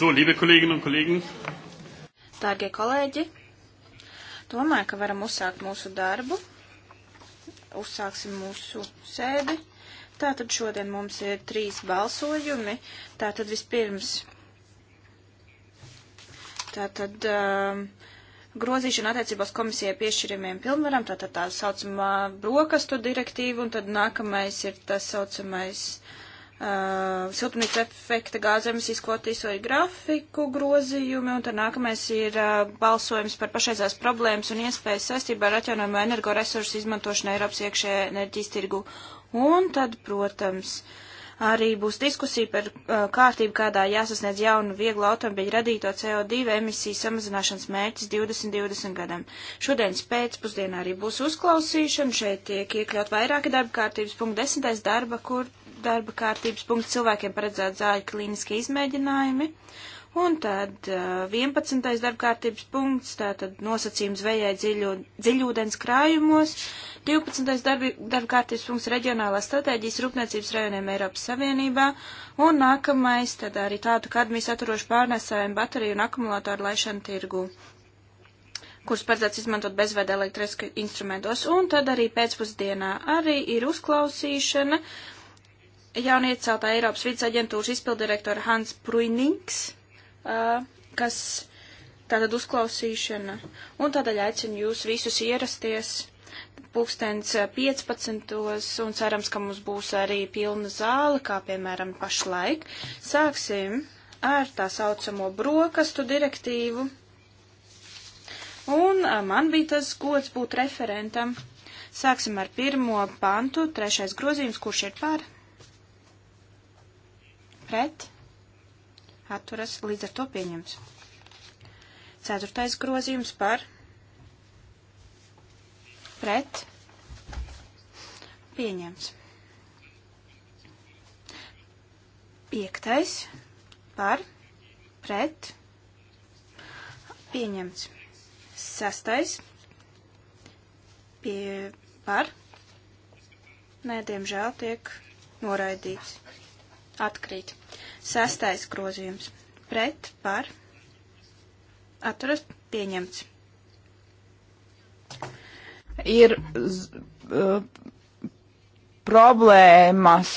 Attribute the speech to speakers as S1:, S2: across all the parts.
S1: So, liebe Kolleginnen un Kollegen. Dārgie kolēģi, domāju, ka varam uzsākt mūsu darbu. Uzsāksim mūsu sēdi. Tātad šodien mums ir trīs balsojumi. Tātad vispirms. Tātad. Um, grozīšana attiecībās komisijai piešķirimiem pilnvaram, tātad tā saucamā brokastu direktīva, un tad nākamais ir tas saucamais uh, uh, siltumnīca efekta gāzu emisijas kvotas vai grafiku grozījumi, un tad nākamais ir uh, balsojums par pašreizās problēmas un iespējas saistībā ar atjaunojumu energoresursu izmantošanu Eiropas iekšējā enerģijas tirgu. Un tad, protams, arī būs diskusija par uh, kārtību, kādā jāsasniedz jaunu vieglu automobiļu radīto CO2 emisiju samazināšanas mērķis 2020 gadam. Šodienas pēcpusdienā arī būs uzklausīšana, šeit tiek iekļaut vairāki darba kārtības punkti, desmitais darba, kur darba kārtības punkts cilvēkiem paredzēt zāļu klīniskie izmēģinājumi. Un tad 11. Eh, darba kārtības punkts, tātad nosacījums vējai dziļu, dziļūdens krājumos. 12. Darbi, darba kārtības punkts reģionālās stratēģijas rūpniecības rajoniem Eiropas Savienībā. Un nākamais, tad arī tādu kadmijas saturošu pārnēsājumu bateriju un akumulātoru laišanu tirgu kurus paredzēts izmantot bezvada elektriska instrumentos. Un tad arī pēcpusdienā arī ir uzklausīšana. Uh, jaunieceltā Eiropas vidas aģentūras izpildirektora Hans Bruinings, uh, kas tātad uzklausīšana, un tādēļ aicinu jūs visus ierasties pulkstens 15. un cerams, ka mums būs arī pilna zāle, kā piemēram pašlaik. Sāksim ar tā saucamo brokastu direktīvu. Un man bija tas gods būt referentam. Sāksim ar pirmo pantu, trešais grozījums, kurš ir par pret, atturas līdz ar to pieņems. Ceturtais grozījums par pret pieņems. Piektais par pret pieņemts. Sastais pie par nē, diemžēl tiek noraidīts. Atkrīt. Sastais grozījums. Pret, par, atturas pieņemts.
S2: Ir z, uh, problēmas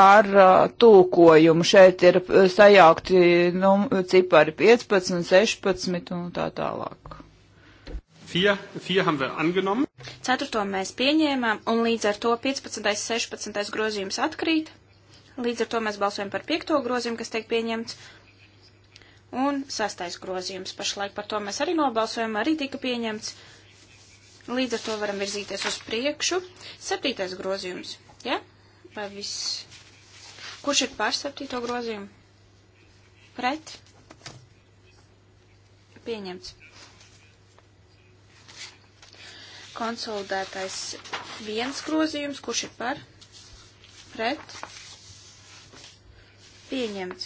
S2: ar uh, tūkojumu. Šeit ir uh, sajaukti nu, cipari 15, 16 un tā tālāk.
S1: Vier, vier
S2: haben wir angenommen.
S1: Ceturto mēs pieņēmām, un līdz ar to 15. 16. grozījums atkrīt. Līdz ar to mēs balsojam par piekto grozījumu, kas tiek pieņemts. Un sastais grozījums pašlaik par to mēs arī nobalsojam, arī tika pieņemts. Līdz ar to varam virzīties uz priekšu. Septītais grozījums. Ja? Vai viss? Kurš ir pār septīto grozījumu? Pret? Pieņemts. Konsolidētais viens grozījums. Kurš ir par? Pret? pieņemts.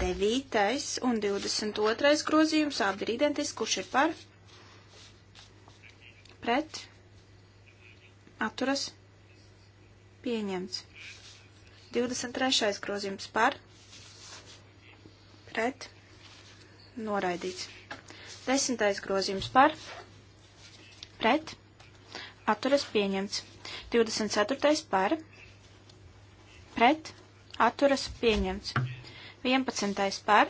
S1: Devītais un 22. grozījums abi ir identiski, kurš ir par, pret, atturas, pieņemts. 23. grozījums par, pret, noraidīts. 10. grozījums par, pret, atturas, pieņemts. 24. par, pret, pret, atturas pieņemts. 11. par,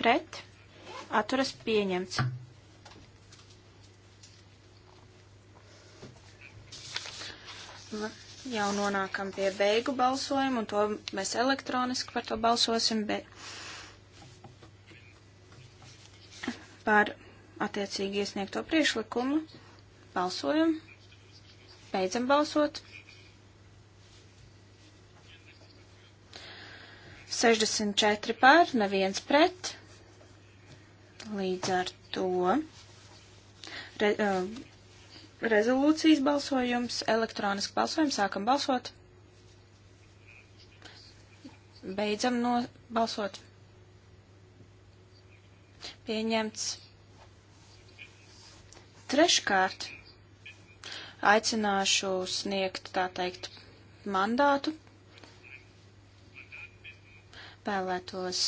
S1: pret, atturas pieņemts. Jau nonākam pie beigu balsojumu, un to mēs elektroniski par to balsosim, bet par attiecīgi iesniegto priešlikumu balsojumu. Beidzam balsot. 64 pār, neviens pret. Līdz ar to re, uh, rezolūcijas balsojums, elektroniski balsojums, sākam balsot. Beidzam no balsot. Pieņemts. Treškārt aicināšu sniegt, tā teikt, mandātu vēlētos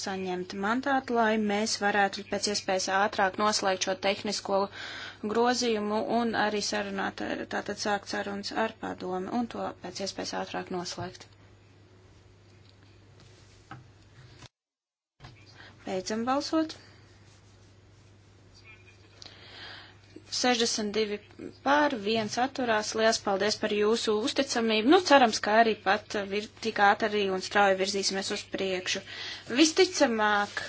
S1: saņemt mandātu, lai mēs varētu pēc iespējas ātrāk noslēgt šo tehnisko grozījumu un arī sarunāt, tātad sākt sarunas ar padomi un to pēc iespējas ātrāk noslēgt. Beidzam balsot. 62 pār, viens atturās. Lielas paldies par jūsu uzticamību. Nu, cerams, ka arī pat vir, tik ātri un strauji virzīsimies uz priekšu. Visticamāk.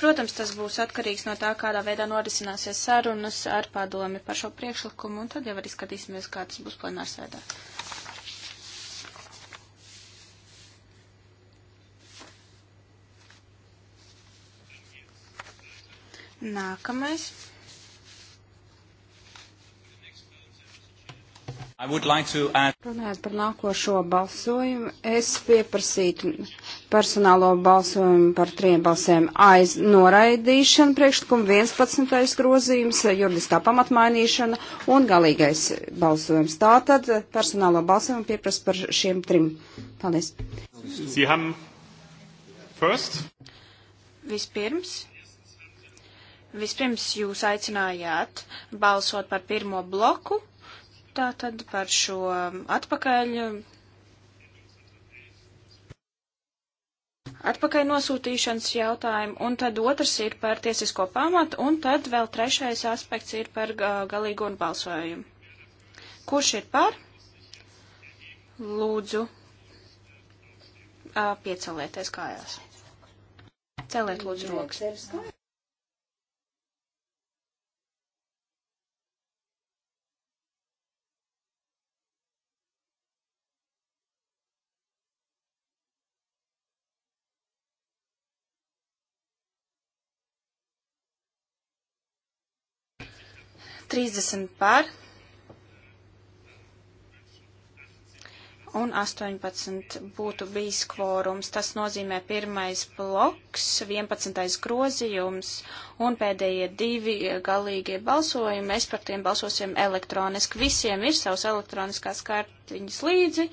S1: Protams, tas būs atkarīgs no tā, kādā veidā norisināsies sarunas ar padomi par šo priekšlikumu, un tad jau arī skatīsimies, kā tas būs plenārsēdā. Ar Nākamais.
S2: Like to...
S3: Runājot par nākošo balsojumu, es pieprasītu personālo balsojumu par trim balsēm aiz noraidīšanu, priekšlikumu 11. grozījums, juridiskā pamatmainīšana un galīgais balsojums. Tātad personālo balsojumu pieprasa par šiem trim. Paldies.
S1: Vispirms Vispirms jūs aicinājāt balsot par pirmo bloku, tātad par šo atpakaļ. Atpakaļ nosūtīšanas jautājumu, un tad otrs ir par tiesisko pamatu, un tad vēl trešais aspekts ir par uh, galīgo un balsojumu. Kurš ir par? Lūdzu, uh, piecelieties kājās. Celiet lūdzu rokas. 30 par un 18 būtu bijis kvorums. Tas nozīmē pirmais bloks, 11. grozījums un pēdējie divi galīgie balsojumi. Mēs par tiem balsosim elektroniski. Visiem ir savs elektroniskās kartiņas līdzi.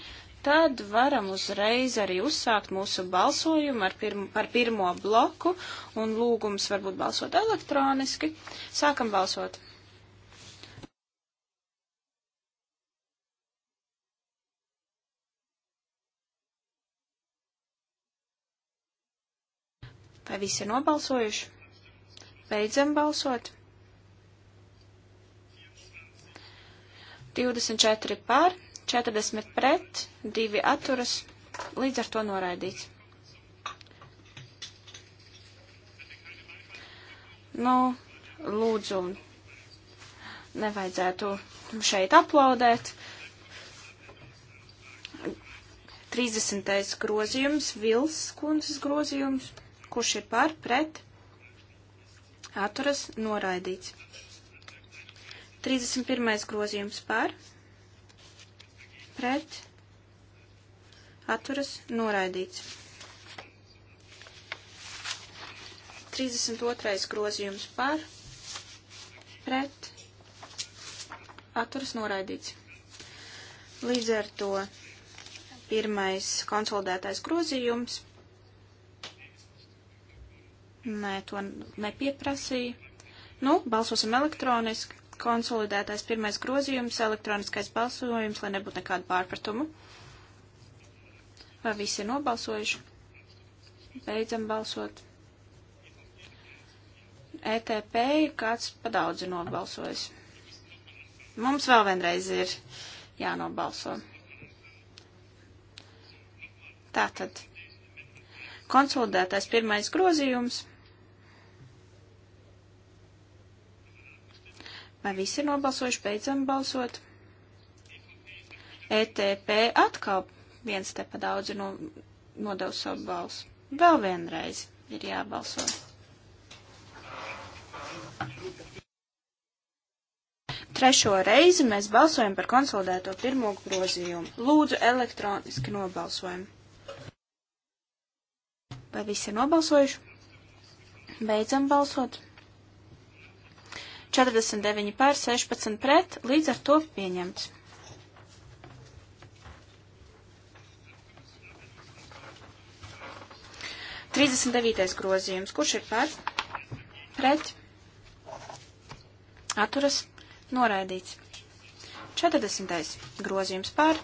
S1: Tad varam uzreiz arī uzsākt mūsu balsojumu ar pirmo, par pirmo bloku un lūgums varbūt balsot elektroniski. Sākam balsot! Vai visi ir nobalsojuši? Beidzam balsot. 24 pār, 40 pret, 2 atturas, līdz ar to noraidīts. Nu, lūdzu, nevajadzētu šeit aplaudēt. 30. grozījums, Vils kundzes grozījums kurš ir par, pret, atturas, noraidīts. 31. grozījums par, pret, atturas, noraidīts. 32. grozījums par, pret, atturas, noraidīts. Līdz ar to pirmais konsolidētais grozījums Nē, to nepieprasīja. Nu, balsosim elektroniski. Konsolidētais pirmais grozījums, elektroniskais balsojums, lai nebūtu nekādu pārpratumu. Vai visi ir nobalsojuši? Beidzam balsot. ETP ir kāds padaudzi nobalsojis. Mums vēl vienreiz ir jānobalso. Tātad. Konsolidētais pirmais grozījums – Vai visi ir nobalsojuši? Beidzam balsot. ETP atkal viens te pa daudz ir no, nodevis savu balsu. Vēl vienreiz ir jābalso. Trešo reizi mēs balsojam par konsolidēto pirmo grozījumu. Lūdzu, elektroniski nobalsojam. Vai visi ir nobalsojuši? Beidzam balsot. 49 pār 16 pret, līdz ar to pieņemts. Trīsdesmit devītais grozījums. Kurš ir par? Pret. Atturas. Noraidīts. Četrdesmitais grozījums par.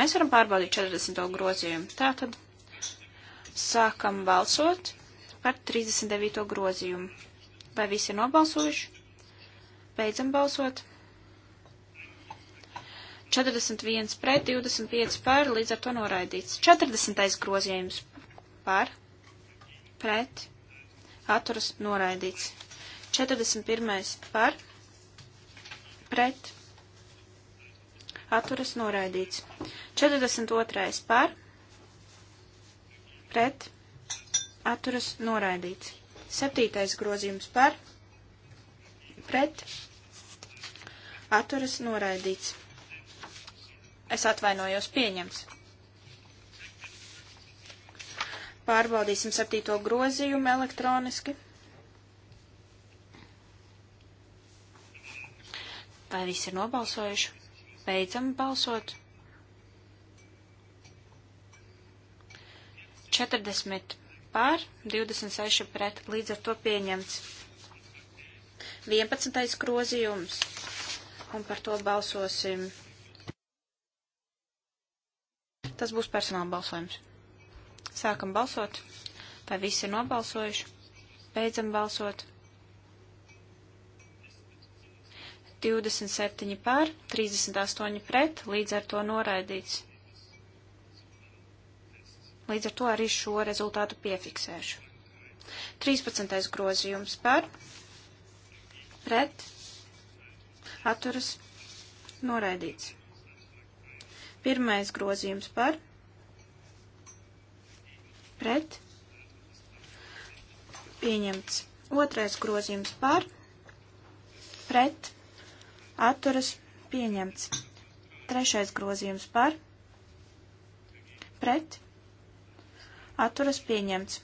S1: Mēs varam pārbaudīt 40. grozījumu. Tātad sākam balsot par 39. grozījumu. Vai visi ir nobalsojuši? Beidzam balsot. 41 pret, 25 par, līdz ar to noraidīts. 40. grozījums par, pret, atturas noraidīts. 41. par, pret, atturas noraidīts. 42. par, pret, atturas noraidīts. Septītais grozījums par, pret, atturas noraidīts. Es atvainojos pieņems. Pārbaudīsim septīto grozījumu elektroniski. Vai visi ir nobalsojuši? Beidzam balsot. 40 pār, 26 pret, līdz ar to pieņemts. 11. grozījums, un par to balsosim. Tas būs personāla balsojums. Sākam balsot, vai visi ir nobalsojuši, beidzam balsot. 27 pār, 38 pret, līdz ar to noraidīts. Līdz ar to arī šo rezultātu piefiksēšu. 13. grozījums par pret atturas noraidīts. Pirmais grozījums par pret pieņemts. Otrais grozījums par pret atturas pieņemts. Trešais grozījums par pret atturas pieņemts.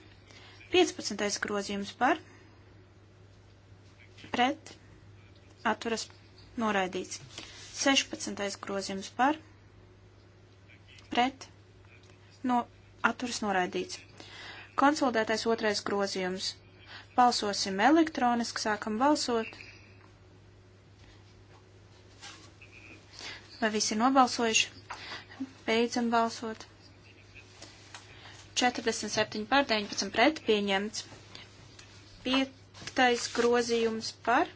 S1: 15. grozījums par pret atturas noraidīts. 16. grozījums par pret no atturas noraidīts. Konsolidētais otrais grozījums. Balsosim elektroniski, sākam balsot. Vai visi ir nobalsojuši? Beidzam balsot. 47 par 19 pret pieņemts. Piektais grozījums par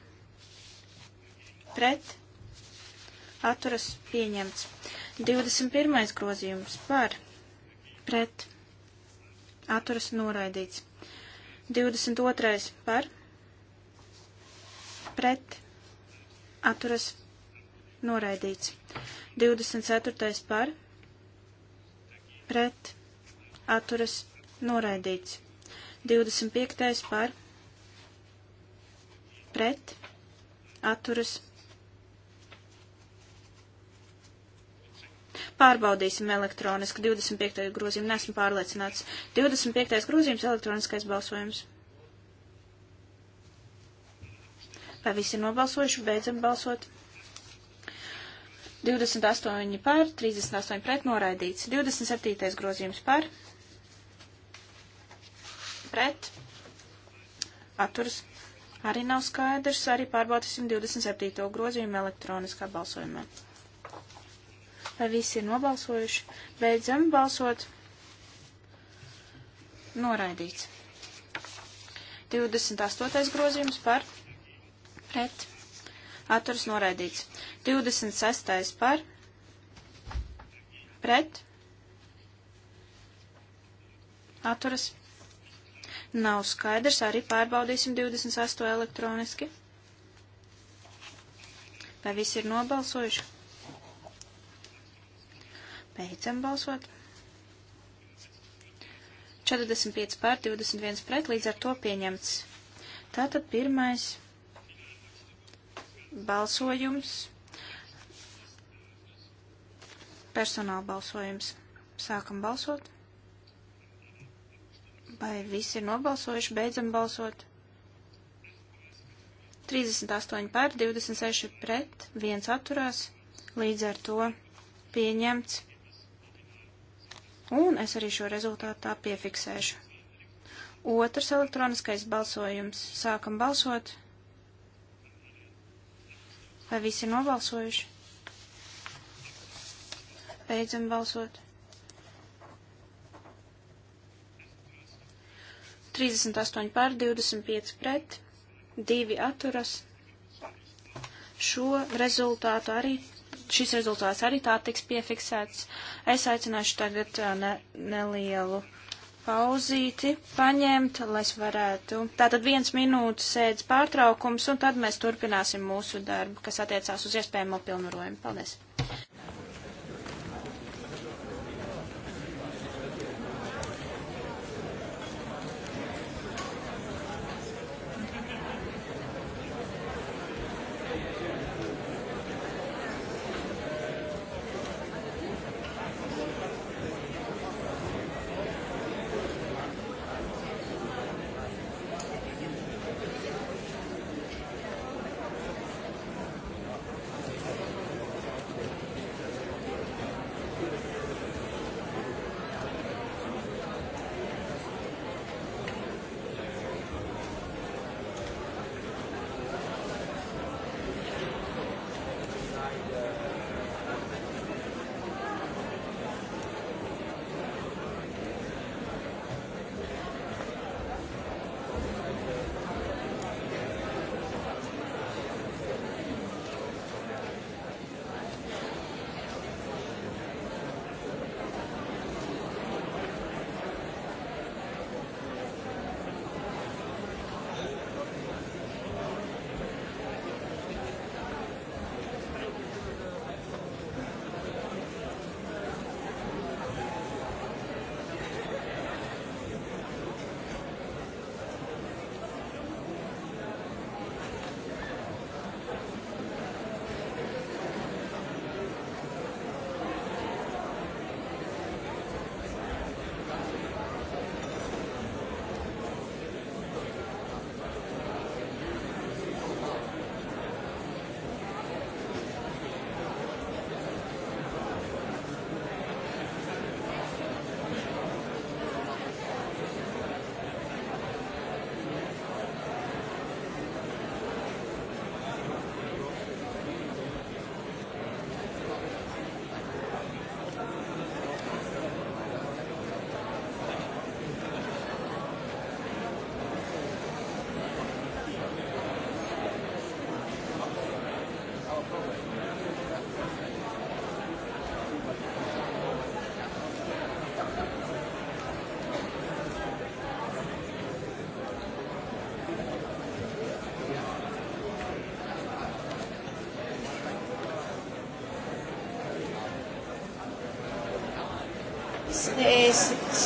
S1: pret atturas pieņemts. 21. grozījums par pret atturas noraidīts. 22. par pret atturas noraidīts. 24. par pret atturas noraidīts. 25. par pret atturas. Pārbaudīsim elektroniski 25. grozījumu, nesmu pārliecināts. 25. grozījums elektroniskais balsojums. Vai visi ir nobalsojuši? Beidzam balsot. 28 par, 38 pret noraidīts. 27. grozījums par, pret atturas arī nav skaidrs. Arī pārbaudīsim 27. grozījumu elektroniskā balsojumā. Vai visi ir nobalsojuši? Beidzam balsot. Noraidīts. 28. grozījums par pret. Atturs noraidīts. 26. par pret. Atturas nav skaidrs, arī pārbaudīsim 28 elektroniski. Vai visi ir nobalsojuši? Beidzam balsot. 45 pār 21 pret, līdz ar to pieņemts. Tātad pirmais balsojums, personāla balsojums. Sākam balsot. Vai visi ir nobalsojuši? Beidzam balsot. 38 par, 26 pret, 1 atturās. Līdz ar to pieņemts. Un es arī šo rezultātu tā piefiksēšu. Otrs elektroniskais balsojums. Sākam balsot. Vai visi ir nobalsojuši? Beidzam balsot. 38 pār 25 pret, 2 atturas. Šo rezultātu arī, šis rezultāts arī tā tiks piefiksēts. Es aicināšu tagad ne, nelielu pauzīti paņemt, lai es varētu. Tātad viens minūtes sēdz pārtraukums, un tad mēs turpināsim mūsu darbu, kas attiecās uz iespējamo pilnvarojumu. Paldies!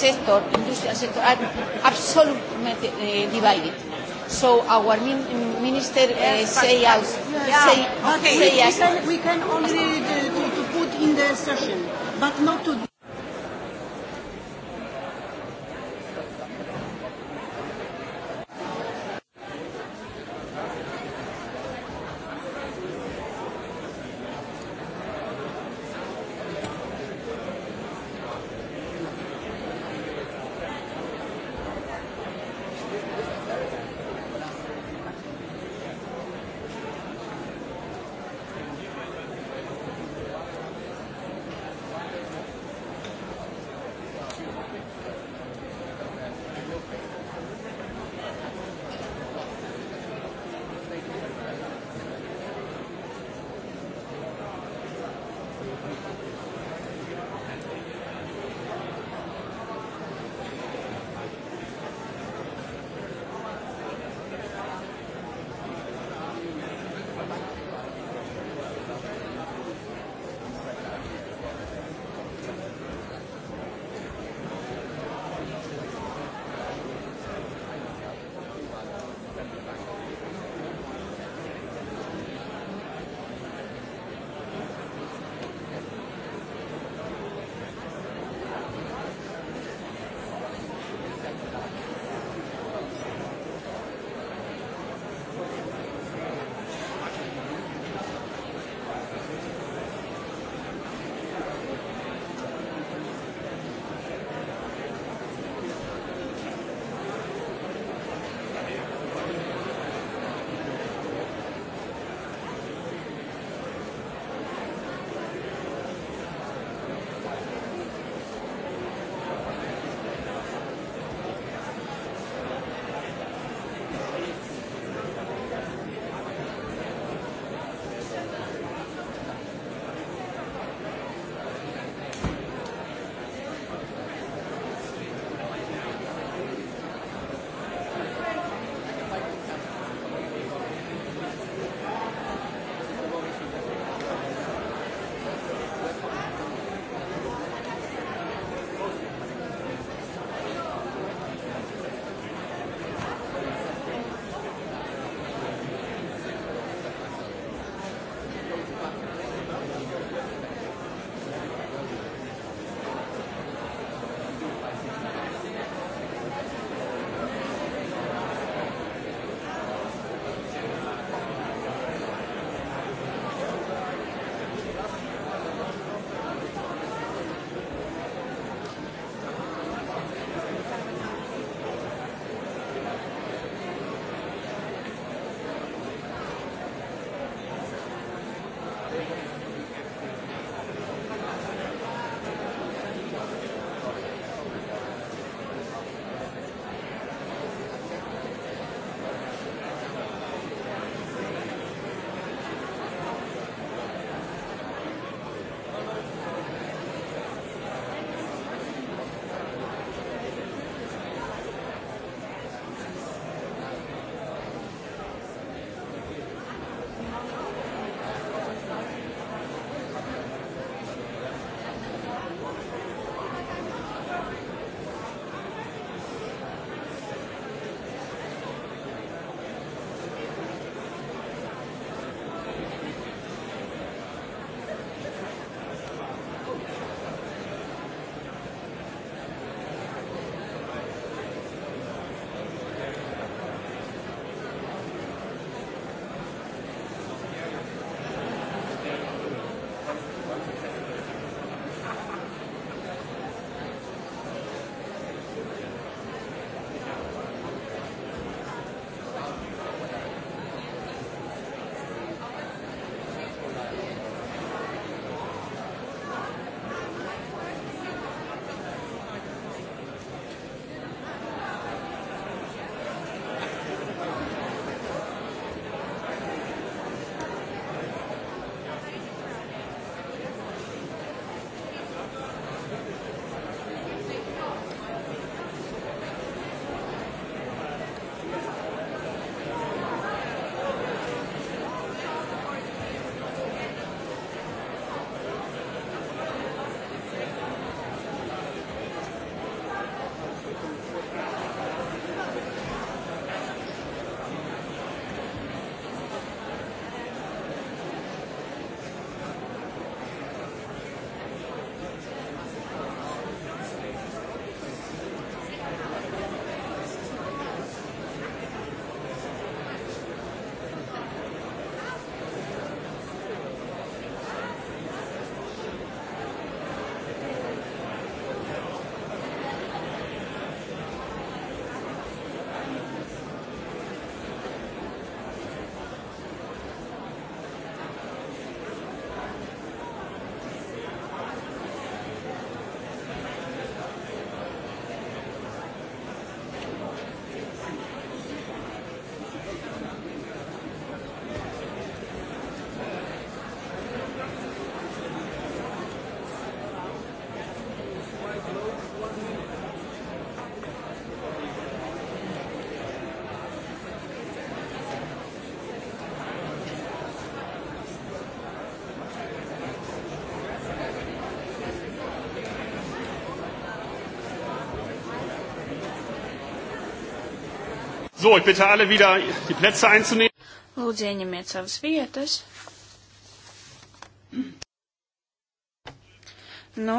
S1: sector, industrial sector, are absolutely uh, eh, divided. So our min minister uh, yes, say out, yeah. say, okay. say we, we, can, we can only uh, to, to
S3: put in the session, but not to.
S2: So, ich bitte alle wieder, die Plätze einzunehmen.
S1: Lūdzu, ieņemiet savas vietas. Nu,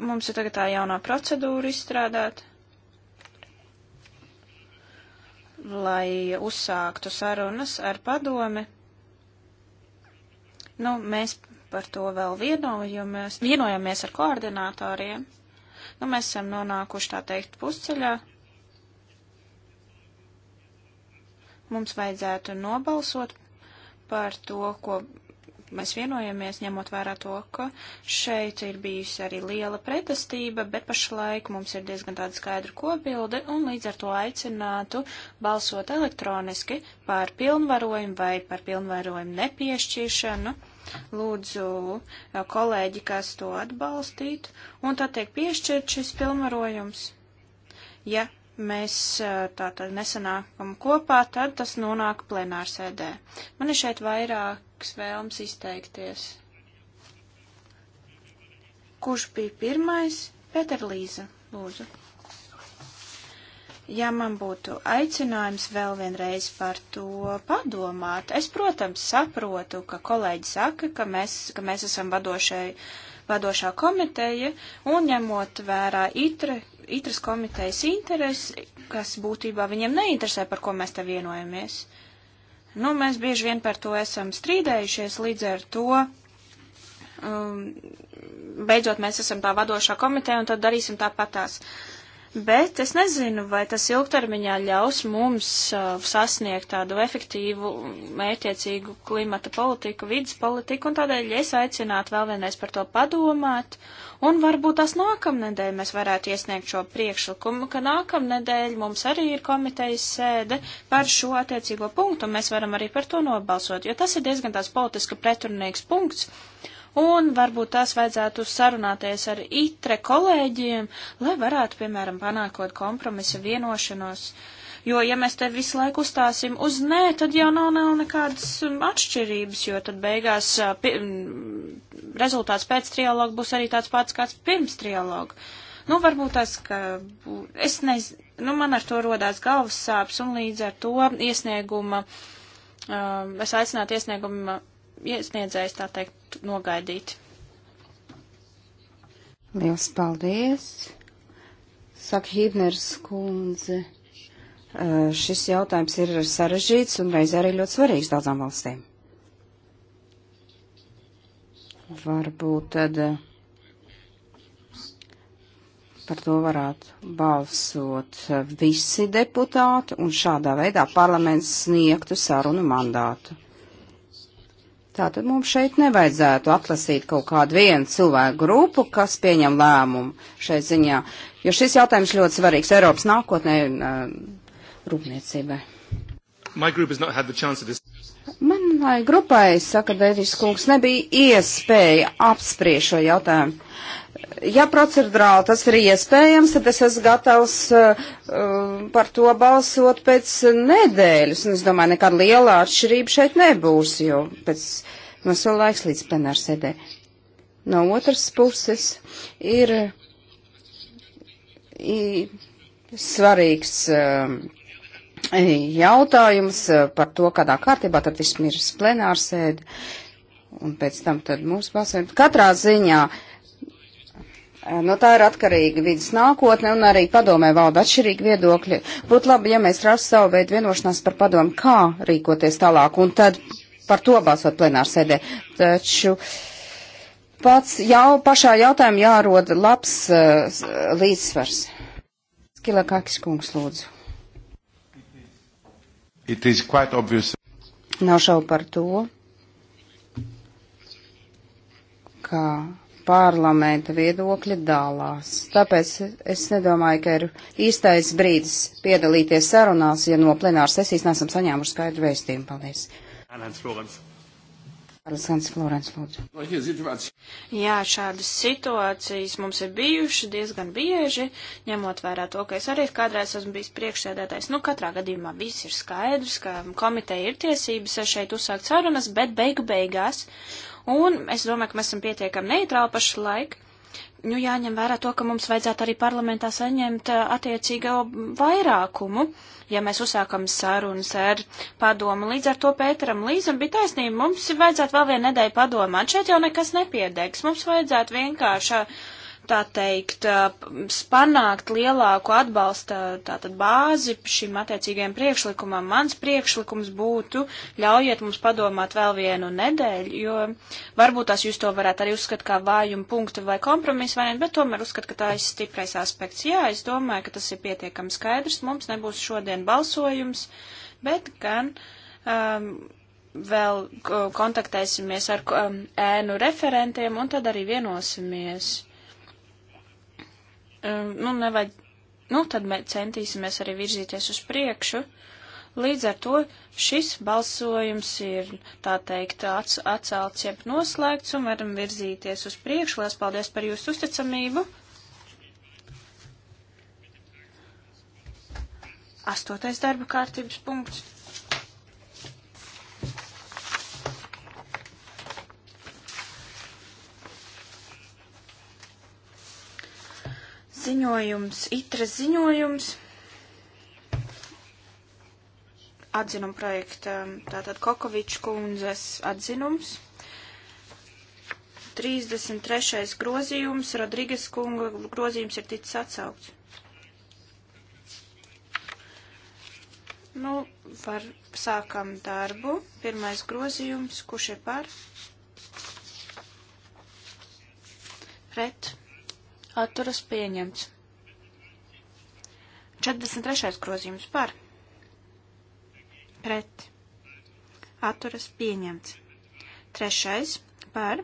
S1: mums ir tagad tā jaunā procedūra izstrādāt, lai uzsāktu sarunas ar padomi. Nu, mēs par to vēl vienojamies, vienojamies ar koordinātoriem. Nu, mēs esam nonākuši, tā teikt, pusceļā. Mums vajadzētu nobalsot par to, ko mēs vienojamies, ņemot vērā to, ka šeit ir bijusi arī liela pretestība, bet pašlaik mums ir diezgan tāda skaidra kobilde, un līdz ar to aicinātu balsot elektroniski par pilnvarojumu vai par pilnvarojumu nepiešķiršanu. Lūdzu, kolēģi, kas to atbalstītu, un tad tiek piešķirt šis pilnvarojums. Ja mēs tātad nesanākam kopā, tad tas nonāk plenārsēdē. Man ir šeit vairākas vēlms izteikties. Kurš bija pirmais? Pēter Līza, lūdzu. Ja man būtu aicinājums vēl vienreiz par to padomāt, es, protams, saprotu, ka kolēģi saka, ka mēs, ka mēs esam vadošai, vadošā komiteja, un ņemot vērā itre ITRAS komitejas interesi, kas būtībā viņiem neinteresē, par ko mēs te vienojamies. Nu, mēs bieži vien par to esam strīdējušies, līdz ar to um, beidzot mēs esam tā vadošā komiteja un tad darīsim tāpatās. Uh, Bet es nezinu, vai tas ilgtermiņā ļaus mums uh, sasniegt tādu efektīvu, mērķiecīgu klimata politiku, vidas politiku, un tādēļ es aicinātu vēl vienreiz par to padomāt, un varbūt tās nākamnedēļ mēs varētu iesniegt šo priekšlikumu, ka nākamnedēļ mums arī ir komitejas sēde par šo attiecīgo punktu, un mēs varam arī par to nobalsot, jo tas ir diezgan tās politiski pretrunīgs punkts. Uh, un varbūt tās vajadzētu sarunāties ar itre kolēģiem, lai varētu, piemēram, panākot kompromisa vienošanos. Jo, ja mēs te visu laiku uzstāsim uz nē, tad jau nav, nav nekādas um, atšķirības, jo tad beigās uh, pi, mm, rezultāts pēc trialoga būs arī tāds pats kāds pirms trialoga. Nu, varbūt tas, ka es nezinu, nu, man ar to rodās galvas sāpes un līdz ar to iesnieguma, um, es aicinātu iesnieguma iesniedzējs, tā teikt, nogaidīt.
S3: Liels paldies! Saka Hībners kundze. Uh, šis jautājums ir sarežģīts un reiz arī ļoti svarīgs daudzām valstīm. Varbūt tad par to varētu balsot visi deputāti un šādā veidā parlaments sniegtu sarunu mandātu. Tātad mums šeit nevajadzētu atlasīt kaut kādu vienu cilvēku grupu, kas pieņem lēmumu šai ziņā, jo šis jautājums ļoti svarīgs Eiropas nākotnē un uh, rūpniecībai. Manai grupai, saka Dēļas kungs, nebija iespēja apspriest šo jautājumu ja procedurāli tas ir iespējams, tad es esmu gatavs uh, par to balsot pēc nedēļas. Un es domāju, nekāda liela atšķirība šeit nebūs, jo pēc mums vēl laiks līdz plenāra sēdē. No otras puses ir i, svarīgs uh, jautājums eh, par to, kādā kārtībā tad vispirms plenāra sēde. Un pēc tam tad mūsu balsojums. Katrā ziņā uh, Eh, no tā ir atkarīga vidas nākotne un arī padomē valda atšķirīgi viedokļi. Būtu labi, ja mēs rastu savu veidu vienošanās par padomu, kā rīkoties tālāk un tad par to balsot plenārsēdē. Taču pats jau pašā jautājumā jārod labs uh, līdzsvars. Skilakakis kungs lūdzu. Nav šaubu par to, ka parlamenta viedokļi dalās. Tāpēc es nedomāju, ka ir īstais brīdis piedalīties sarunās, ja no plenāras sesijas nesam saņēmuši skaidru vēstījumu. Paldies. Alessandrs Florence,
S1: lūdzu. Jā, šādas situācijas mums ir bijuši diezgan bieži, ņemot vērā to, ka es arī kādreiz esmu bijis priekšsēdētājs. Nu, katrā gadījumā viss ir skaidrs, ka komiteja ir tiesības šeit uzsākt sarunas, bet beigu beigās uh, Un es domāju, ka mēs esam pietiekami neitrāli pašlaik. Nu, jāņem vērā to, ka mums vajadzētu arī parlamentā saņemt attiecīgo vairākumu, ja mēs uzsākam sarunas ar padomu. Līdz ar to Pēteram Līzam bija taisnība, mums vajadzētu vēl vienu nedēļu padomāt. Šeit jau nekas nepiedegs. Mums vajadzētu vienkārši tā teikt, panākt lielāku atbalsta tātad bāzi šim attiecīgajam priekšlikumam. Mans priekšlikums būtu, ļaujiet mums padomāt vēl vienu nedēļu, jo varbūt tās jūs to varētu arī uzskatīt kā vājumu punktu vai kompromisu variantu, bet tomēr uzskat, ka tā ir stiprais aspekts. Jā, es domāju, ka tas ir pietiekami skaidrs. Mums nebūs šodien balsojums, bet gan. Um, vēl kontaktēsimies ar ēnu referentiem un tad arī vienosimies nu, nevajag, nu, tad mēs centīsimies arī virzīties uz priekšu. Līdz ar to šis balsojums ir, tā teikt, ats, atcelts jeb noslēgts un varam virzīties uz priekšu. Lielas paldies par jūsu uzticamību. Astotais darba kārtības punkts. Ziņojums, itras ziņojums, atzinuma projekta, tātad Kokoviča kundzes atzinums. 33. grozījums, Rodrigas kunga grozījums ir ticis atsaukts. Nu, var sākam darbu. Pirmais grozījums, kurš ir par? Pret atturas pieņemts. 43. grozījums par pret atturas pieņemts. 3. par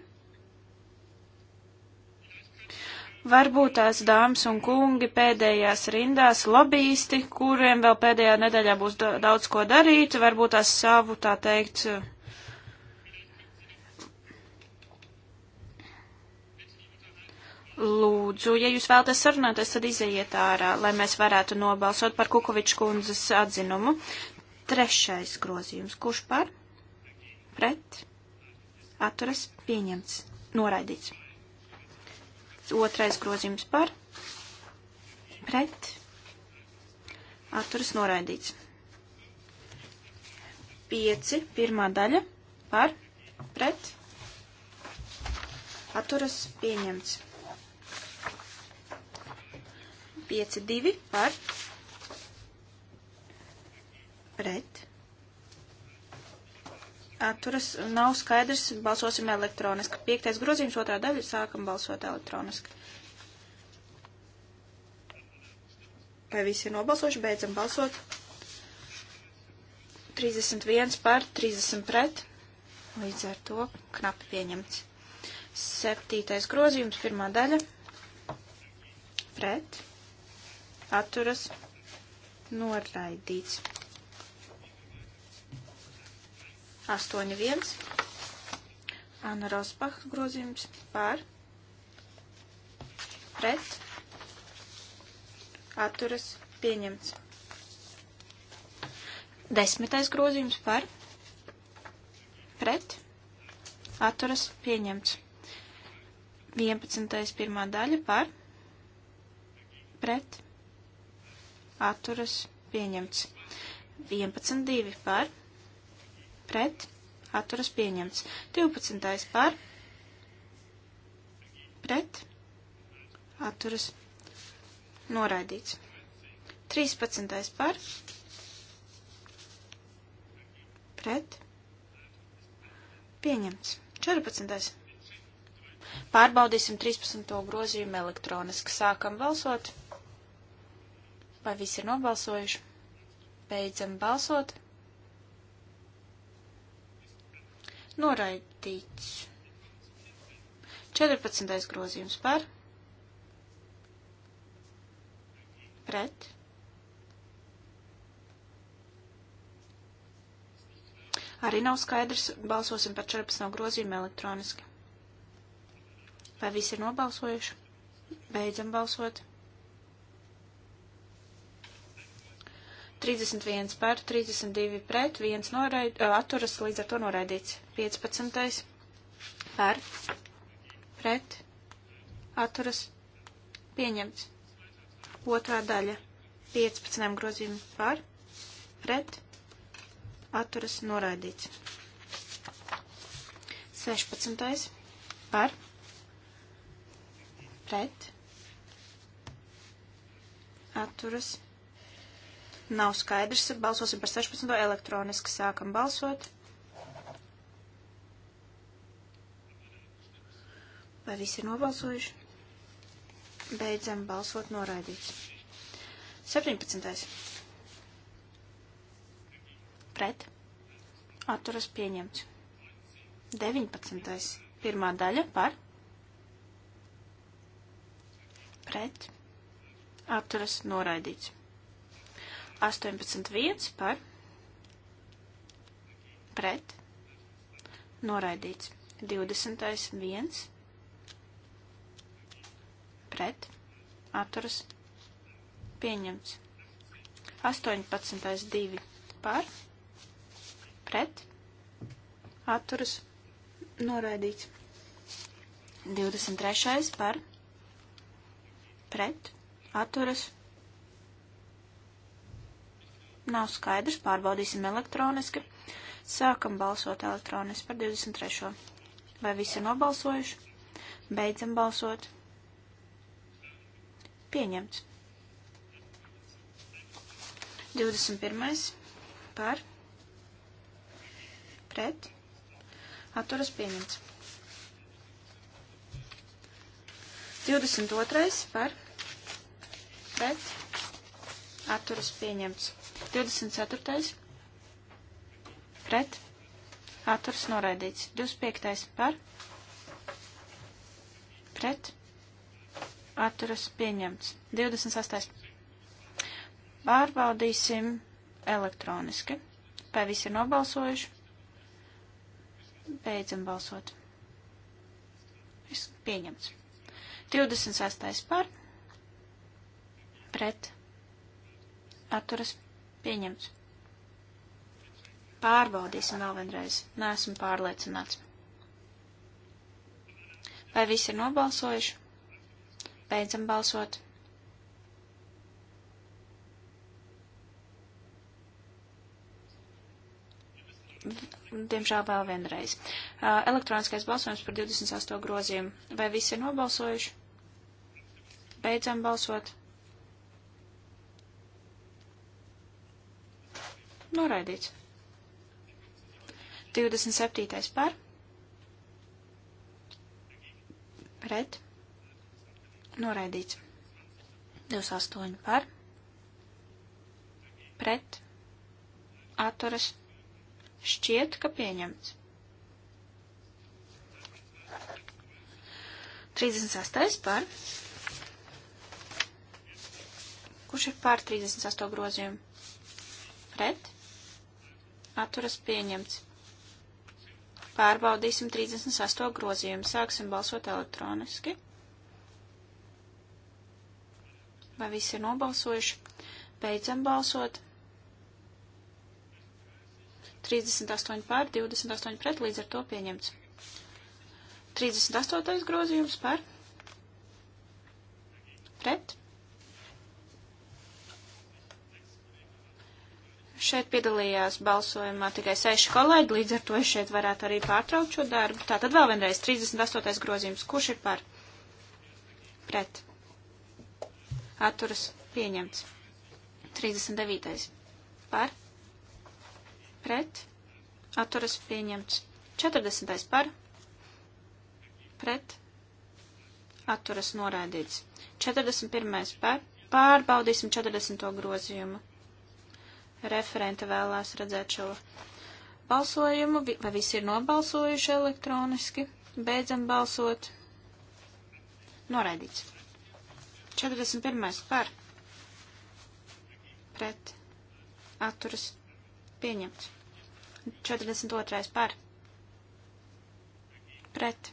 S1: Varbūt tās dāmas un kungi pēdējās rindās lobbyisti, kuriem vēl pēdējā nedēļā būs daudz ko darīt, varbūt tās savu, tā teikt, Lūdzu, ja jūs vēlaties sarunāties, tad izejiet ārā, lai mēs varētu nobalsot par Kukoviča kundzes atzinumu. Trešais grozījums. Kurš par? Pret? Atturas? Pieņemts. Noraidīts. Otrais grozījums par? Pret? Atturas noraidīts. Pieci. Pirmā daļa. Par? Pret? Atturas pieņemts. 5-2 par pret. Atturas nav skaidrs, balsosim elektroniski. Piektais grozījums, otrā daļa, sākam balsot elektroniski. Vai visi ir nobalsojuši, beidzam balsot. 31 par, 30 pret, līdz ar to knapi pieņemts. Septītais grozījums, pirmā daļa, pret, atturas noraidīts. 8.1. Anna Rosbach grozījums par pret atturas pieņemts. Desmitais grozījums par pret atturas pieņemts. 11. pirmā daļa par pret atturas pieņemts. 11.2 par pret atturas pieņemts. 12. par pret atturas noraidīts. 13. par pret pieņemts. 14. Pārbaudīsim 13. grozījumu elektroniski. Sākam balsot. Vai visi ir nobalsojuši? Beidzam balsot. Noraidīts. 14. grozījums par. Pret. Arī nav skaidrs, balsosim par 14. grozījumu elektroniski. Vai visi ir nobalsojuši? Beidzam balsot. 31 par, 32 pret, 1 noraid, atturas, līdz ar to noraidīts. 15. par, pret, atturas, pieņemts. Otrā daļa. 15 grozījumi par, pret, atturas, noraidīts. 16. par, pret, atturas, noraidīts Nav skaidrs. Balsosim par 16. elektroniski. Sākam balsot. Vai visi ir nobalsojuši? Beidzam balsot noraidīts. 17. Pret. Atturas pieņemts. 19. Pirmā daļa par. Pret. Atturas noraidīts. 18 vietas par pret noraidīts. 20. 1 pret atturas pieņemts. 18. 2 par pret atturas noraidīts. 23. par pret atturas pieņemts Nav skaidrs, pārbaudīsim elektroniski. Sākam balsot elektroniski par 23. Vai visi ir nobalsojuši? Beidzam balsot. Pieņemts. 21. par pret atturas pieņemts. 22. par pret atturas pieņemts. 24. pret atturs noraidīts. 25. par pret atturas pieņemts. 28. Pārbaudīsim elektroniski. Vai visi ir nobalsojuši? Beidzam balsot. Viss pieņemts. 26. par pret atturas pieņemts Pieņemts. Pārbaudīsim vēl vienreiz. Nesmu pārliecināts. Vai visi ir nobalsojuši? Beidzam balsot. Diemžēl vēl vienreiz. Elektroniskais balsojums par 28 grozījumu. Vai visi ir nobalsojuši? Beidzam balsot. Noraidīts. 27. par. Pret. Noraidīts. 28 par. Pret. Atturas. Šķiet, ka pieņemts. 36. par. Kurš ir pār 38 grozījumu? Pret atturas pieņemts. Pārbaudīsim 38. grozījumu. Sāksim balsot elektroniski. Vai visi ir nobalsojuši? Beidzam balsot. 38 pār, 28 pret, līdz ar to pieņemts. 38. grozījums par pret Šeit piedalījās balsojumā tikai seši kolēģi, līdz ar to es šeit varētu arī pārtraukt šo darbu. Tātad vēl vienreiz 38. grozījums. Kurš ir par? Pret. Atturas pieņemts. 39. Par. Pret. Atturas pieņemts. 40. Par. Pret. Atturas noraidīts. 41. Par. Pārbaudīsim 40. grozījumu. Referente vēlās redzēt šo balsojumu, vai visi ir nobalsojuši elektroniski. Beidzam balsot. Noraidīts. 41. par. Pret. Atturas. Pieņemts. 42. par. Pret.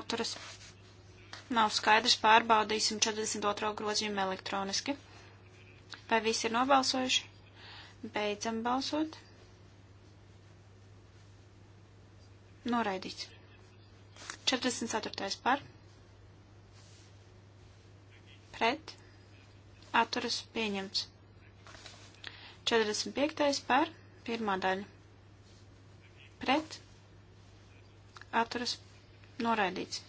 S1: Atturas. Nav skaidrs, pārbaudīsim 42. grozījumu elektroniski. Vai visi ir nobalsojuši? Beidzam balsot. Noraidīts. 44. par. Pret. Atturas pieņemts. 45. par. Pirmā daļa. Pret. Atturas noraidīts.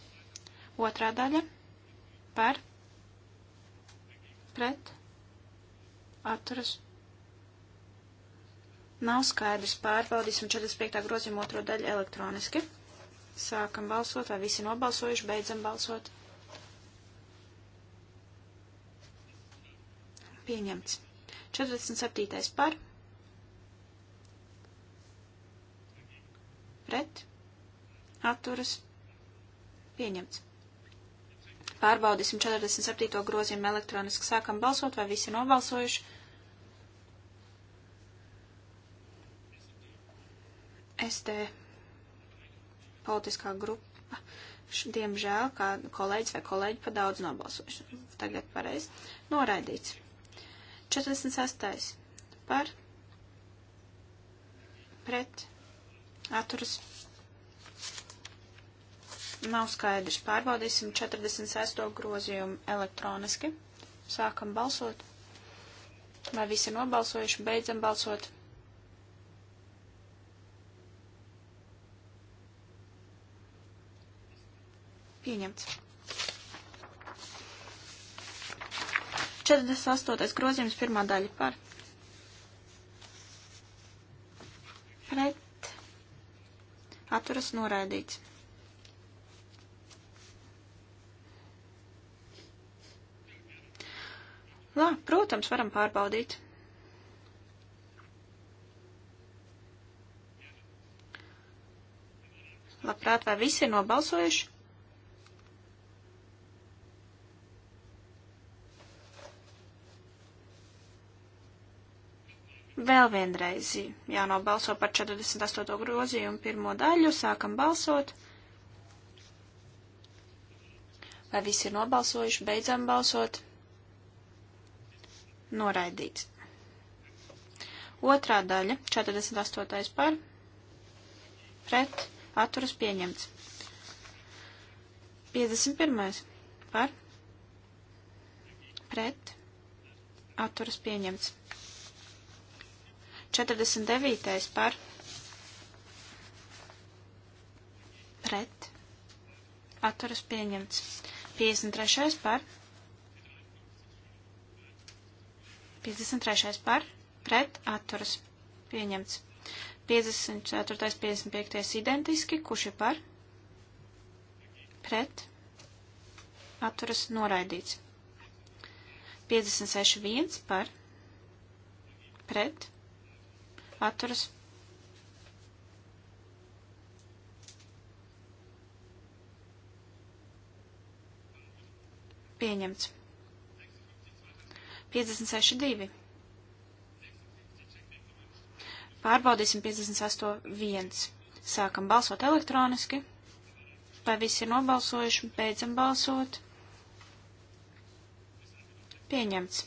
S1: Otrā daļa. Par. Pret atturas. Nav skaidrs. Pārbaudīsim 45. grozījumu otro daļu elektroniski. Sākam balsot, vai visi nobalsojuši, beidzam balsot. Pieņemts. 47. par. Pret. Atturas. Pieņemts. Pārbaudīsim 47. grozījumu elektroniski. Sākam balsot, vai visi nobalsojuši. SD politiskā grupa, diemžēl, kā kolēģis vai kolēģi pa daudz nobalsojuši. Tagad pareizi. Noraidīts. 46. Par. Pret. Atturas. Nav skaidrs. Pārbaudīsim 46. grozījumu elektroniski. Sākam balsot. Vai visi ir nobalsojuši? Beidzam balsot. Pieņemts. 48. grozījums pirmā daļa par. Pret. Atturas noraidīts. Lā, protams, varam pārbaudīt. Labprāt, vai visi ir nobalsojuši? Vēl vienreiz jānobalso par 48. grozījumu pirmo daļu. Sākam balsot. Vai visi ir nobalsojuši? Beidzam balsot. Noraidīts. Otrā daļa, 48. par, pret, atturas pieņemts. 51. par, pret, atturas pieņemts. 49. par pret atturas pieņemts. 53. par 53. par pret atturas pieņemts. 54. 55. identiski, kurš ir par pret atturas noraidīts. 56.1 par pret atturas. Pieņemts. 56 divi. Pārbaudīsim 58 viens. Sākam balsot elektroniski. Vai visi ir nobalsojuši? Beidzam balsot. Pieņemts.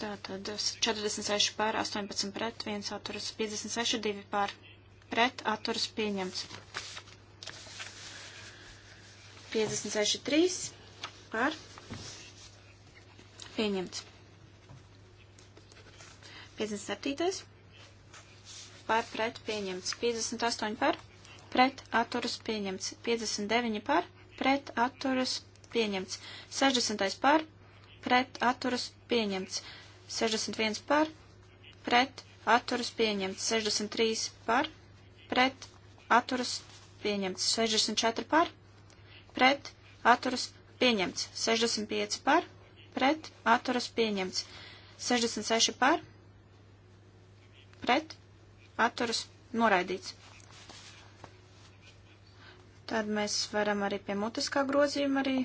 S1: Tātad 46 pār, 18 pret, 1 atturas, 56, 2 pār, pret, atturas pieņemts. 56, 3 pār, pieņemts. 57 pār, pret, pieņemts. 58 pār, pret, atturas pieņemts. 59 pār, pret, atturas pieņemts. 60 pār, pret, atturas pieņemts. 61 par, pret, atturas pieņemts 63 par, pret, atturas pieņemts 64 par, pret, atturas pieņemts 65 par, pret, atturas pieņemts 66 par, pret, atturas noraidīts. Tad mēs varam arī pie mutiskā grozījuma arī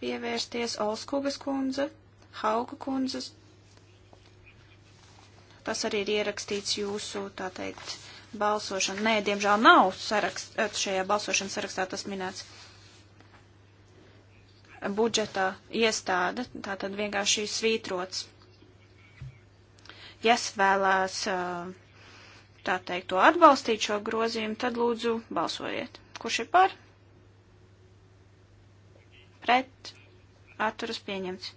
S1: pievērsties Olskūgas kundze, Hauga kundzes Tas arī ir ierakstīts jūsu, tā teikt, balsošana. Nē, diemžēl nav sarakst, eh, šajā balsošanas sarakstā tas minēts budžeta iestāde, tā tad vienkārši svītrots. Ja vēlās, eh, tā teikt, to atbalstīt šo grozījumu, tad lūdzu balsojiet. Kurš ir par? Pret? Atturas pieņemts.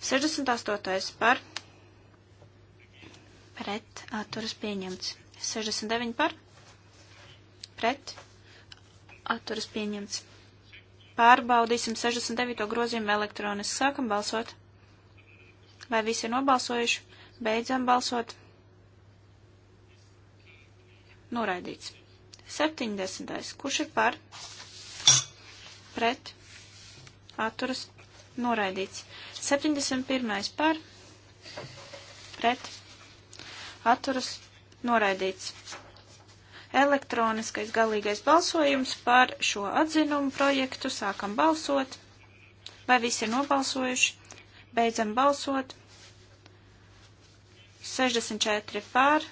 S1: 68. par pret atturas pieņemts. 69 par pret atturas pieņemts. Pārbaudīsim 69. grozījumu elektroniski. Sākam balsot. Vai visi ir nobalsojuši? Beidzam balsot. Noraidīts. 70. Kurš ir par? Pret. Atturas noraidīts. 71. par, pret, atturas, noraidīts. Elektroniskais galīgais balsojums par šo atzinumu projektu. Sākam balsot. Vai visi ir nobalsojuši? Beidzam balsot. 64 pār,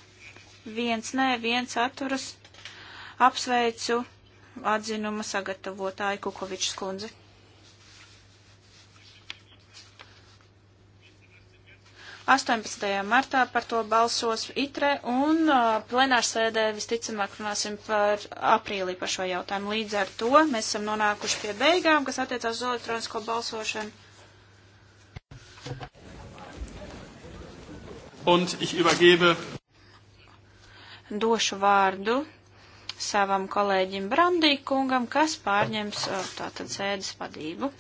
S1: viens nē, viens atturas. Apsveicu atzinuma sagatavotāju Kukovičs kundzi. 18. martā par to balsos ITRE un uh, plenārsēdē visticamāk runāsim par aprīlī par šo jautājumu. Līdz ar to mēs esam nonākuši pie beigām, kas attiecās uz elektronisko balsošanu.
S2: Und ich übergebe.
S1: Došu vārdu savam kolēģim Brandī kungam, kas pārņems uh, tātad sēdes vadību.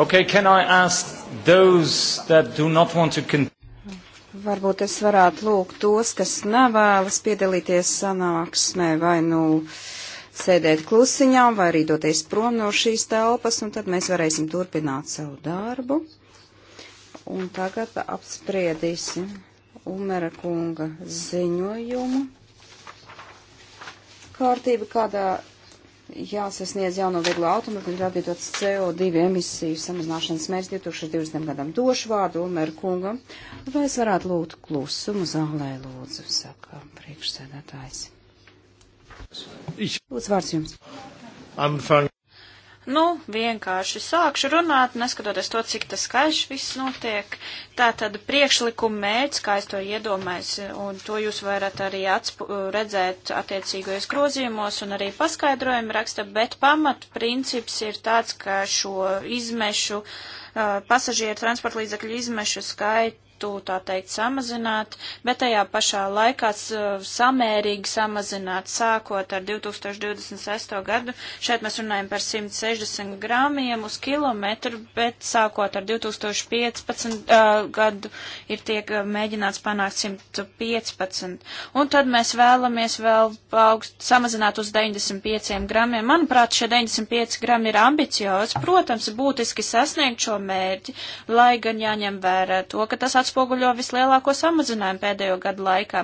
S2: Okay, can I ask those that do not want to continue?
S3: Varbūt es varētu lūgt tos, kas nevēlas piedalīties sanāksmē vai nu sēdēt klusiņā vai arī doties prom no šīs telpas, un tad mēs varēsim turpināt savu darbu. Un tagad apspriedīsim Umera kunga ziņojumu. Kārtība, kādā jāsasniedz jauno vieglo automobīļu radītos CO2 emisiju samazināšanas mērķis 2020. gadam. Došu vārdu Ulmer kungam, vai es varētu lūgt klusumu zālē, lūdzu, saka priekšsēdētājs. Lūdzu, vārds jums. Anfang.
S1: Nu, vienkārši sākšu runāt, neskatoties to, cik tas skaļš viss notiek. Tā tad priekšlikuma mērķis, kā es to iedomājos, un to jūs varat arī redzēt attiecīgajos grozījumos un arī paskaidrojumu raksta, bet pamat princips ir tāds, ka šo izmešu, uh, pasažieru transporta līdzakļu izmešu skaitu varētu, tā teikt, samazināt, bet tajā pašā laikā uh, samērīgi samazināt, sākot ar 2026. gadu. Šeit mēs runājam par 160 gramiem uz kilometru, bet sākot ar 2015. Uh, gadu ir tiek uh, mēģināts panākt 115. Un tad mēs vēlamies vēl augst, samazināt uz 95 gramiem. Manuprāt, šie 95 grami ir ambiciozi. Protams, būtiski sasniegt šo mērķi, lai gan jāņem vērā to, ka tas atspoguļo atspoguļo vislielāko samazinājumu pēdējo gadu laikā,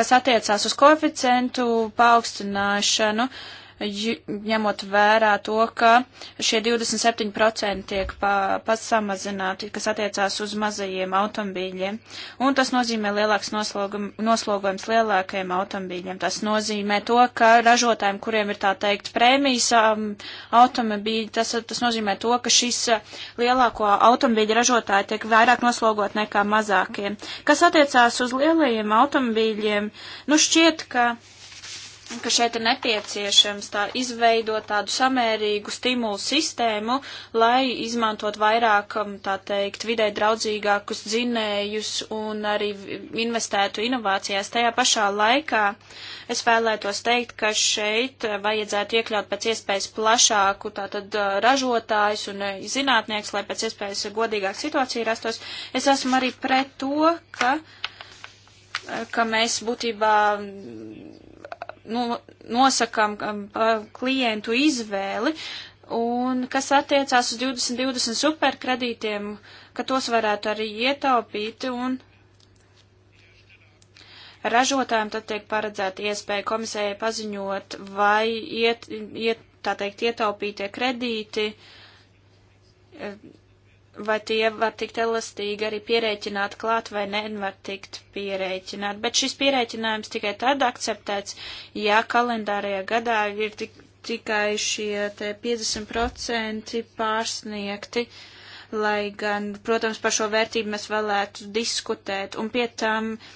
S1: kas attiecās uz koeficientu paaugstināšanu. Uh, ņemot vērā to, ka šie 27% tiek pasamazināti, pa kas attiecās uz mazajiem automobīļiem. Un tas nozīmē lielāks noslogum, noslogojums lielākajiem automobīļiem. Tas nozīmē to, ka ražotājiem, kuriem ir tā teikt prēmijas um, automobīļi, tas, tas nozīmē to, ka šis uh, lielāko automobīļu ražotāji tiek vairāk noslogot nekā mazākiem. Kas attiecās uz lielajiem automobīļiem, nu šķiet, ka ka šeit ir nepieciešams tā izveidot tādu samērīgu stimulu sistēmu, lai izmantot vairāk, um, tā teikt, vidē draudzīgākus dzinējus un arī investētu inovācijās. Tajā pašā laikā es vēlētos teikt, ka šeit uh, vajadzētu iekļaut pēc iespējas plašāku tātad uh, ražotājs un uh, zinātnieks, lai pēc iespējas godīgāk situācija rastos. Es esmu arī pret to, ka, ka mēs būtībā no, nosakam um, klientu izvēli, un kas attiecās uz 2020 superkredītiem, ka tos varētu arī ietaupīt, un ražotājiem tad tiek paredzēta iespēja komisējai paziņot, vai iet, iet, tā teikt, ietaupītie kredīti vai tie var tikt elastīgi arī pierēķināt klāt vai nevar tikt pierēķināt. Bet šis pierēķinājums tikai tad akceptēts, ja kalendārajā gadā ir tik, tikai šie 50% pārsniegti, lai gan, protams, par šo vērtību mēs vēlētu diskutēt. Un pie tam. Uh,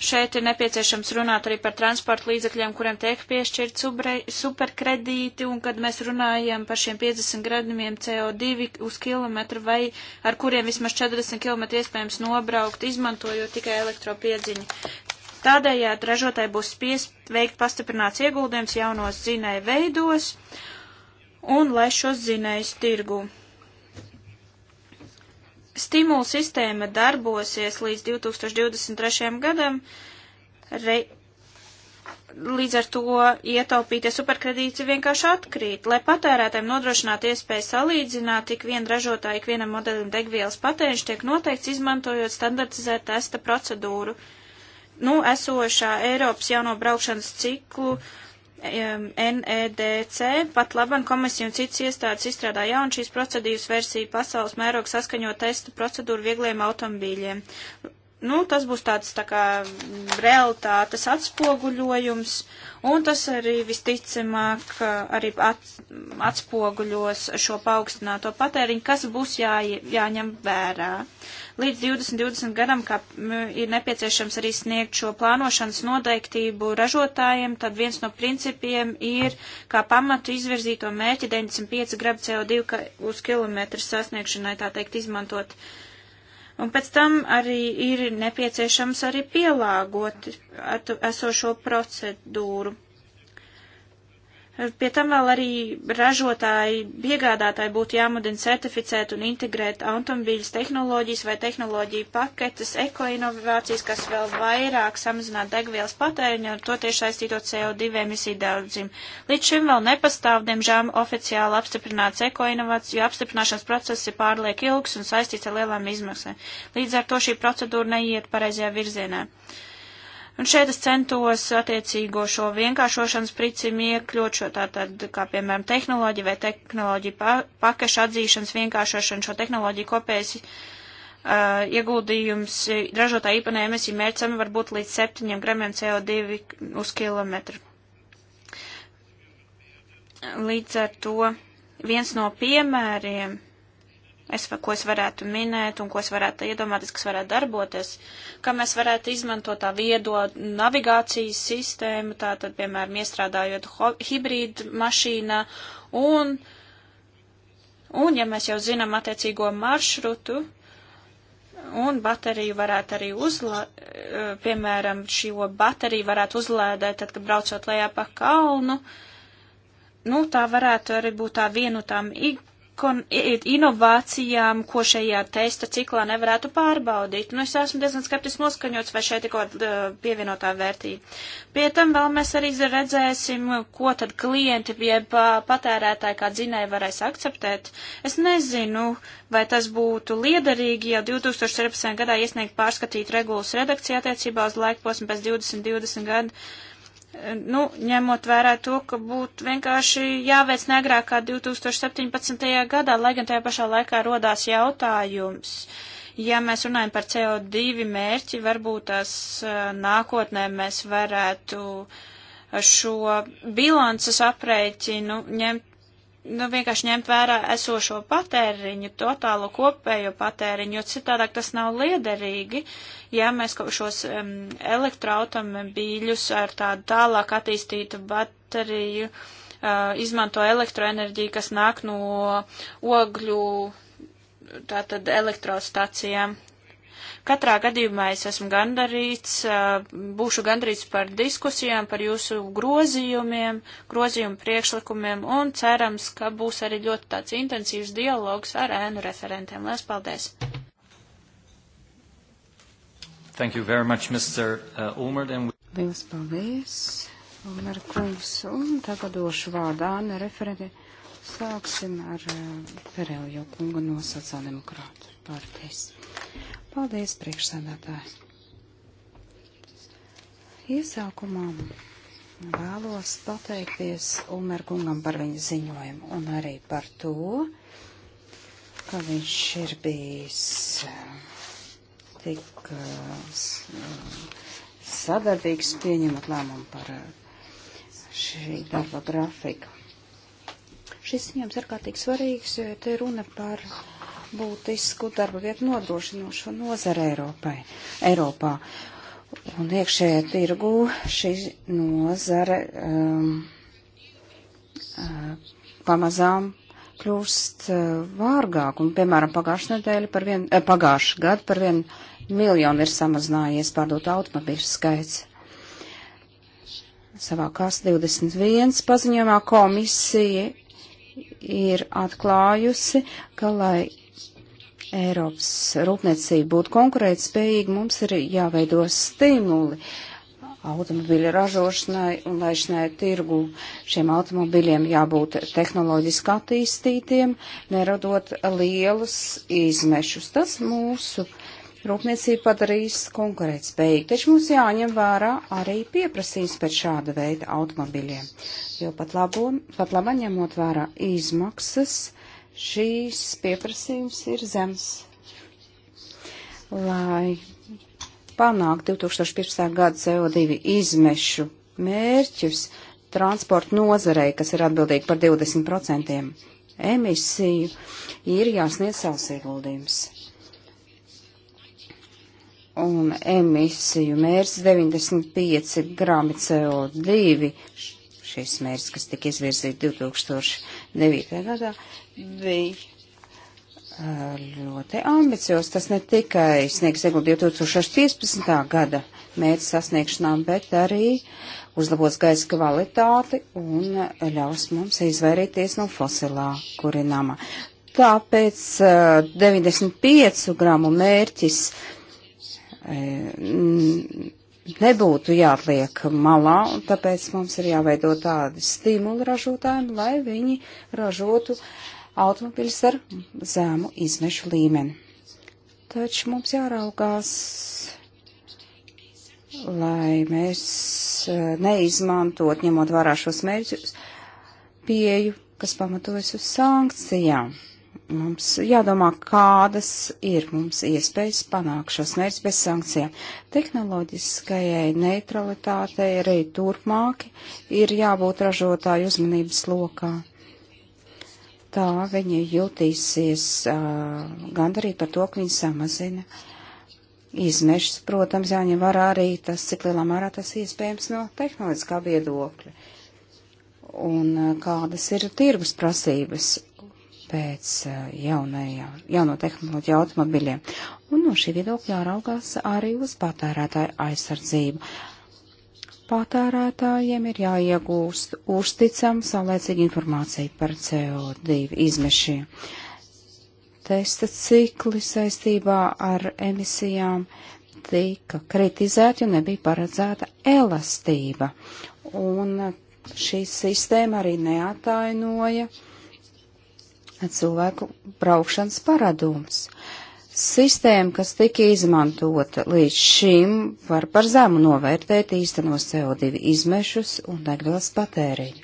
S1: Šeit ir nepieciešams runāt arī par transporta līdzekļiem, kuriem tiek piešķirt superkredīti, un kad mēs runājam par šiem 50 gradumiem CO2 uz kilometru vai ar kuriem vismaz 40 km iespējams nobraukt, izmantojot tikai elektropiedziņu. Tādējādi ražotāji būs spiest veikt pastiprināts ieguldījums jaunos zinēju veidos un lai šos zinējus tirgu stimulu sistēma darbosies līdz 2023. gadam. Re, līdz ar to ietaupītie superkredīti vienkārši atkrīt. Lai patērētājiem nodrošinātu iespēju salīdzināt ikvienu ražotāju, ikvienam modelim degvielas patēriņš tiek noteikts izmantojot standartizētu testa procedūru. Nu, esošā Eiropas jauno braukšanas ciklu uh, NEDC, pat laban komisija un citas iestādes izstrādā jaunu šīs procedūras versiju pasaules mēroga saskaņot testa procedūru viegliem automobīļiem nu, tas būs tāds tā kā realitātes atspoguļojums, un tas arī visticamāk arī atspoguļos šo paaugstināto patēriņu, kas būs jā, jāņem vērā. Līdz 2020 gadam, kā ir nepieciešams arī sniegt šo plānošanas noteiktību ražotājiem, tad viens no principiem ir, kā pamatu izvirzīto mērķi 95 gradu CO2 uz kilometru sasniegšanai, tā teikt, izmantot uh, Un pēc tam arī ir nepieciešams arī pielāgot esošo procedūru. Pie tam vēl arī ražotāji, piegādātāji būtu jāmudina certificēt un integrēt automobīļas tehnoloģijas vai tehnoloģiju paketes, ekoinovācijas, kas vēl vairāk samazināt degvielas patēriņu un to tieši saistīto CO2 emisiju daudzim. Līdz šim vēl nepastāv, diemžēl, oficiāli apstiprināts ekoinovācijas, jo apstiprināšanas process ir pārliek ilgs un saistīts ar lielām izmaksām. Līdz ar to šī procedūra neiet pareizajā virzienā. Uh, Un šeit es centos attiecīgo šo vienkāršošanas pricim iekļūt šo tātad, kā piemēram, tehnoloģiju vai tehnoloģiju pa pakašu atzīšanas vienkāršošanu, šo tehnoloģiju kopējas uh, ieguldījums ražotā īpanē emisiju mērķam var būt līdz 7 gramiem CO2 uz kilometru. Līdz ar to viens no piemēriem es, ko es varētu minēt un ko es varētu iedomāties, kas varētu darboties, kā mēs varētu izmantot tā viedo navigācijas sistēmu, tātad, piemēram, iestrādājot hibrīdu mašīnā un, un, ja mēs jau zinām attiecīgo maršrutu, Un bateriju varētu arī uzlādēt, e, piemēram, šo bateriju varētu uzlādēt, tad, kad braucot lejā pa kalnu. Nu, tā varētu arī būt tā vienu tām kon, inovācijām, ko šajā testa ciklā nevarētu pārbaudīt. Nu, es esmu diezgan skeptiski noskaņots, vai šeit ir kaut kāda uh, pievienotā vērtība. Pie tam vēl mēs arī redzēsim, ko tad klienti jeb patērētāji kā dzinēji varēs akceptēt. Es nezinu, vai tas būtu liederīgi jau 2014. gadā iesniegt pārskatīt regulas redakciju attiecībā uz laikposmu pēc 2020 gadu nu, ņemot vērā to, ka būtu vienkārši jāveic negrāk kā 2017. gadā, lai gan tajā pašā laikā rodās jautājums. Ja mēs runājam par CO2 mērķi, varbūt tās eh, nākotnē mēs varētu šo bilances aprēķinu ņemt nu, vienkārši ņemt vērā esošo patēriņu, totālo kopējo patēriņu, jo citādāk tas nav liederīgi, ja mēs kaut šos um, elektroautomobīļus ar tādu tālāk attīstītu bateriju uh, izmanto elektroenerģiju, kas nāk no ogļu, tātad elektrostacijām. Katrā gadījumā es esmu gandarīts, būšu gandarīts par diskusijām, par jūsu grozījumiem, grozījumu priekšlikumiem un cerams, ka būs arī ļoti tāds intensīvs dialogs ar ēnu referentiem. Lielas paldies!
S2: Thank you very much, Mr. Ulmer. Then... Lielas paldies,
S3: Ulmer kungs. Un tagad došu vārdu ēnu referentiem. Sāksim ar Pereljo kungu no sociāldemokrātu partijas. Paldies, priekšsēdētāji. Iesākumā vēlos pateikties Ulmerkungam par viņa ziņojumu un arī par to, ka viņš ir bijis eh, tik eh, sadarbīgs pieņemot lēmumu par eh, šī darba grafiku. Šis ziņojums ir kārtīgi svarīgs, jo te runa par būtisku darba vietu nodrošinošo nozaru Eiropai, Eiropā. Un iekšējā tirgu šī nozara um, uh, pamazām kļūst uh, vārgāk. Un, piemēram, pagājušā nedēļa par vienu, eh, pagājušā gadu par vienu miljonu ir samazinājies pārdot automobīļu skaits. Savā kās 21 paziņojumā komisija ir atklājusi, ka, lai Eiropas rūpniecība būtu konkurētspējīga, mums ir jāveido stimuli automobiļu ražošanai un laišanai tirgu. Šiem automobiļiem jābūt tehnoloģiski attīstītiem, neradot lielus izmešus. Tas mūsu rūpniecību padarīs konkurētspējīgu, taču mums jāņem vērā arī pieprasījums pēc šāda veida automobiļiem, jo pat labo, pat laba ņemot vērā izmaksas Šīs pieprasījums ir zems, lai panāktu 2015. gada CO2 izmešu mērķus transporta nozarei, kas ir atbildīgi par 20% emisiju, ir jāsniedz savs ieguldījums. Un emisiju mērķis 95 grami CO2 šis mērķis, kas tika izvirzīts 2009. gadā, bija ļoti ambiciozs. Tas ne tikai sniegs ieguldījumu 2015. gada mērķu sasniegšanā, bet arī uzlabos gaisa kvalitāti un ļaus mums izvairīties no fosilā kurināma. Tāpēc 95 gramu mērķis nebūtu jāatliek malā, un tāpēc mums ir jāveido tādi stimuli ražotājiem, lai viņi ražotu automobiļus ar zēmu izmešu līmeni. Taču mums jāraugās, lai mēs e, neizmantot, ņemot vērā šos mērķus, pieju, kas pamatojas uz sankcijām. Mums jādomā, kādas ir mums iespējas panākt šos mērķus bez sankcijām. Tehnoloģiskajai neutralitātei arī turpmāk ir jābūt ražotāju uzmanības lokā tā viņi jutīsies uh, gandarīt par to, ka viņi samazina izmešas. Protams, jāņem vērā arī tas, cik lielā mērā tas iespējams no tehnoloģiskā viedokļa un uh, kādas ir tirgus prasības pēc eh, jaunajā, jauno tehnoloģiju automobiļiem. Un no šī viedokļa jāraugās arī uz patērētāju aizsardzību. Patērētājiem ir jāiegūst uzticama saulēcīga informācija par CO2 izmešiem. Testa cikli saistībā ar emisijām tika kritizēti un nebija paredzēta elastība. Un šī sistēma arī neatainoja uh, cilvēku braukšanas paradums. Sistēma, kas tika izmantota līdz šim, var par zemu novērtēt īstenos CO2 izmešus un degvielas patēriņu.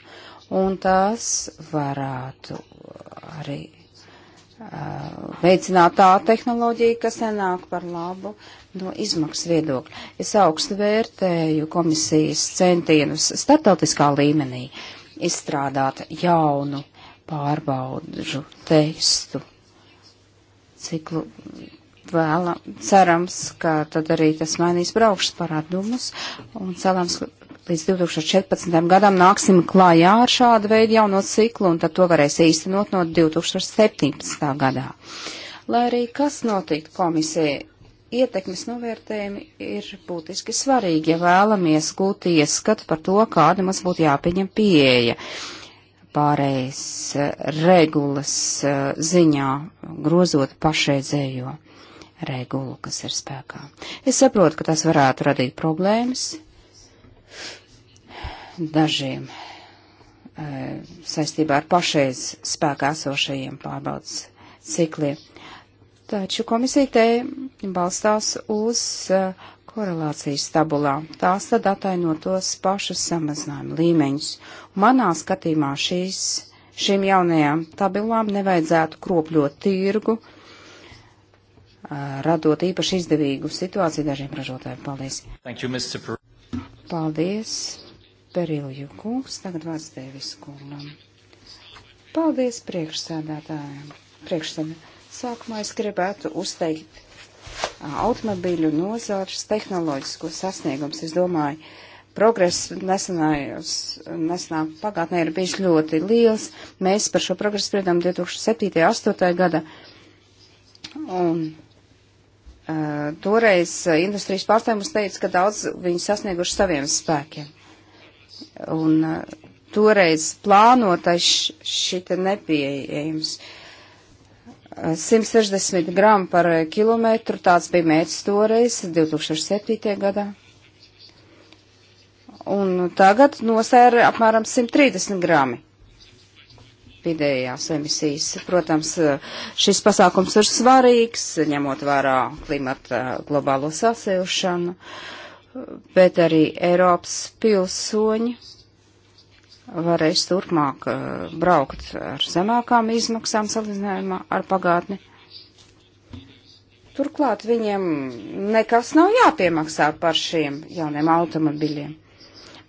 S3: Un tās varētu arī uh, veicināt tā tehnoloģija, kas nenāk par labu no izmaksu viedokļa. Es augstu vērtēju komisijas centienus starptautiskā līmenī izstrādāt jaunu pārbaudžu tekstu ciklu vēla. Cerams, ka tad arī tas mainīs braukšas parādumus un cerams, līdz 2014. gadam nāksim klājā ar šādu veidu jauno ciklu un tad to varēs īstenot no 2017. gadā. Lai arī kas notiktu komisija, ietekmes novērtējumi ir būtiski svarīgi, ja vēlamies gūt ieskatu par to, kāda mums būtu jāpieņem pieeja. Uh, pārējais eh, regulas eh, ziņā, grozot pašreizējo regulu, kas ir spēkā. Es saprotu, ka tas varētu radīt problēmas dažiem eh, saistībā ar pašreiz spēkā esošajiem pārbaudas cikliem. Taču komisija te balstās uz uh, korelācijas tabulā. Tās tad ataino tos pašus samazinājumu līmeņus. Manā skatījumā šīs, šīm jaunajām tabulām nevajadzētu kropļot tirgu, radot īpaši izdevīgu situāciju dažiem ražotājiem. Paldies!
S1: Thank you, Mr. Per
S3: Paldies, Perilju kungs, tagad vārds Dēvis kungam. Paldies priekšsēdētājiem. Priekšsēdētājiem. Sākumā es gribētu uzteikt automobīļu nozārs tehnoloģisko sasniegums. Es domāju, progress nesenā pagātnē ir bijis ļoti liels. Mēs par šo progresu spriedām 2007.-2008. gada. Un uh, toreiz industrijas pārstāvjums teica, ka daudz viņi sasnieguši saviem spēkiem. Un uh, toreiz plānotais šita nepieejams. Uh, 160 gramu par kilometru, tāds bija mērķis toreiz, 2007. gadā. Un tagad nosēra apmēram 130 grami vidējās emisijas. Protams, šis pasākums ir svarīgs, ņemot vērā klimata globālo sasilšanu, bet arī Eiropas pilsoņi varēs turpmāk eh, braukt ar zemākām izmaksām salīdzinājumā ar pagātni. Turklāt viņiem nekas nav jāpiemaksā par šiem jauniem automobiļiem.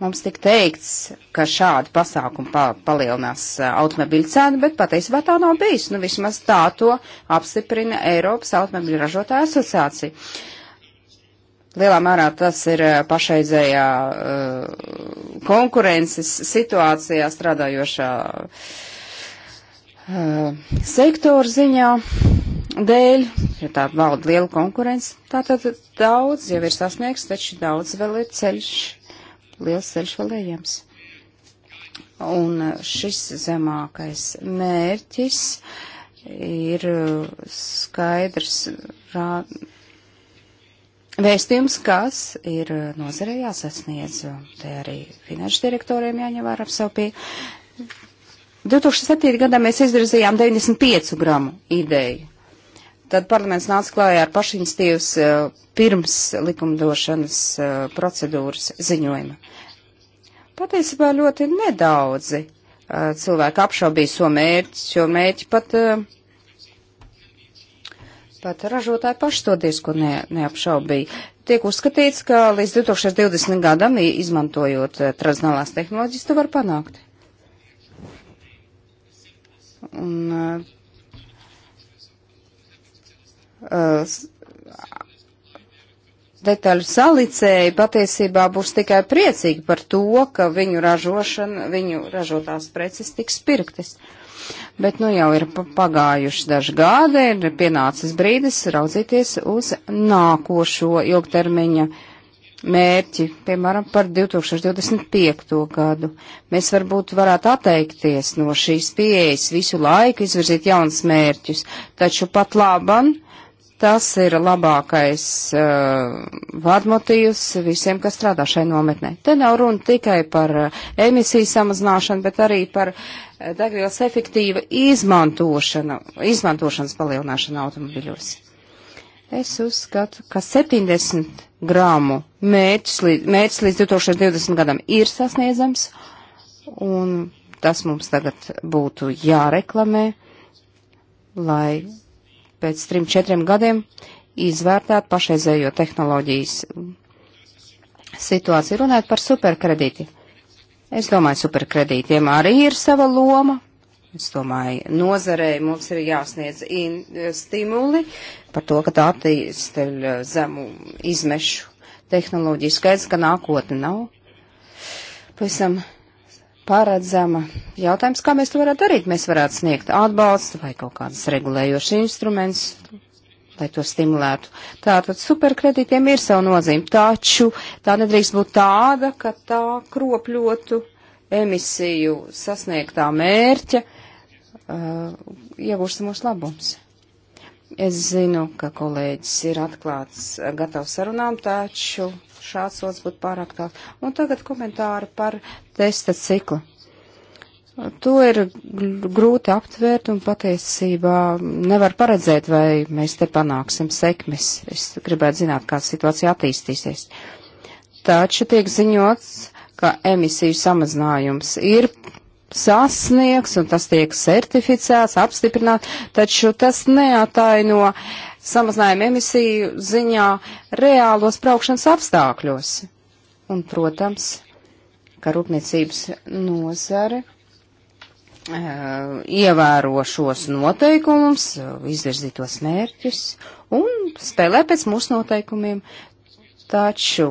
S3: Mums tik teikts, ka šādi pasākumi pa palielinās eh, automobiļu cenu, bet patiesībā tā nav bijis. Nu, vismaz tā to apstiprina Eiropas automobiļu ražotāja asociācija. Uh, Lielā mērā tas ir eh, pašreizējā uh, konkurences situācijā strādājošā uh, sektora ziņā dēļ, ja tā valda liela konkurence. Tātad daudz jau ir sasniegts, taču daudz vēl ir ceļš, liels ceļš vēl ejams. Un šis zemākais mērķis ir skaidrs rā, vēstījums, kas ir nozarē jāsasniedz, te arī finanšu direktoriem jāņem vērā ap savu pie. 2007. gadā mēs izvirzījām 95 gramu ideju. Tad parlaments nāca klājā ar pašinstīvas eh, pirms likumdošanas eh, procedūras ziņojuma. Patiesībā ļoti nedaudzi eh, cilvēki apšaubīja šo mērķi, jo mērķi pat Pat ražotāji paši to diezgan ne, neapšaubīja. Tiek uzskatīts, ka līdz 2020. gadam, izmantojot eh, tradicionālās tehnoloģijas, to var panākt. Un, uh, detaļu salicēji patiesībā būs tikai priecīgi par to, ka viņu ražošana, viņu ražotās preces tiks pirktas. Uh, bet nu jau ir pagājuši daži gadi, ir pienācis brīdis raudzīties uz nākošo ilgtermiņa mērķi, piemēram, par 2025. gadu. Mēs varbūt varētu atteikties no šīs pieejas visu laiku, izvirzīt jaunas mērķus, taču pat laban Tas ir labākais uh, vadmotīvs visiem, kas strādā šai nometnē. Te nav runa tikai par uh, emisiju samazināšanu, bet arī par uh, degvielas efektīvu izmantošanu, izmantošanas palielināšanu automobiļos. Es uzskatu, ka 70 grāmu mērķis līdz, mērķis līdz 2020 gadam ir sasniedzams, un tas mums tagad būtu jāreklamē, lai pēc trim, četriem gadiem izvērtēt pašreizējo tehnoloģijas situāciju. Runājot par superkredītiem. Es domāju, superkredītiem arī ir sava loma. Es domāju, nozarei mums ir jāsniedz in, stimuli par to, ka tā attīsteļ uh, zemu izmešu tehnoloģiju. Skaidrs, ka nākotne nav. Pavisam paredzama. Jautājums, kā mēs to varētu darīt? Mēs varētu sniegt atbalstu vai kaut kādas regulējošas instruments, lai to stimulētu. Tātad superkredītiem ir savu nozīmi, taču tā nedrīkst būt tāda, ka tā kropļotu emisiju sasniegtā mērķa uh, iegūstamos labums. Es zinu, ka kolēģis ir atklāts, gatavs sarunām, taču šāds sots būtu pārāk tāds. Un tagad komentāri par testa ciklu. To ir grūti aptvērt un patiesībā nevar paredzēt, vai mēs te panāksim sekmes. Es gribētu zināt, kā situācija attīstīsies. Taču tiek ziņots, ka emisiju samazinājums ir sasniegs un tas tiek certificēts, apstiprināts, taču tas neataino uh, samazinājumu emisiju ziņā reālos braukšanas apstākļos. Un, protams, ka rūpniecības nozare ievēro šos noteikumus, izvirzītos mērķus un spēlē pēc mūsu noteikumiem. Taču,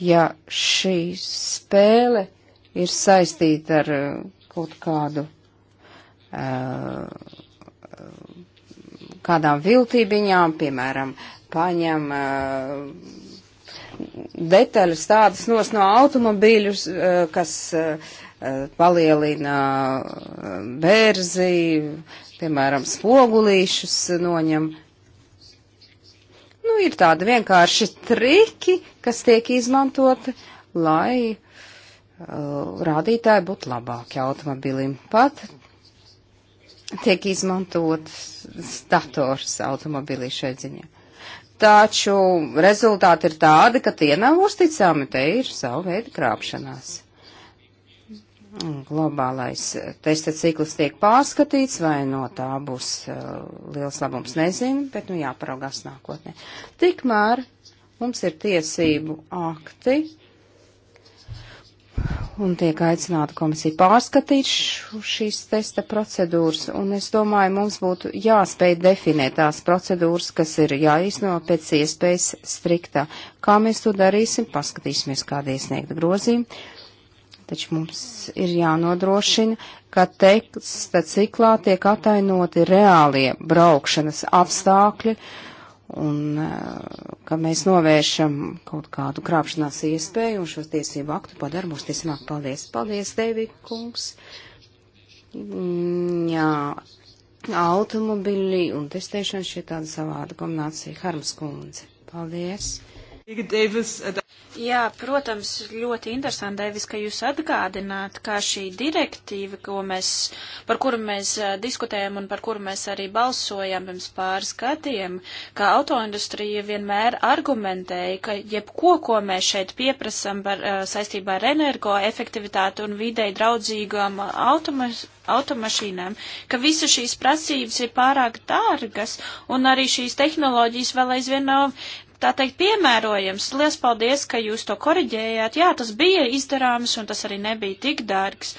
S3: ja šī spēle ir saistīta ar kaut kādu uh, kādām viltībiņām, piemēram, paņem uh, detaļas tādas nos no automobīļus, uh, kas uh, palielina bērzi, piemēram, spogulīšus noņem. Nu, ir tādi vienkārši triki, kas tiek izmantoti, lai uh, rādītāji būtu labāki automobilim. Pat tiek izmantotas dators automobilī šai ziņā. Taču rezultāti ir tādi, ka tie nav uzticami, te ir savu veidu krāpšanās. Globālais testa cikls tiek pārskatīts, vai no tā būs uh, liels labums, nezinu, bet nu jāparaugās nākotnē. Tikmēr mums ir tiesību akti, un tiek aicināta komisija pārskatīt šīs testa procedūras, un es domāju, mums būtu jāspēj definēt tās procedūras, kas ir jāizno pēc iespējas striktā. Kā mēs to darīsim, paskatīsimies, kādi iesniegt grozījumi, taču mums ir jānodrošina, ka teksta ciklā tiek atainoti reālie braukšanas apstākļi, uh, un ka mēs novēršam kaut kādu krāpšanās iespēju un šo tiesību aktu padara mūsu tiesībāk. Paldies, paldies, Devi kungs. Mm, jā, automobiļi un testēšana šie tāda savāda kombinācija. Harms kundze, paldies.
S1: Jā, protams, ļoti interesanti, Devis, ka jūs atgādināt, kā šī direktīva, ko mēs, par kuru mēs diskutējam un par kuru mēs arī balsojam pirms pāris gadiem, ka autoindustrija vienmēr argumentēja, ka jebko, ko mēs šeit pieprasam par, saistībā ar energo, efektivitāti un videi draudzīgām automa, automašīnām, ka visas šīs prasības ir pārāk dārgas un arī šīs tehnoloģijas vēl aizvien nav tā teikt, piemērojams. Lielas paldies, ka jūs to koriģējāt. Jā, tas bija izdarāms un tas arī nebija tik dārgs.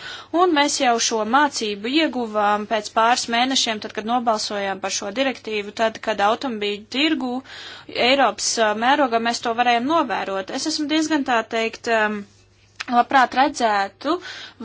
S1: Un mēs jau šo mācību ieguvām pēc pāris mēnešiem, tad, kad nobalsojām par šo direktīvu, tad, kad automobīļu tirgu Eiropas uh, mērogā mēs to varējām novērot. Es esmu diezgan tā teikt. Um, labprāt redzētu,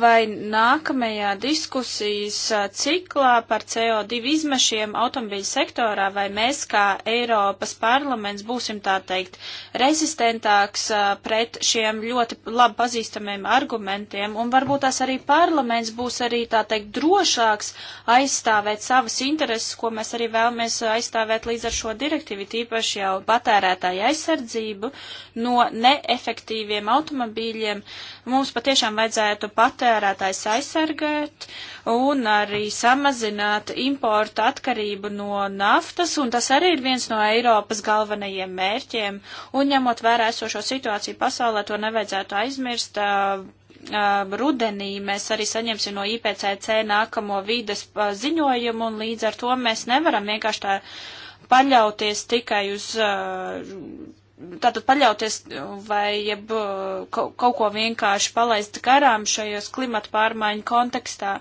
S1: vai nākamajā diskusijas ciklā par CO2 izmešiem automobīļu sektorā, vai mēs kā Eiropas parlaments būsim tā teikt rezistentāks pret šiem ļoti labi pazīstamiem argumentiem, un varbūt tās arī parlaments būs arī tā teikt drošāks aizstāvēt savas intereses, ko mēs arī vēlamies aizstāvēt līdz ar šo direktīvu, tīpaši jau patērētāju aizsardzību no neefektīviem automobīļiem. Mums patiešām vajadzētu patērētājs aizsargāt un arī samazināt importu atkarību no naftas, un tas arī ir viens no Eiropas galvenajiem mērķiem. Un ņemot vērā esošo situāciju pasaulē, to nevajadzētu aizmirst. Uh, rudenī mēs arī saņemsim no IPCC nākamo vīdes ziņojumu, un līdz ar to mēs nevaram vienkārši tā paļauties tikai uz uh, tātad paļauties vai jeb uh, kaut, kaut ko vienkārši palaist garām šajos klimata pārmaiņu kontekstā.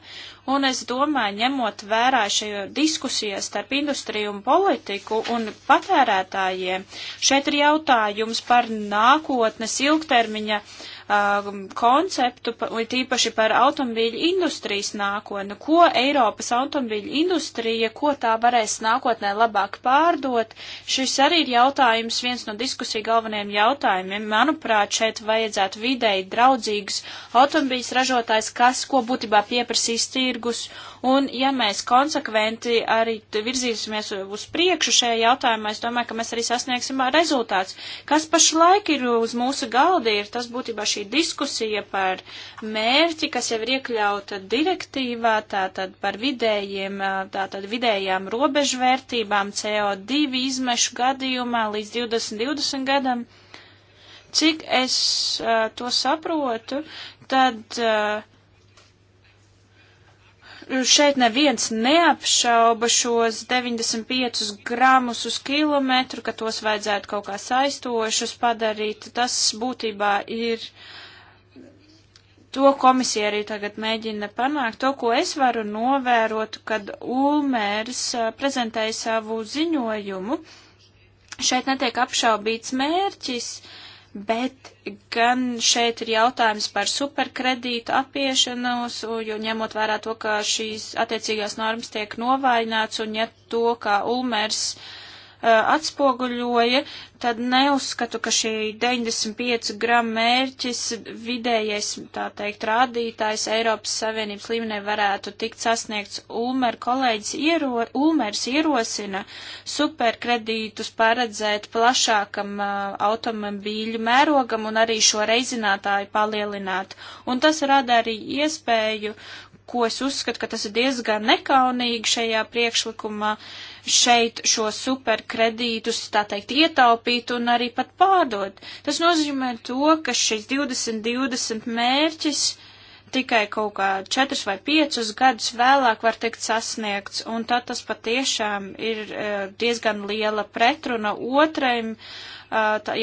S1: Un es domāju, ņemot vērā šajā diskusijas starp industriju un politiku un patērētājiem, šeit ir jautājums par nākotnes ilgtermiņa uh, um, konceptu, un tīpaši par automobīļu industrijas nākotni. Ko Eiropas automobīļu industrija, ko tā varēs nākotnē labāk pārdot? Šis arī ir jautājums, viens no diskusiju galvenajiem jautājumiem. Manuprāt, šeit vajadzētu videi draudzīgus automobīļus ražotājs, kas, ko būtībā pieprasīs tirgus Un ja mēs konsekventi arī virzīsimies uz priekšu šajā jautājumā, es domāju, ka mēs arī sasniegsim rezultāts. Kas pašlaik ir uz mūsu galda, ir tas būtībā šī diskusija par mērķi, kas jau ir iekļauta direktīvā, tātad par vidējiem, tātad vidējām robežvērtībām CO2 izmešu gadījumā līdz 2020 gadam cik es uh, to saprotu, tad uh, šeit neviens neapšauba šos 95 gramus uz kilometru, ka tos vajadzētu kaut kā saistošus padarīt. Tas būtībā ir. To komisija arī tagad mēģina panākt. To, ko es varu novērot, kad Ulmērs prezentēja savu ziņojumu, šeit netiek apšaubīts mērķis. Uh, bet gan šeit ir jautājums par superkredītu apiešanos, jo ņemot vērā to, ka šīs attiecīgās normas tiek novājināts un ja to, kā Ulmers uh, Uh, atspoguļoja, tad neuzskatu, ka šī 95 gramu mērķis vidējais, tā teikt, rādītājs Eiropas Savienības līmenī varētu tikt sasniegts. Ulmer kolēģis iero, Ulmers ierosina superkredītus paredzēt plašākam uh, automobīļu mērogam un arī šo reizinātāju palielināt. Un tas rada arī iespēju, ko es uzskatu, ka tas ir diezgan nekaunīgi šajā priekšlikumā. Uh, šeit šo superkredītus, tā teikt, ietaupīt un arī pat pārdot. Tas nozīmē to, ka šis 2020 mērķis tikai kaut kā četrus vai piecus gadus vēlāk var tikt sasniegts, un tad tas patiešām ir e, diezgan liela pretruna otrajam e,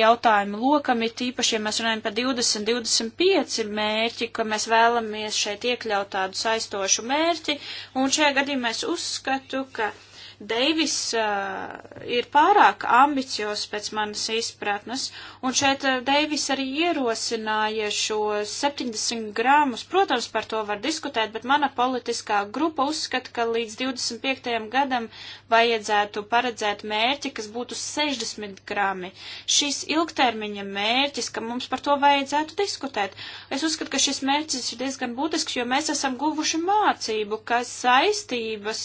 S1: jautājumu lokam, ir tīpaši, ja mēs runājam par 20, 25 mērķi, ka mēs vēlamies šeit iekļaut tādu saistošu mērķi, un šajā gadījumā es uzskatu, ka Deivis uh, ir pārāk ambicios pēc manas izpratnes, un šeit uh, Deivis arī ierosināja šo 70 grāmus. Protams, par to var diskutēt, bet mana politiskā grupa uzskata, ka līdz 25. gadam vajadzētu paredzēt mērķi, kas būtu 60 grami. Šis ilgtermiņa mērķis, ka mums par to vajadzētu diskutēt. Es uzskatu, ka šis mērķis ir diezgan būtisks, jo mēs esam guvuši mācību, ka saistības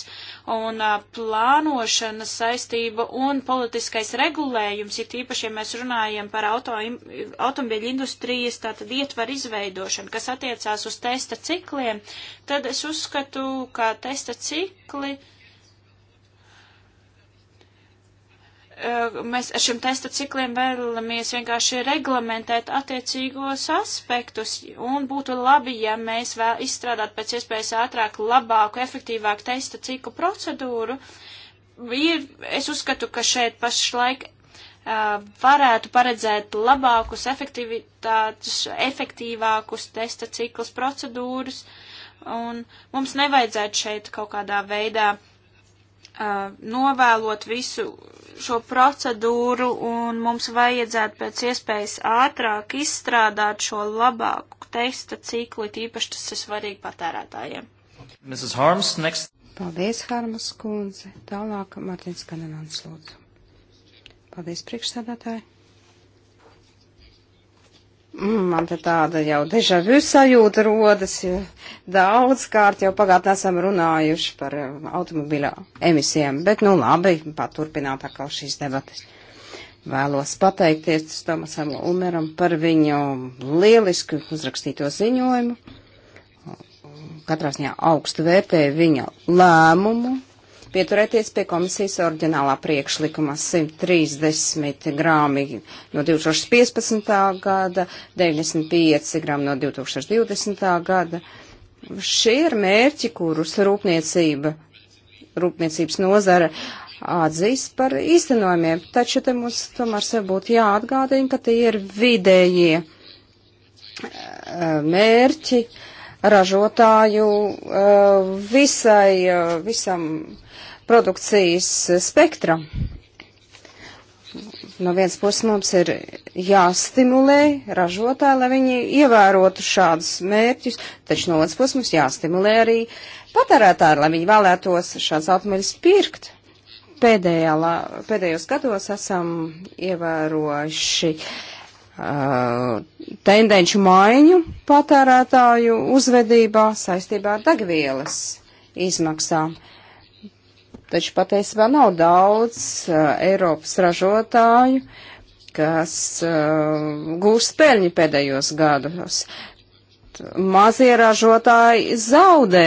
S1: un plānošana saistība un politiskais regulējums, ir tīpaši, ja mēs runājam par auto, automobīļu industrijas, tātad ietvar izveidošanu, kas attiecās uz testa cikliem, tad es uzskatu, ka testa cikli Eh, mēs ar šiem testa cikliem vēlamies vienkārši reglamentēt attiecīgos aspektus, un būtu labi, ja mēs vēl izstrādāt pēc iespējas ātrāk, labāku, efektīvāku testa ciklu procedūru. Ir, es uzskatu, ka šeit pašlaik uh, varētu paredzēt labākus, efektīvākus testa ciklus procedūras, un mums nevajadzētu šeit kaut kādā veidā uh, Uh, novēlot visu šo procedūru un mums vajadzētu pēc iespējas ātrāk izstrādāt šo labāku teksta ciklu, tīpaši tas ir svarīgi patērētājiem. Mrs.
S3: Harms, next. Paldies, Harmas kundze. Tālāk Martins Kananans lūdzu. Paldies, priekšsēdētāji. Mm, man te tāda jau deja vu sajūta rodas, jo daudz kārt jau pagātnē esam runājuši par um, automobiļa emisijām, bet nu labi, paturpināt atkal šīs debatas. Vēlos pateikties Tomasam Umeram par viņu lielisku uzrakstīto ziņojumu. Katrā ziņā augstu vērtēju viņa lēmumu pieturēties pie komisijas oriģinālā priekšlikuma 130 grāmi no 2015. gada, 95 grāmi no 2020. gada. Šie ir mērķi, kurus rūpniecība, rūpniecības nozara atzīst par īstenojumiem, taču te mums tomēr sev būtu jāatgādina, ka tie ir vidējie eh, mērķi, uh, ražotāju eh, visai, eh, visam produkcijas spektram. No vienas puses mums ir jāstimulē ražotāji, lai viņi ievērotu šādus mērķus, taču no otras puses mums jāstimulē arī patērētāji, lai viņi vēlētos šādus automobiļus pirkt. Pēdējā, pēdējos gados esam ievērojuši uh, Uh, tendenču maiņu patērētāju uzvedībā saistībā ar degvielas izmaksām. Taču patiesībā nav daudz uh, Eiropas ražotāju, kas uh, gūst peļņu pēdējos gados. Mazie ražotāji zaudē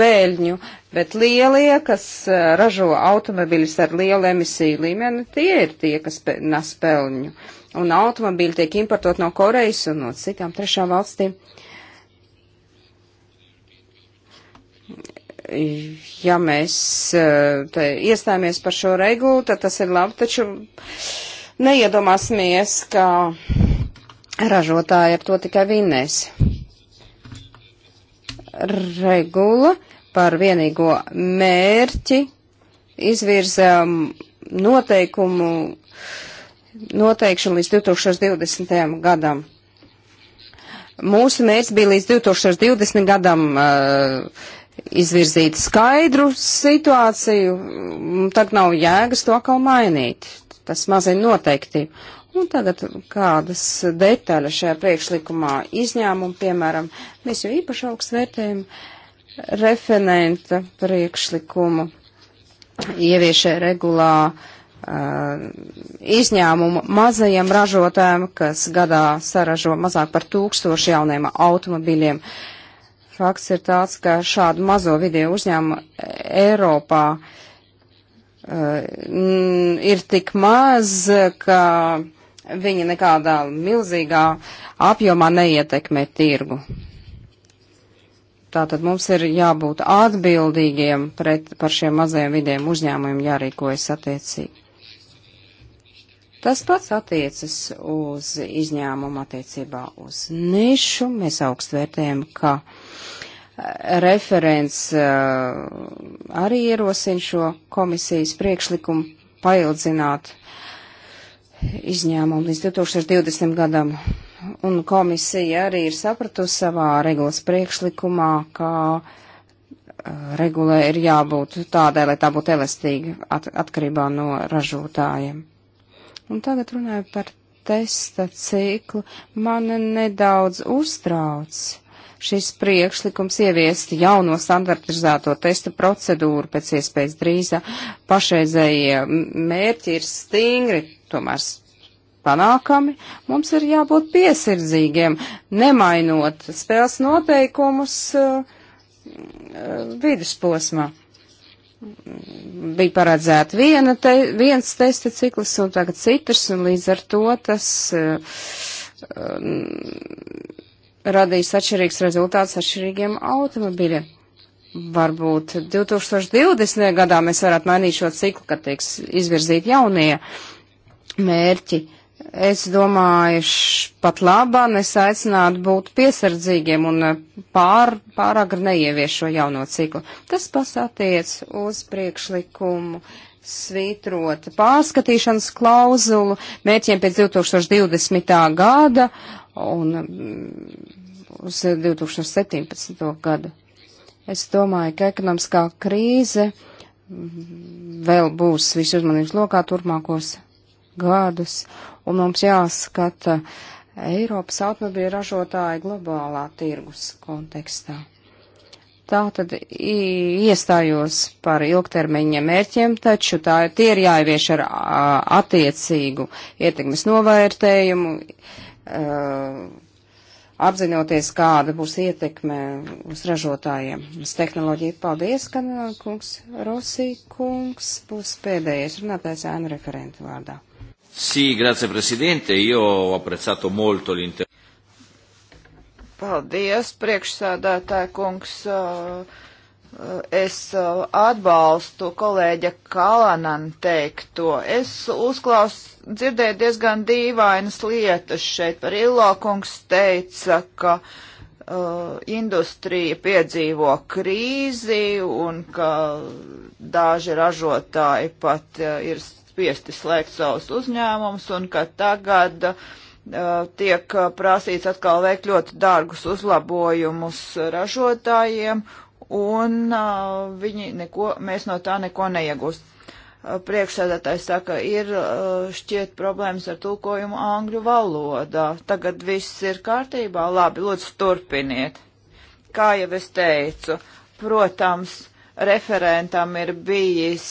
S3: peļņu, bet lielie, kas uh, ražo automobiļus ar lielu emisiju līmeni, tie ir tie, kas pe nes peļņu. Uh, un automobīļi tiek importot no Korejas un no citām trešām valstīm. Ja mēs eh, te, iestājāmies par šo regulu, tad tas ir labi, taču neiedomāsimies, ka ražotāji ar to tikai vinnēs. Regula par vienīgo mērķi izvirza mm, noteikumu uh, noteikšanu līdz 2020. gadam. Mūsu mērķis bija līdz 2020. gadam uh, izvirzīt skaidru situāciju, mm, tad nav jēgas to atkal mainīt. Tas mazliet noteikti. Un tagad kādas detaļas šajā priekšlikumā izņēmumu, piemēram, mēs jau īpaši augstu vērtējam referenta priekšlikumu ieviešē regulā uh, Uh, izņēmumu mazajiem ražotājiem, kas gadā saražo mazāk par tūkstošu jauniem automobiļiem. Fakts ir tāds, ka šādu mazo video uzņēmumu Eiropā uh, ir tik maz, ka viņi nekādā milzīgā apjomā neietekmē tirgu. Tātad mums ir jābūt atbildīgiem pret, par šiem mazajiem vidiem uzņēmumiem jārīkojas attiecīgi. Tas pats attiecas uz izņēmumu attiecībā uz nišu. Mēs augstvērtējam, ka eh, referents eh, arī ierosina šo komisijas priekšlikumu paildzināt izņēmumu līdz 2020 gadam. Un komisija arī ir sapratusi savā regulas priekšlikumā, ka eh, regulē ir jābūt tādai, lai tā būtu elastīga at atkarībā no ražotājiem. Un tagad runāju par testa ciklu. Man nedaudz uztrauc šis priekšlikums ieviest jauno standartizēto testa procedūru pēc iespējas drīzāk. Pašreizējie mērķi ir stingri, tomēr panākami. Mums ir jābūt piesardzīgiem, nemainot spēles noteikumus uh, uh vidusposmā bija paredzēta viena te, viens testa cikls un tagad citas, un līdz ar to tas uh, radīs atšķirīgs rezultāts atšķirīgiem automobiļiem. Varbūt 2020. gadā mēs varētu mainīt šo ciklu, kad tiks izvirzīti jaunie mērķi. Es domāju, pat labāk es aicinātu būt piesardzīgiem un eh, pār, pārāk neievies šo jauno ciklu. Tas pats attiec uz priekšlikumu svītrot pārskatīšanas klauzulu mērķiem pēc 2020. gada un mm, uz 2017. gadu. Es domāju, ka ekonomiskā krīze mm, vēl būs visu uzmanības lokā turpmākos gadus, un mums jāskata Eiropas automobīļa ražotāja globālā tirgus kontekstā. Tā tad iestājos par ilgtermiņa mērķiem, taču tā, tie ir jāievieš ar attiecīgu ietekmes novērtējumu, apzinoties, kāda būs ietekme uz ražotājiem. Uz tehnoloģiju paldies, ka kungs Rosī kungs būs pēdējais runātājs ēnu referentu vārdā. Sī, grazie, prezidente, jo apprezzato molto l'intervju. Paldies,
S2: priekšsēdētāja kungs. Eh, es eh, atbalstu kolēģa Kalanan teikto. Es uzklaus, dzirdēju diezgan dīvainas lietas šeit. Par Illo kungs teica, ka uh, industrija piedzīvo krīzi un ka daži ražotāji pat uh, ir spiesti slēgt savus uzņēmumus un ka tagad uh, tiek uh, prasīts atkal veikt ļoti dārgus uzlabojumus ražotājiem un uh, viņi neko, mēs no tā neko neiegūst. Uh, Priekšsēdētājs saka, ir uh, šķiet problēmas ar tulkojumu angļu valodā. Tagad viss ir kārtībā. Labi, lūdzu, turpiniet. Kā jau es teicu, protams, referentam ir bijis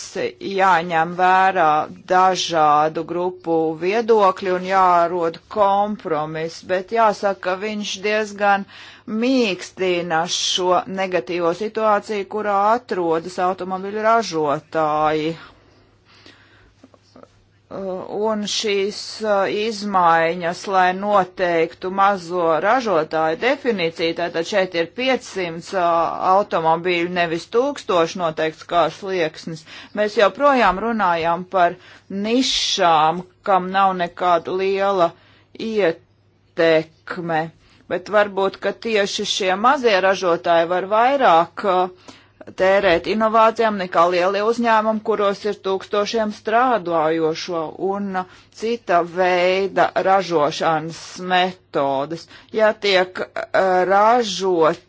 S2: jāņem vērā dažādu grupu viedokļi un jārod kompromis, bet jāsaka, ka viņš diezgan mīkstina šo negatīvo situāciju, kurā atrodas automobiļu ražotāji. Uh, un šīs uh, izmaiņas, lai noteiktu mazo ražotāju definīciju, tātad šeit ir 500 uh, automobīļu, nevis 1000 noteikts kā slieksnis. Mēs joprojām runājām par nišām, kam nav nekāda liela ietekme. Bet varbūt, ka tieši šie mazie ražotāji var vairāk uh, tērēt inovācijām nekā lielie uzņēmumi, kuros ir tūkstošiem strādājošo un cita veida ražošanas metodas. Ja tiek eh, ražotas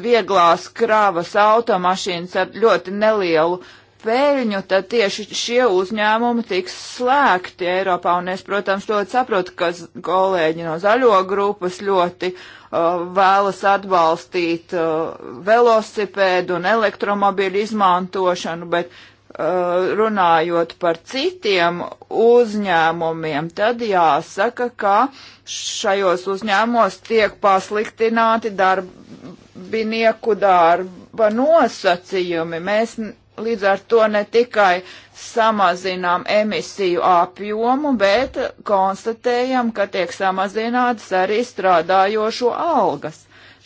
S2: vieglās krāvas automašīnas ar ļoti nelielu peļņu, tad tieši šie uzņēmumi tiks slēgti Eiropā. Un es, protams, ļoti saprotu, ka kolēģi no zaļo grupas ļoti uh, Uh, vēlas atbalstīt uh, velosipēdu un elektromobīļu izmantošanu, bet uh, runājot par citiem uzņēmumiem, tad jāsaka, ka šajos uzņēmumos tiek pasliktināti darbinieku darba nosacījumi. Mēs Līdz ar to ne tikai samazinām emisiju apjomu, bet konstatējam, ka tiek samazinātas arī strādājošo algas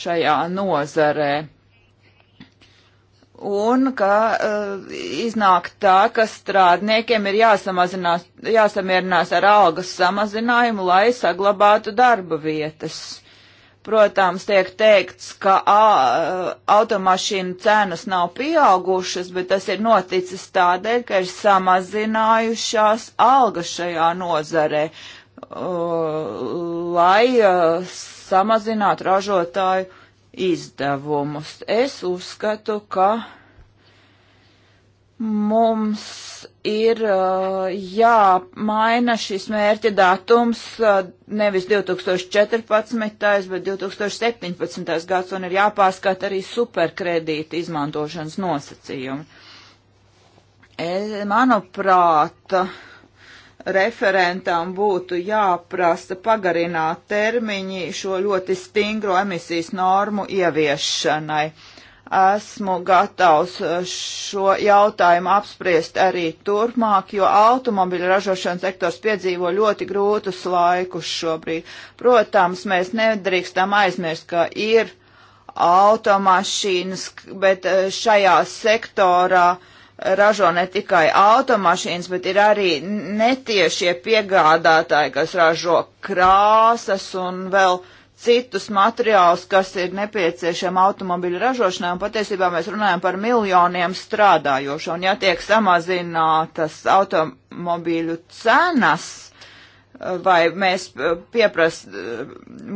S2: šajā nozarē un ka uh, iznāk tā, ka strādniekiem ir jāsamazinās, jāsamierinās ar algas samazinājumu, lai saglabātu darba vietas. Protams, tiek teikts, ka a, automašīnu cenas nav pieaugušas, bet tas ir noticis tādēļ, ka ir samazinājušās algas šajā nozarē, lai a, samazinātu ražotāju izdevumus. Es uzskatu, ka mums ir uh, jāmaina šis mērķa datums uh, nevis 2014. bet 2017. gads un ir jāpārskata arī superkredīta izmantošanas nosacījumi. E, manuprāt, referentam būtu jāprasa pagarināt termiņi šo ļoti stingro emisijas normu ieviešanai. Uh, esmu gatavs uh, šo jautājumu apspriest arī turpmāk, jo automobiļu ražošanas sektors piedzīvo ļoti grūtus laikus šobrīd. Protams, mēs nedrīkstam aizmirst, ka ir automašīnas, bet uh, šajā sektorā ražo ne tikai automašīnas, bet ir arī netiešie piegādātāji, kas ražo krāsas un vēl uh, citus materiālus, kas ir nepieciešami automobiļu ražošanai, un patiesībā mēs runājam par miljoniem strādājošo, un ja tiek samazinātas automobīļu cenas, vai mēs pieprast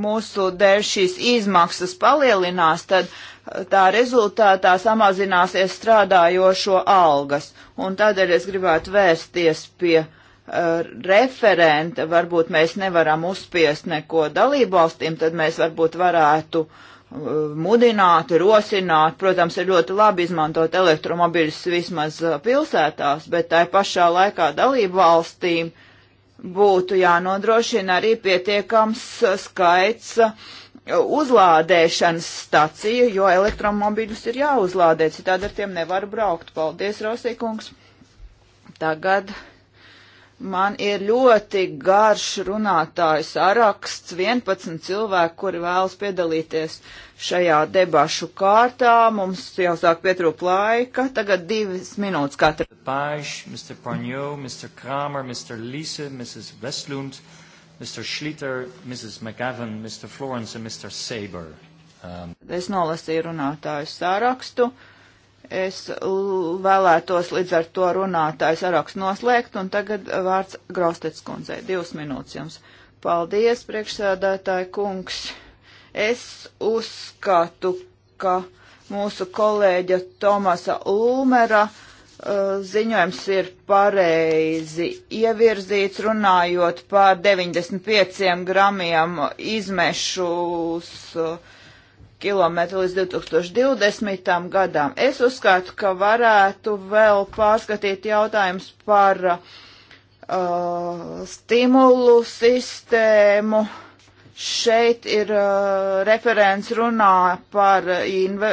S2: mūsu dēļ šīs izmaksas palielinās, tad tā rezultātā samazināsies strādājošo algas. Un tādēļ es gribētu vērsties pie uh, referente, varbūt mēs nevaram uzspiest neko dalībvalstīm, tad mēs varbūt varētu uh, mudināt, rosināt. Protams, ir ļoti labi izmantot elektromobiļus vismaz uh, pilsētās, bet tai pašā laikā dalībvalstīm būtu jānodrošina arī pietiekams uh, skaits uzlādēšanas staciju, jo elektromobīļus ir jāuzlādē, citādi ar tiem nevar braukt. Paldies, Rosīkungs. Tagad Man ir ļoti garš runātāju saraksts, 11 cilvēku, kuri vēlas piedalīties šajā debašu kārtā. Mums jau sāk pietrūkt laika, tagad divas minūtes katra. Pāž, Mr. Pornio, Mr. Kramer, Mr. Lise, Mrs. Westlund, Mr. Schlitter, Mrs. McGavin, Mr. Florence un Mr. Saber. Um. Es nolasīju runātāju sarakstu. Uh, Es vēlētos līdz ar to runātājs araks noslēgt, un tagad vārds Graustets kundzei. Divas minūtes jums. Paldies, priekšsēdētāji kungs. Es uzskatu, ka mūsu kolēģa Tomasa Ulmera uh, ziņojums ir pareizi ievirzīts runājot par 95 gramiem izmešus uh, kilometri līdz 2020. gadam. Es uzskatu, ka varētu vēl pārskatīt jautājums par uh, stimulu sistēmu. Šeit ir uh, referents runā par, inve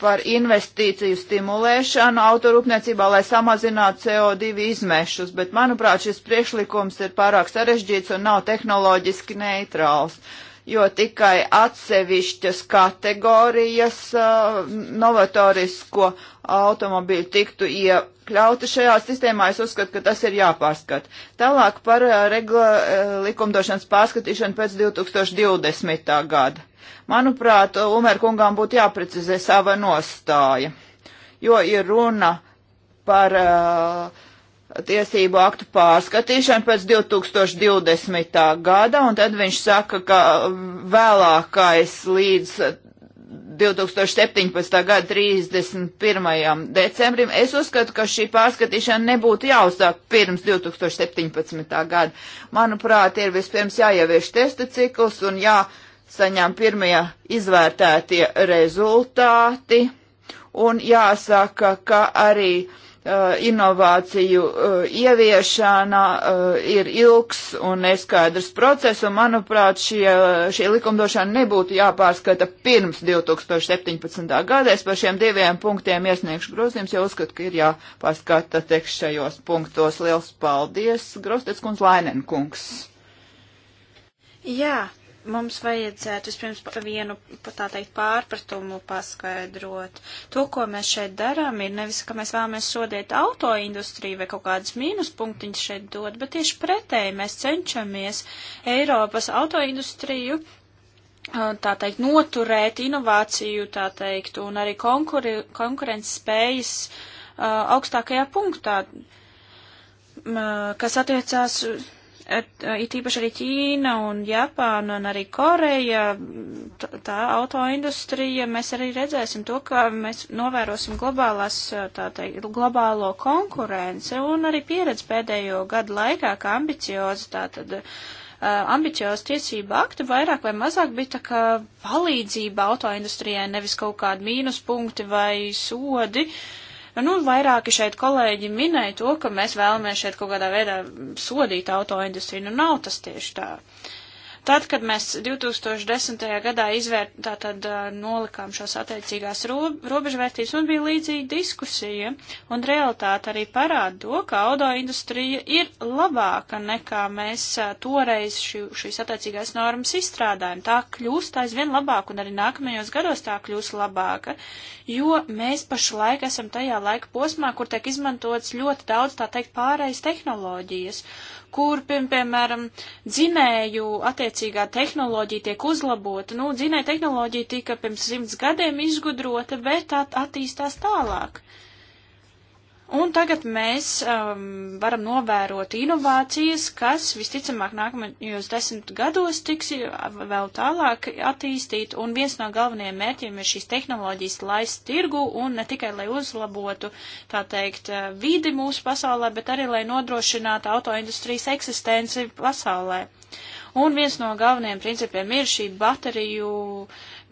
S2: par investīciju stimulēšanu autorūpniecībā, lai samazinātu CO2 izmešus, bet manuprāt šis priekšlikums ir pārāk sarežģīts un nav tehnoloģiski neitrāls. Uh, jo tikai atsevišķas kategorijas uh, novatorisko automobīļu tiktu iekļauti šajā sistēmā. Es uzskatu, ka tas ir jāpārskat. Tālāk par uh, regla, uh, likumdošanas pārskatīšanu pēc 2020. gada. Manuprāt, Umerkungām būtu jāprecizē sava nostāja, jo ir runa par uh, tiesību aktu pārskatīšanu pēc 2020. gada, un tad viņš saka, ka vēlākais līdz 2017. gada 31. decembrim. Es uzskatu, ka šī pārskatīšana nebūtu jāuzsāk pirms 2017. gada. Manuprāt, ir vispirms jāievieš testa cikls un jāsaņem pirmie izvērtētie rezultāti, un jāsaka, ka arī uh, Uh, inovāciju uh, ieviešana uh, ir ilgs un neskaidrs process, un manuprāt, šie, šie likumdošana nebūtu jāpārskata pirms 2017. gada. Es par šiem diviem punktiem iesniegšu grozījums, jo uzskatu, ka ir jāpārskata teksts šajos punktos. Liels paldies, Grostets kungs, Lainen kungs.
S1: Jā, mums vajadzētu vispirms pa vienu, pa tā teikt, pārpratumu paskaidrot. To, ko mēs šeit darām, ir nevis, ka mēs vēlamies sodēt autoindustriju vai kaut kādas mīnuspunktiņas šeit dot, bet tieši pretēji mēs cenšamies Eiropas autoindustriju tā teikt, noturēt inovāciju, tā teikt, un arī konkuri, konkurences spējas uh, augstākajā punktā, uh, kas attiecās Uh, it īpaši arī Ķīna un Japāna un arī Koreja, tā autoindustrija, mēs arī redzēsim to, ka mēs novērosim globālās, uh, tā teikt, globālo konkurenci un arī pieredzi pēdējo gadu laikā, ka ambiciozi tā tad. Uh, ambiciozi tiesība akti vairāk vai mazāk bija tā kā palīdzība autoindustrijai, nevis kaut kādi mīnuspunkti vai sodi. Uh, Nu, nu, vairāki šeit kolēģi minēja to, ka mēs vēlamies šeit kaut kādā veidā sodīt autoindustriju. Nu, nav tas tieši tā. Uh, Tad, kad mēs 2010. gadā izvērt, tātad nolikām šās attiecīgās robežvērtības, un bija līdzīga diskusija, un realitāte arī parāda to, ka auto industrija ir labāka nekā mēs toreiz šī, šīs attiecīgās normas izstrādājam. Tā kļūst aizvien labāk, un arī nākamajos gados tā kļūst labāka, jo mēs pašlaik esam tajā laika posmā, kur tiek izmantots ļoti daudz, tā teikt, pārējais tehnoloģijas kur, piemēram, dzinēju attiecīgā tehnoloģija tiek uzlabota. Nu, dzinēja tehnoloģija tika pirms simts gadiem izgudrota, bet at attīstās tālāk. Uh, Un tagad mēs um, varam novērot inovācijas, kas visticamāk nākamajos desmit gados tiks uh, vēl tālāk attīstīt, un viens no galvenajiem mērķiem ir šīs tehnoloģijas laist tirgu, un ne tikai, lai uzlabotu, tā teikt, uh, vidi mūsu pasaulē, bet arī, lai nodrošinātu autoindustrijas eksistenci pasaulē. Un viens no galvenajiem principiem ir šī bateriju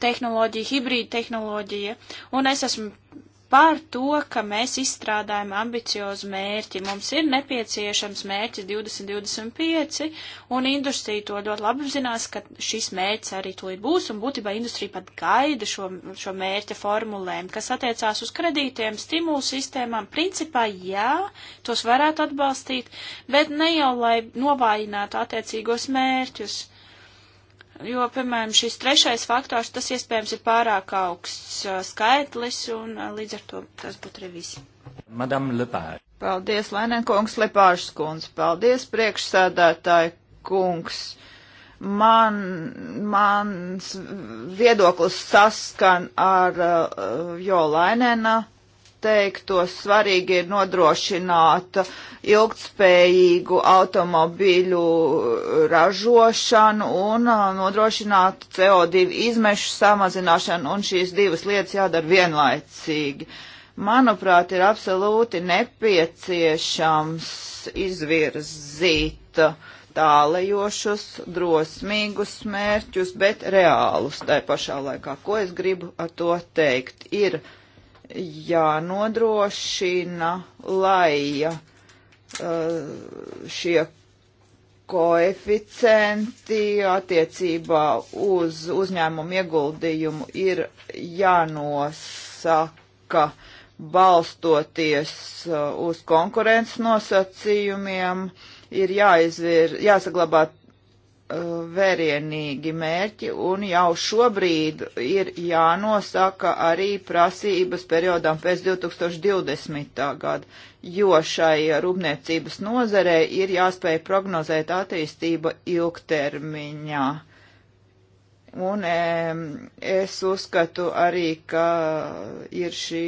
S1: tehnoloģija, hibrīda tehnoloģija. Un es esmu par to, ka mēs izstrādājam ambiciozu mērķi. Mums ir nepieciešams mērķis 2025, un industrija to ļoti labi apzinās, ka šis mērķis arī to ir būs, un būtībā industrija pat gaida šo, šo mērķa formulēm, kas attiecās uz kredītiem, stimulu sistēmām. Principā, jā, tos varētu atbalstīt, bet ne jau, lai novājinātu attiecīgos mērķus. Jo, piemēram, šis trešais faktors, tas iespējams ir pārāk augsts uh,
S2: skaitlis, un uh, līdz ar to tas būtu arī viss.
S3: Madam Lepāri.
S2: Paldies, Lenenkungs, Lepāšs kundze. Paldies, priekšsēdētāji kungs man, mans viedoklis saskan ar uh, Jolainena teiktos, svarīgi ir nodrošināt ilgtspējīgu automobīļu ražošanu un uh, nodrošināt CO2 izmešu samazināšanu, un šīs divas lietas jādara vienlaicīgi. Manuprāt, ir absolūti nepieciešams izvirzīt tālajošus, drosmīgus mērķus, bet reālus tai pašā laikā. Ko es gribu ar to teikt? Ir jānodrošina, lai uh, šie koeficienti attiecībā uz uzņēmumu ieguldījumu ir jānosaka balstoties uh, uz konkurences nosacījumiem, ir jāizvir, jāsaglabā vērienīgi mērķi un jau šobrīd ir jānosaka arī prasības periodām pēc 2020. gada, jo šai rūpniecības nozarē ir jāspēj prognozēt attīstība ilgtermiņā. Un es uzskatu arī, ka ir šī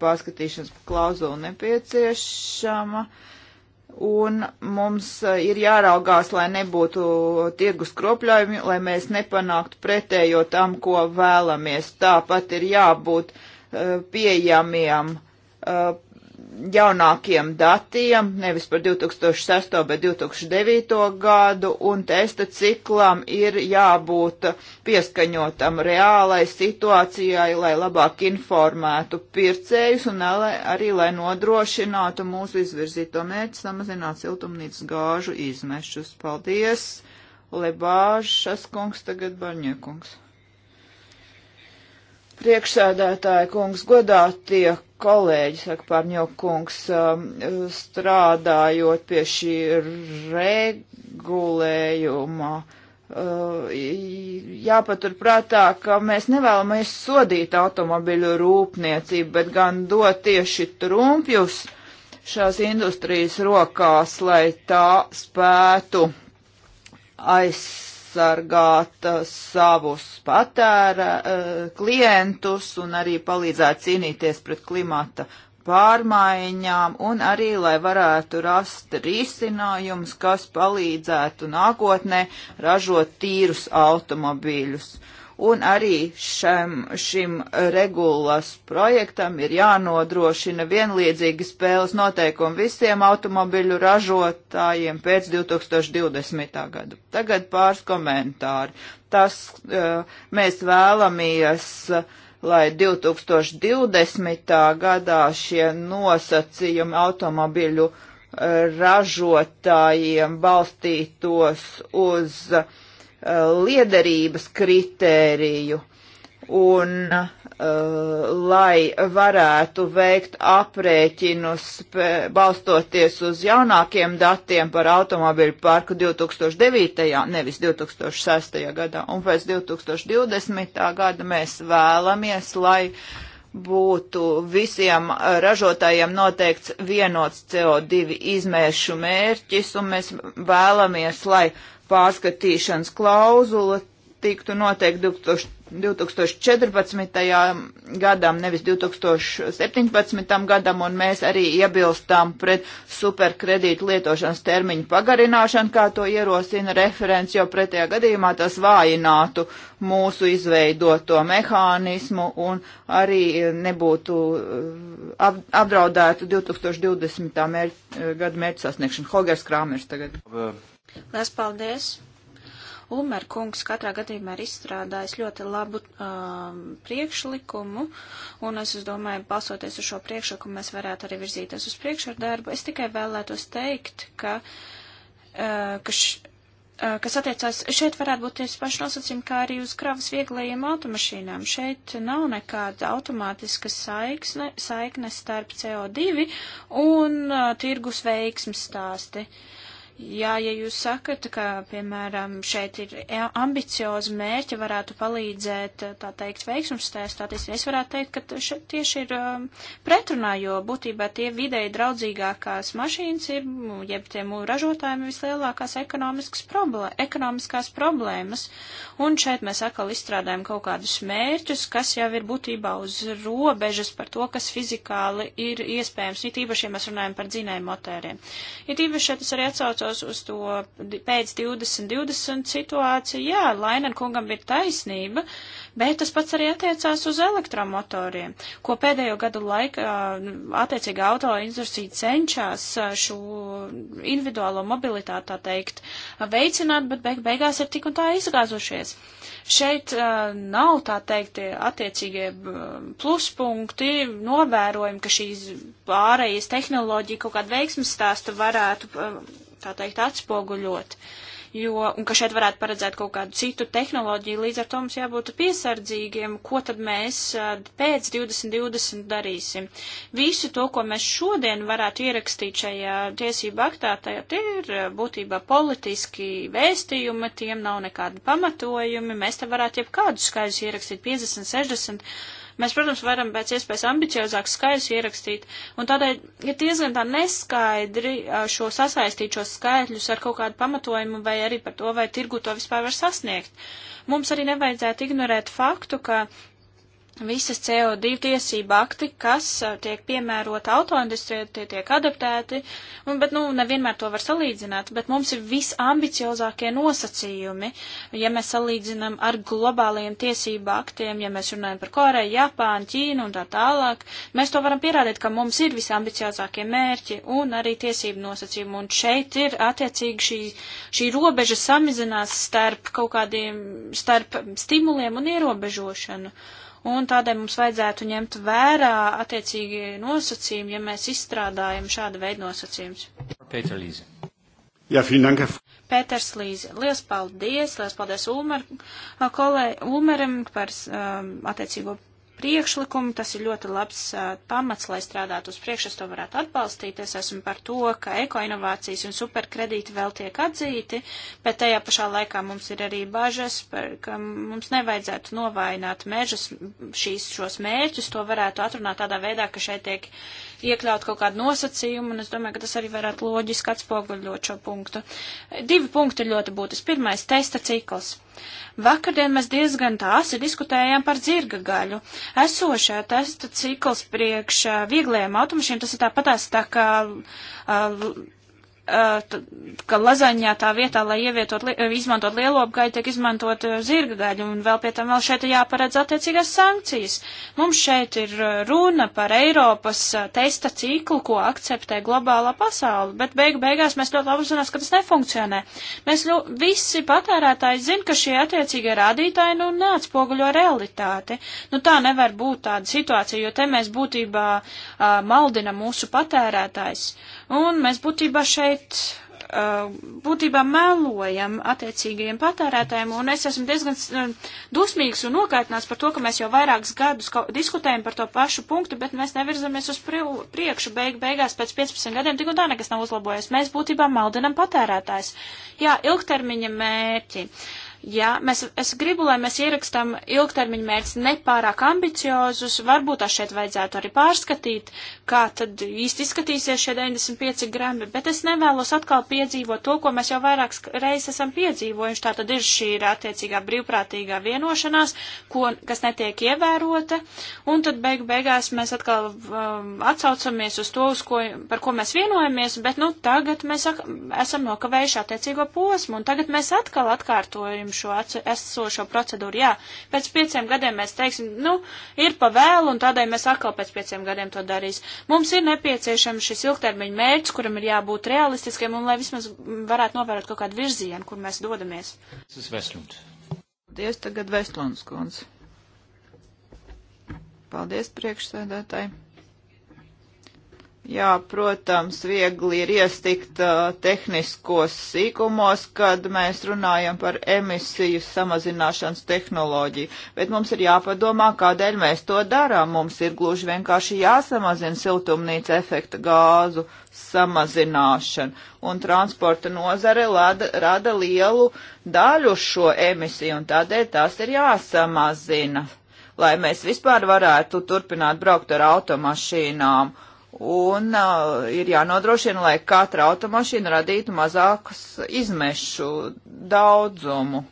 S2: pārskatīšanas klauzula nepieciešama. Uh, Un mums eh, ir jāraugās, lai nebūtu tirgus kropļojumi, lai mēs nepanāktu pretējo tam, ko vēlamies. Tāpat ir jābūt eh, pieejamiem eh, jaunākiem datiem, nevis par 2006, bet 2009 gadu, un testa ciklam ir jābūt pieskaņotam reālai situācijai, lai labāk informētu pircējus un lai, arī, lai nodrošinātu mūsu izvirzīto mērķi samazināt siltumnīcas gāžu izmešus. Paldies! Lebāžas kungs, tagad Barņiekungs. Priekšsēdētāja kungs, godātie kolēģi, saka Pārņokungs, um, strādājot pie šī regulējuma, uh, jāpaturprātā, ka mēs nevēlamies sodīt automobiļu rūpniecību, bet gan dot tieši trumpjus šās industrijas rokās, lai tā spētu aizsākt aizsargāt uh, savus patērē uh, klientus un arī palīdzēt cīnīties pret klimata pārmaiņām un arī, lai varētu rast risinājums, kas palīdzētu nākotnē ražot tīrus automobīļus. Uh, un arī šem, šim regulas projektam ir jānodrošina vienlīdzīgi spēles noteikumi visiem automobiļu ražotājiem pēc 2020. gadu. Tagad pāris komentāri. Tas eh, mēs vēlamies, lai 2020. gadā šie nosacījumi automobiļu eh, ražotājiem balstītos uz uh, liederības kritēriju un eh, lai varētu veikt aprēķinus balstoties uz jaunākiem datiem par automobīļu parku 2009. nevis 2006. gadā. Un pēc 2020. gada mēs vēlamies, lai būtu visiem ražotājiem noteikts vienots CO2 izmēršu mērķis, un mēs vēlamies, lai uh, pārskatīšanas klauzula tiktu noteikti 2014. gadam, nevis 2017. gadam, un mēs arī iebilstām pret superkredītu lietošanas termiņu pagarināšanu, kā to ierosina referents, jo pretējā gadījumā tas vājinātu mūsu izveidoto mehānismu un arī nebūtu eh, ap, apdraudētu 2020. Mērķi, gadu mērķu sasniegšanu. Hogers Krāmers tagad. Uh.
S1: Lielas paldies! Umer kungs katrā gadījumā ir izstrādājis ļoti labu um, priekšlikumu, un es domāju, balsoties uz šo priekšlikumu, mēs varētu arī virzīties uz priekšu ar darbu. Es tikai vēlētos teikt, ka, uh, ka š, uh, kas attiecās, šeit varētu būt tieši paši nosacījumi, kā arī uz kravas vieglajiem automašīnām. Šeit nav nekāda automātiska saikne, saikne starp CO2 un uh, tirgus veiksmes stāsti. Uh, Jā, ja jūs sakat, ka, piemēram, šeit ir e, ambiciozi mērķi, varētu palīdzēt, e, tā teikt, veiksmums tēstāties, es varētu teikt, ka tieši ir um, pretrunā, jo būtībā tie vidēji draudzīgākās mašīnas ir, jeb tiem ražotājiem vislielākās problē ekonomiskās problēmas. Un šeit mēs atkal izstrādājam kaut kādus mērķus, kas jau ir būtībā uz robežas par to, kas fizikāli ir iespējams, it īpaši, ja mēs runājam par dzinēju motēriem. It īpaši šeit es arī atsaucos skatos uz to pēc 2020 situāciju, jā, Lainan kungam ir taisnība, bet tas pats arī attiecās uz elektromotoriem, ko pēdējo gadu laikā nu, attiecīga autoindustrija cenšas šo individuālo mobilitāti, tā teikt, veicināt, bet beig beigās ir tik un tā izgāzušies. Šeit uh, nav, tā teikt, attiecīgie pluspunkti, novērojumi, ka šīs pārējas tehnoloģija kaut kādu veiksmes stāstu varētu tā teikt, atspoguļot, jo, un ka šeit varētu paredzēt kaut kādu citu tehnoloģiju, līdz ar to mums jābūt piesardzīgiem, ko tad mēs pēc 2020 darīsim. Visu to, ko mēs šodien varētu ierakstīt šajā tiesību aktā, tajā tie ir būtībā politiski vēstījumi, tiem nav nekādi pamatojumi, mēs te varētu jebkādus skaidrus ierakstīt 50, 60 Mēs, protams, varam pēc iespējas ambiciozāk skaidrs ierakstīt, un tādēļ ir diezgan tā neskaidri šo sasaistīt šos skaitļus ar kaut kādu pamatojumu vai arī par to, vai tirgu to vispār var sasniegt. Mums arī nevajadzētu ignorēt faktu, ka visas CO2 tiesība akti, kas tiek piemērota autoindustrijai, tie tiek adaptēti, un, bet, nu, nevienmēr to var salīdzināt, bet mums ir visambiciozākie nosacījumi, ja mēs salīdzinām ar globālajiem tiesība aktiem, ja mēs runājam par Koreju, Japānu, Ķīnu un tā tālāk, mēs to varam pierādīt, ka mums ir visambiciozākie mērķi un arī tiesību nosacījumi, un šeit ir attiecīgi šī, šī robeža samizinās starp kaut kādiem, starp stimuliem un ierobežošanu. Uh, un tādēļ mums vajadzētu ņemt vērā attiecīgi nosacījumi, ja mēs izstrādājam šādu veidu nosacījumus.
S2: Pēter Līze. Jā, Finanka.
S1: Pēters Līze. Lielas paldies, lielas paldies Ulmer, kolē, Ulmerim par um, attiecīgo priekšlikumu. Tas ir ļoti labs uh, pamats, lai strādātu uz priekšu. Es to varētu atbalstīt. Es esmu par to, ka ekoinovācijas un superkredīti vēl tiek atzīti, bet tajā pašā laikā mums ir arī bažas, par, ka mums nevajadzētu novainot mežas šīs, šos mērķus. To varētu atrunāt tādā veidā, ka šeit tiek. Uh, iekļaut kaut kādu nosacījumu, un es domāju, ka tas arī varētu loģiski atspoguļot šo punktu. Divi punkti ir ļoti būtiski. Pirmais - testa cikls. Vakardien mēs diezgan tāsi diskutējām par dzirga gaļu. Esošā testa cikls priekš uh, vieglajiem automašīnām tas ir tāpatās tā kā. Uh, Uh, ka lazaņā tā vietā, lai ievietot, li uh, izmantot lielopgaļu, tiek izmantot uh, zirga gaļu, un vēl pie tam vēl šeit jāparedz attiecīgās sankcijas. Mums šeit ir runa par Eiropas testa ciklu, ko akceptē globālā pasaule, bet beigu beigās mēs ļoti labi zinās, ka tas nefunkcionē. Mēs ļo, visi patērētāji zin, ka šie attiecīgie rādītāji, nu, neatspoguļo realitāti. Nu, tā nevar būt tāda situācija, jo te mēs būtībā a, maldina mūsu patērētājs. Uh, Un mēs būtībā šeit uh, būtībā melojam attiecīgajiem patērētājiem, un es esmu diezgan uh, dusmīgs un nokaitināts par to, ka mēs jau vairākus gadus diskutējam par to pašu punktu, bet mēs nevirzamies uz priekšu. Beig, beigās pēc 15 gadiem tik un tā nekas nav uzlabojies. Mēs būtībā maldinam patērētājs. Jā, ilgtermiņa mērķi. Uh, Ja mēs, es gribu, lai mēs ierakstam ilgtermiņa mērķus nepārāk ambiciozus, varbūt tā šeit vajadzētu arī pārskatīt, kā tad īsti izskatīsies šie 95 grami, bet es nevēlos atkal piedzīvot to, ko mēs jau vairākas reizes esam piedzīvojuši. Tā tad ir šī ir attiecīgā brīvprātīgā vienošanās, ko, kas netiek ievērota, un tad beig beigās mēs atkal um, atsaucamies uz to, uz ko, par ko mēs vienojamies, bet nu tagad mēs esam nokavējuši attiecīgo posmu, un tagad mēs atkal atkārtojam pārskatīsim šo esošo procedūru. Jā, pēc pieciem gadiem mēs teiksim, nu, ir pa vēlu un tādēļ mēs atkal pēc pieciem gadiem to darīs. Mums ir nepieciešams šis ilgtermiņa mērķis, kuram ir jābūt realistiskiem un lai vismaz varētu novērot kaut kādu virzienu, kur mēs dodamies.
S3: Tas ir Veslund.
S2: Paldies tagad Veslunds kundze. Paldies priekšsēdētāji. Jā, protams, viegli ir iestikt uh, tehniskos sīkumos, kad mēs runājam par emisiju samazināšanas tehnoloģiju, bet mums ir jāpadomā, kādēļ mēs to darām. Mums ir gluži vienkārši jāsamazina siltumnīca efekta gāzu samazināšana, un transporta nozare lada, rada lielu daļu šo emisiju, un tādēļ tās ir jāsamazina, lai mēs vispār varētu turpināt braukt ar automašīnām un uh, ir jānodrošina, lai katra automašīna radītu mazākus izmešu daudzumu.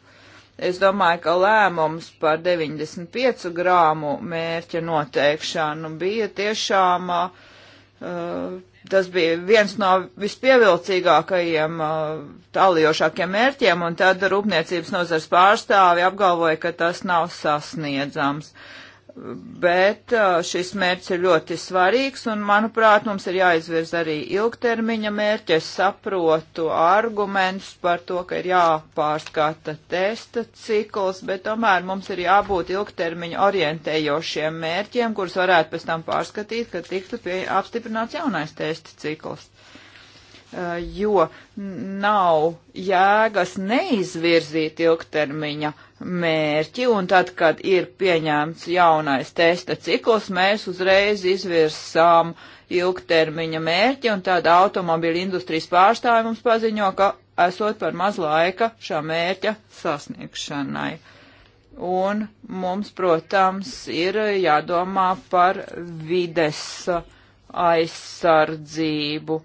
S2: Es domāju, ka lēmums par 95 grāmu mērķa noteikšanu bija tiešām, uh, tas bija viens no vispievilcīgākajiem, uh, tālijošākiem mērķiem, un tad rūpniecības nozars pārstāvi apgalvoja, ka tas nav sasniedzams. Uh, Bet šis mērķis ir ļoti svarīgs, un, manuprāt, mums ir jāizvirz arī ilgtermiņa mērķi. Es saprotu argumentus par to, ka ir jāpārskata testa cikls, bet tomēr mums ir jābūt ilgtermiņa orientējošiem mērķiem, kurus varētu pēc tam pārskatīt, kad tiktu pie, apstiprināts jaunais testa cikls jo nav jēgas neizvirzīt ilgtermiņa mērķi, un tad, kad ir pieņemts jaunais testa cikls, mēs uzreiz izvirsām ilgtermiņa mērķi, un tad automobīļa industrijas pārstāvi mums paziņo, ka esot par maz laika šā mērķa sasniegšanai. Un mums, protams, ir jādomā par vides aizsardzību. Uh,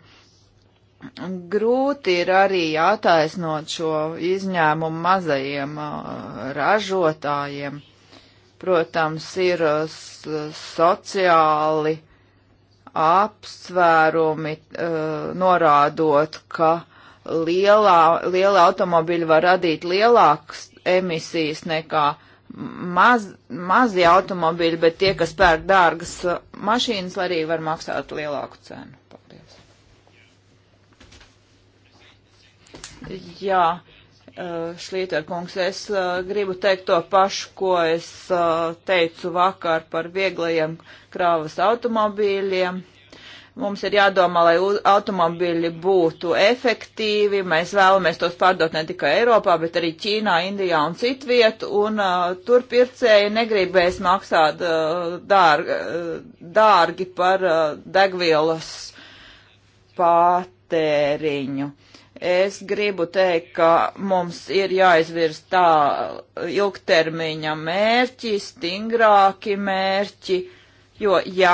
S2: grūti ir arī attaisnot šo izņēmumu mazajiem uh, ražotājiem. Protams, ir uh, sociāli apsvērumi, uh, norādot, ka lielā, liela automobīļa var radīt lielākas emisijas nekā maz, mazi automobīļi, bet tie, kas pērk dārgas mašīnas, arī var maksāt lielāku cenu. Jā, uh, Šlīterkungs, es uh, gribu teikt to pašu, ko es uh, teicu vakar par vieglajiem krāvas automobīļiem mums ir jādomā, lai automobīļi būtu efektīvi. Mēs vēlamies tos pārdot ne tikai Eiropā, bet arī Ķīnā, Indijā un citvietu. Un uh, tur pircēji negribēs maksāt uh, dārgi, uh, dārgi par uh, degvielas patēriņu. Uh, Es gribu teikt, ka mums ir jāizvirs tā ilgtermiņa mērķi, stingrāki mērķi, jo ja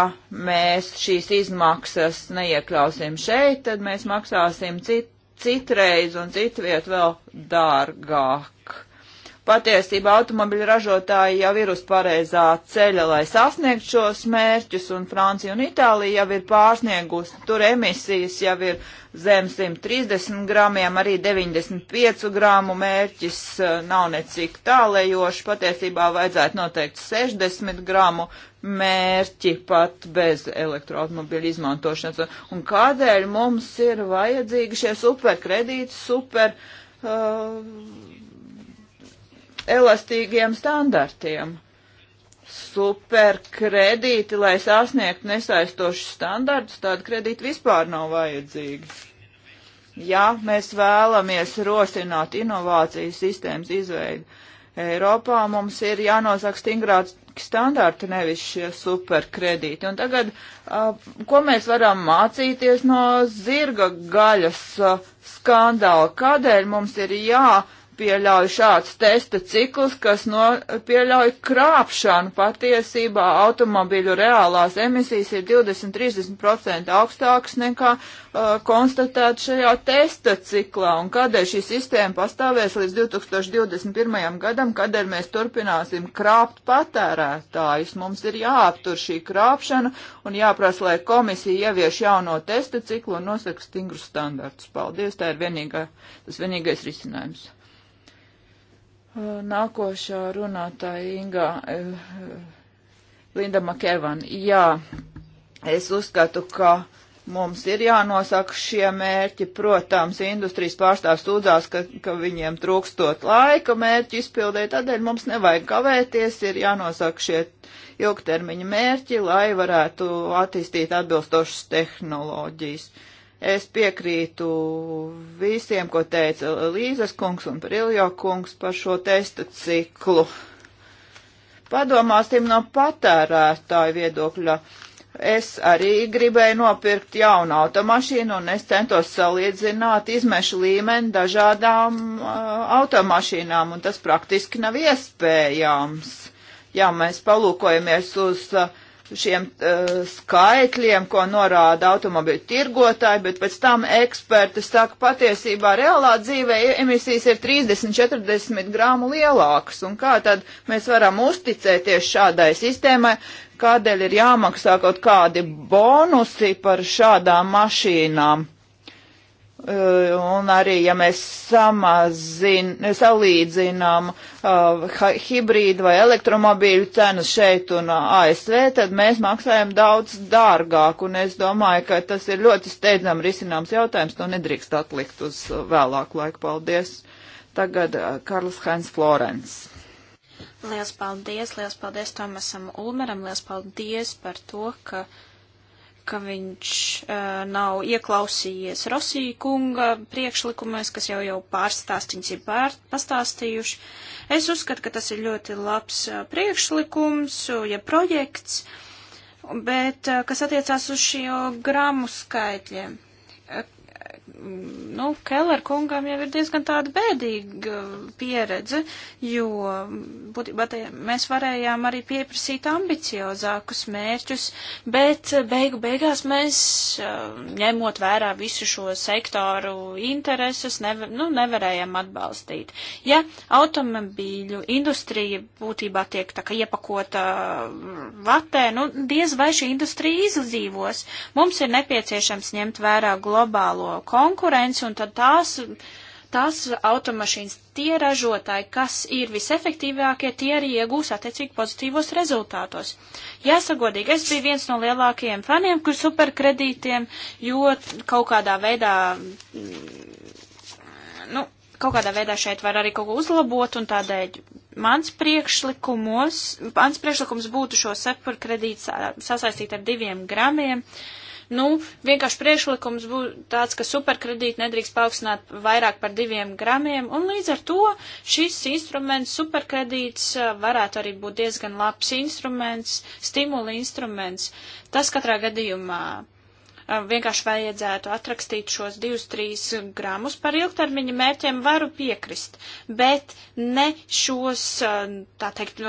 S2: mēs šīs izmaksas neiekļausim šeit, tad mēs maksāsim cit, citreiz un citviet vēl dārgāk Patiesībā automobiļu ražotāji jau ir uz pareizā ceļa, lai sasniegtu šos mērķus, un Francija un Itālija jau ir pārsniegusi. Tur emisijas jau ir zem 130 gramiem, arī 95 gramu mērķis e, nav necik tālējoši. Patiesībā vajadzētu noteikt 60 gramu mērķi pat bez elektroautomobiļu izmantošanas. Un kādēļ mums ir vajadzīgi šie superkredīti, super. Uh, elastīgiem standartiem. Superkredīti, lai sasniegtu nesaistošus standartus, tāda kredīta vispār nav vajadzīga. Ja mēs vēlamies rosināt inovācijas sistēmas izveidu Eiropā, mums ir jānosaka stingrāts standarti, nevis šie superkredīti. Un tagad, uh, ko mēs varam mācīties no zirga gaļas uh, skandāla? Kādēļ mums ir jā? Uh, jāpieļauj šāds testa cikls, kas no, pieļauj krāpšanu. Patiesībā automobīļu reālās emisijas ir 20-30% augstākas nekā uh, konstatēt šajā testa ciklā. Un kādēļ šī sistēma pastāvēs līdz 2021. gadam, kādēļ mēs turpināsim krāpt patērētājus. Mums ir jāaptur šī krāpšana un jāprasa, lai komisija ievieš jauno testa ciklu un nosaka stingrus standartus. Paldies, tā ir vienīgā, tas vienīgais risinājums. Nākošā runātāja Inga eh, Linda Makervan. Jā, es uzskatu, ka mums ir jānosaka šie mērķi. Protams, industrijas pārstāvs sūdzās, ka, ka viņiem trūkstot laika mērķi izpildē, tādēļ mums nevajag kavēties, ir jānosaka šie ilgtermiņa mērķi, lai varētu attīstīt atbilstošas tehnoloģijas. Uh, Es piekrītu visiem, ko teica Līzes kungs un Priljo kungs par šo testa ciklu. Padomāsim no patērētāju viedokļa. Es arī gribēju nopirkt jaunu automašīnu, un es centos salīdzināt izmešu līmeni dažādām uh, automašīnām, un tas praktiski nav iespējams. Ja mēs palūkojamies uz uh, šiem uh, skaitļiem, ko norāda automobīļu tirgotāji, bet pēc tam eksperti saka, patiesībā reālā dzīvē emisijas ir 30-40 grāmu lielākas, un kā tad mēs varam uzticēties šādai sistēmai, kādēļ ir jāmaksā kaut kādi bonusi par šādām mašīnām. Eh, un arī, ja mēs samazin, salīdzinām uh, hibrīdu vai elektromobīļu cenas šeit un eh, ASV, tad mēs maksājam daudz dārgāk. Un es domāju, ka tas ir ļoti steidzam risināms jautājums. To nedrīkst atlikt uz vēlāku laiku. Paldies. Tagad uh, Karls Hainz Florence.
S1: Liels paldies, liels paldies Tomasam Ulmeram, liels paldies par to, ka. Uh, ka viņš uh, nav ieklausījies Rosija kunga priekšlikumēs, kas jau jau pārstāstīns ir pār, pastāstījuši. Es uzskatu, ka tas ir ļoti labs uh, priekšlikums, uh, ja projekts, bet uh, kas attiecās uz šo gramu skaitļiem. Uh, nu, Keller kungam jau ir diezgan tāda bēdīga pieredze, jo būtībā mēs varējām arī pieprasīt ambiciozākus mērķus, bet beigu beigās mēs, ņemot vērā visu šo sektoru intereses, nevar, nu, nevarējām atbalstīt. Ja automobīļu industrija būtībā tiek tā kā iepakota vatē, nu, diez vai šī industrija izdzīvos. Mums ir nepieciešams ņemt vērā globālo konkurenci konkurence, un tad tās, tās automašīnas, tie ražotāji, kas ir visefektīvākie, tie arī iegūs attiecīgi pozitīvos rezultātos. Jāsagodīgi, es biju viens no lielākajiem faniem, kur superkredītiem, jo kaut kādā veidā,
S3: mm,
S1: nu, kaut kādā veidā šeit var arī kaut ko uzlabot, un tādēļ mans, mans priekšlikums būtu šo sepurkredītu sasaistīt ar diviem gramiem. Uh, Nu, vienkārši priešlikums būtu tāds, ka superkredīti nedrīkst paaugstināt vairāk par diviem gramiem, un līdz ar to šis instruments, superkredīts, varētu arī būt diezgan labs instruments, stimula instruments. Tas katrā gadījumā vienkārši vajadzētu atrakstīt šos divus, trīs gramus par ilgtermiņa mērķiem, varu piekrist, bet ne šos, tā teikt,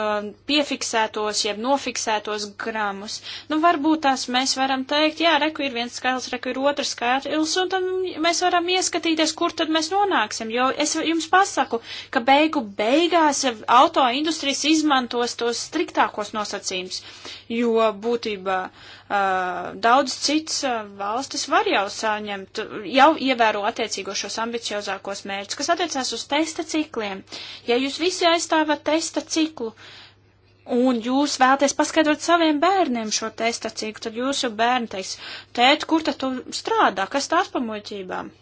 S1: piefiksētos, jeb nofiksētos gramus. Nu, varbūt tās mēs varam teikt, jā, reku ir viens skaitlis, reku ir otrs skaitlis, un tad mēs varam ieskatīties, kur tad mēs nonāksim, jo es jums pasaku, ka beigu beigās autoindustrijas izmantos tos striktākos nosacījumus, jo būtībā uh, Eh, daudz cits eh, valstis var jau saņemt, jau ievēro attiecīgo šos ambiciozākos mērķus, kas attiecās uz testa cikliem. Ja jūs visi aizstāvat testa ciklu un jūs vēlaties paskaidrot saviem bērniem šo testa ciklu, tad jūsu bērni teiks, tēt, kur tad tu strādā, kas tās pamuļķībām?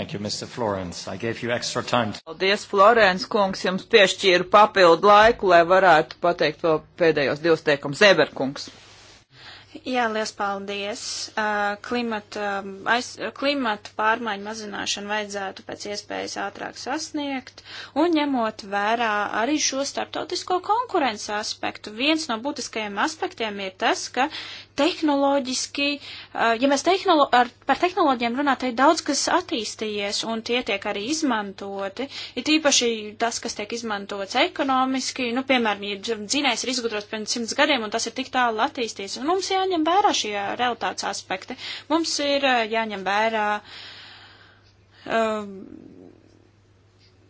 S2: Thank you, Mr. Florence. I gave you extra time. Paldies, Florence kungs, jums piešķīru papildu laiku, lai varētu pateikt vēl pēdējos divus teikumus. Zēberkungs.
S1: Jā, liels paldies. Uh, klimata, um, aiz, klimata pārmaiņu mazināšanu vajadzētu pēc iespējas ātrāk sasniegt, un ņemot vērā arī šo starptautisko konkurences aspektu. Viens no būtiskajiem aspektiem ir tas, ka tehnoloģiski, eh, ja mēs tehnolo ar, par tehnoloģiem runājam, tad daudz kas attīstījies un tie tiek arī izmantoti. Ir tīpaši tas, kas tiek izmantots ekonomiski, nu, piemēram, ja dzinējs ir izgudrots pirms simts gadiem un tas ir tik tālu attīstīts. Un mums jāņem vērā šie realitātes aspekti. Mums ir eh, jāņem vērā. Uh,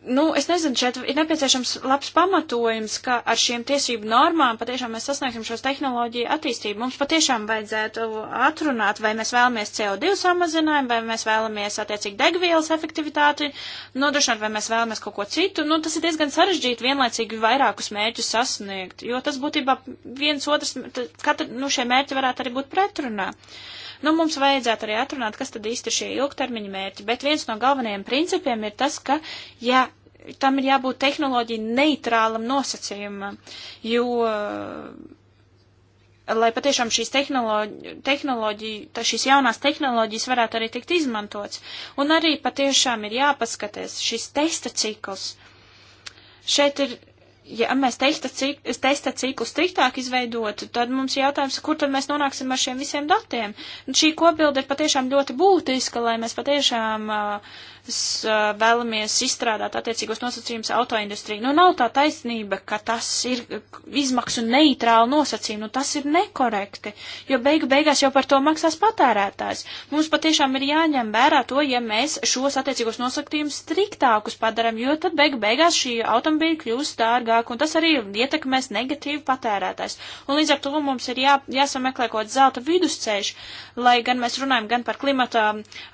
S1: nu, es nezinu, šeit ir nepieciešams labs pamatojums, ka ar šiem tiesību normām patiešām mēs sasniegsim šos tehnoloģiju attīstību. Mums patiešām vajadzētu atrunāt, vai mēs vēlamies CO2 samazinājumu, vai mēs vēlamies attiecīgi degvielas efektivitāti nodrošināt, vai mēs vēlamies kaut ko citu. Nu, tas ir diezgan sarežģīti vienlaicīgi vairākus mērķus sasniegt, jo tas būtībā viens otrs, katra, nu, šie mērķi varētu arī būt pretrunā. Uh, Nu, mums vajadzētu arī atrunāt, kas tad īsti ir šie ilgtermiņa mērķi, bet viens no galvenajiem principiem ir tas, ka, ja tam ir jābūt tehnoloģija neitrālam nosacījumam, jo lai patiešām šīs tehnoloģi, tehnoloģi, šīs jaunās tehnoloģijas varētu arī tikt izmantots. Un arī patiešām ir jāpaskatās šis testa cikls. Šeit ir ja mēs testa, cik, testa ciklus striktāk izveidotu, tad mums jautājums, kur tad mēs nonāksim ar šiem visiem datiem. Un šī kopbilde ir patiešām ļoti būtiska, lai mēs patiešām uh, s, uh, vēlamies izstrādāt attiecīgos nosacījumus autoindustrijai. Nu, nav tā taisnība, ka tas ir izmaksu neitrāli nosacījumi, nu tas ir nekorekti, jo beigu beigās jau par to maksās patērētājs. Mums patiešām ir jāņem vērā to, ja mēs šos attiecīgos nosacījumus striktākus padaram, jo tad beigu beigās šī automobīļa kļūst dārgāk vairāk, un tas arī ietekmēs negatīvi patērētājs. Un līdz ar to mums ir jā, jāsameklē kaut kāds zelta vidusceļš, lai gan mēs runājam gan par klimata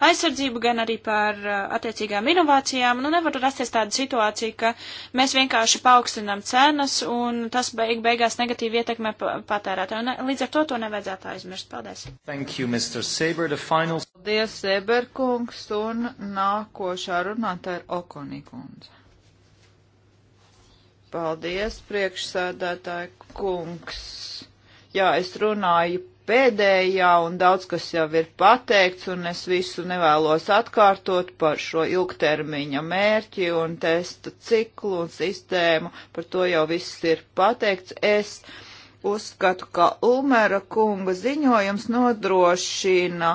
S1: aizsardzību, gan arī par uh, attiecīgām inovācijām. Nu, nevar rasties tāda situācija, ka mēs vienkārši paaugstinām cenas, un tas beig beigās negatīvi ietekmē patērētāju.
S2: Ne, uh, līdz ar to to nevajadzētu aizmirst. Paldies!
S1: Thank you, Mr. Saber. The final...
S2: Paldies, Seberkungs, un nākošā runātāja ir Okonī kundze. Paldies, priekšsēdētāji kungs. Jā, es runāju pēdējā un daudz kas jau ir pateikts, un es visu nevēlos atkārtot par šo ilgtermiņa mērķi un testa ciklu un sistēmu. Par to jau viss ir pateikts. Es Uzskatu, ka Ulmēra kunga ziņojums nodrošina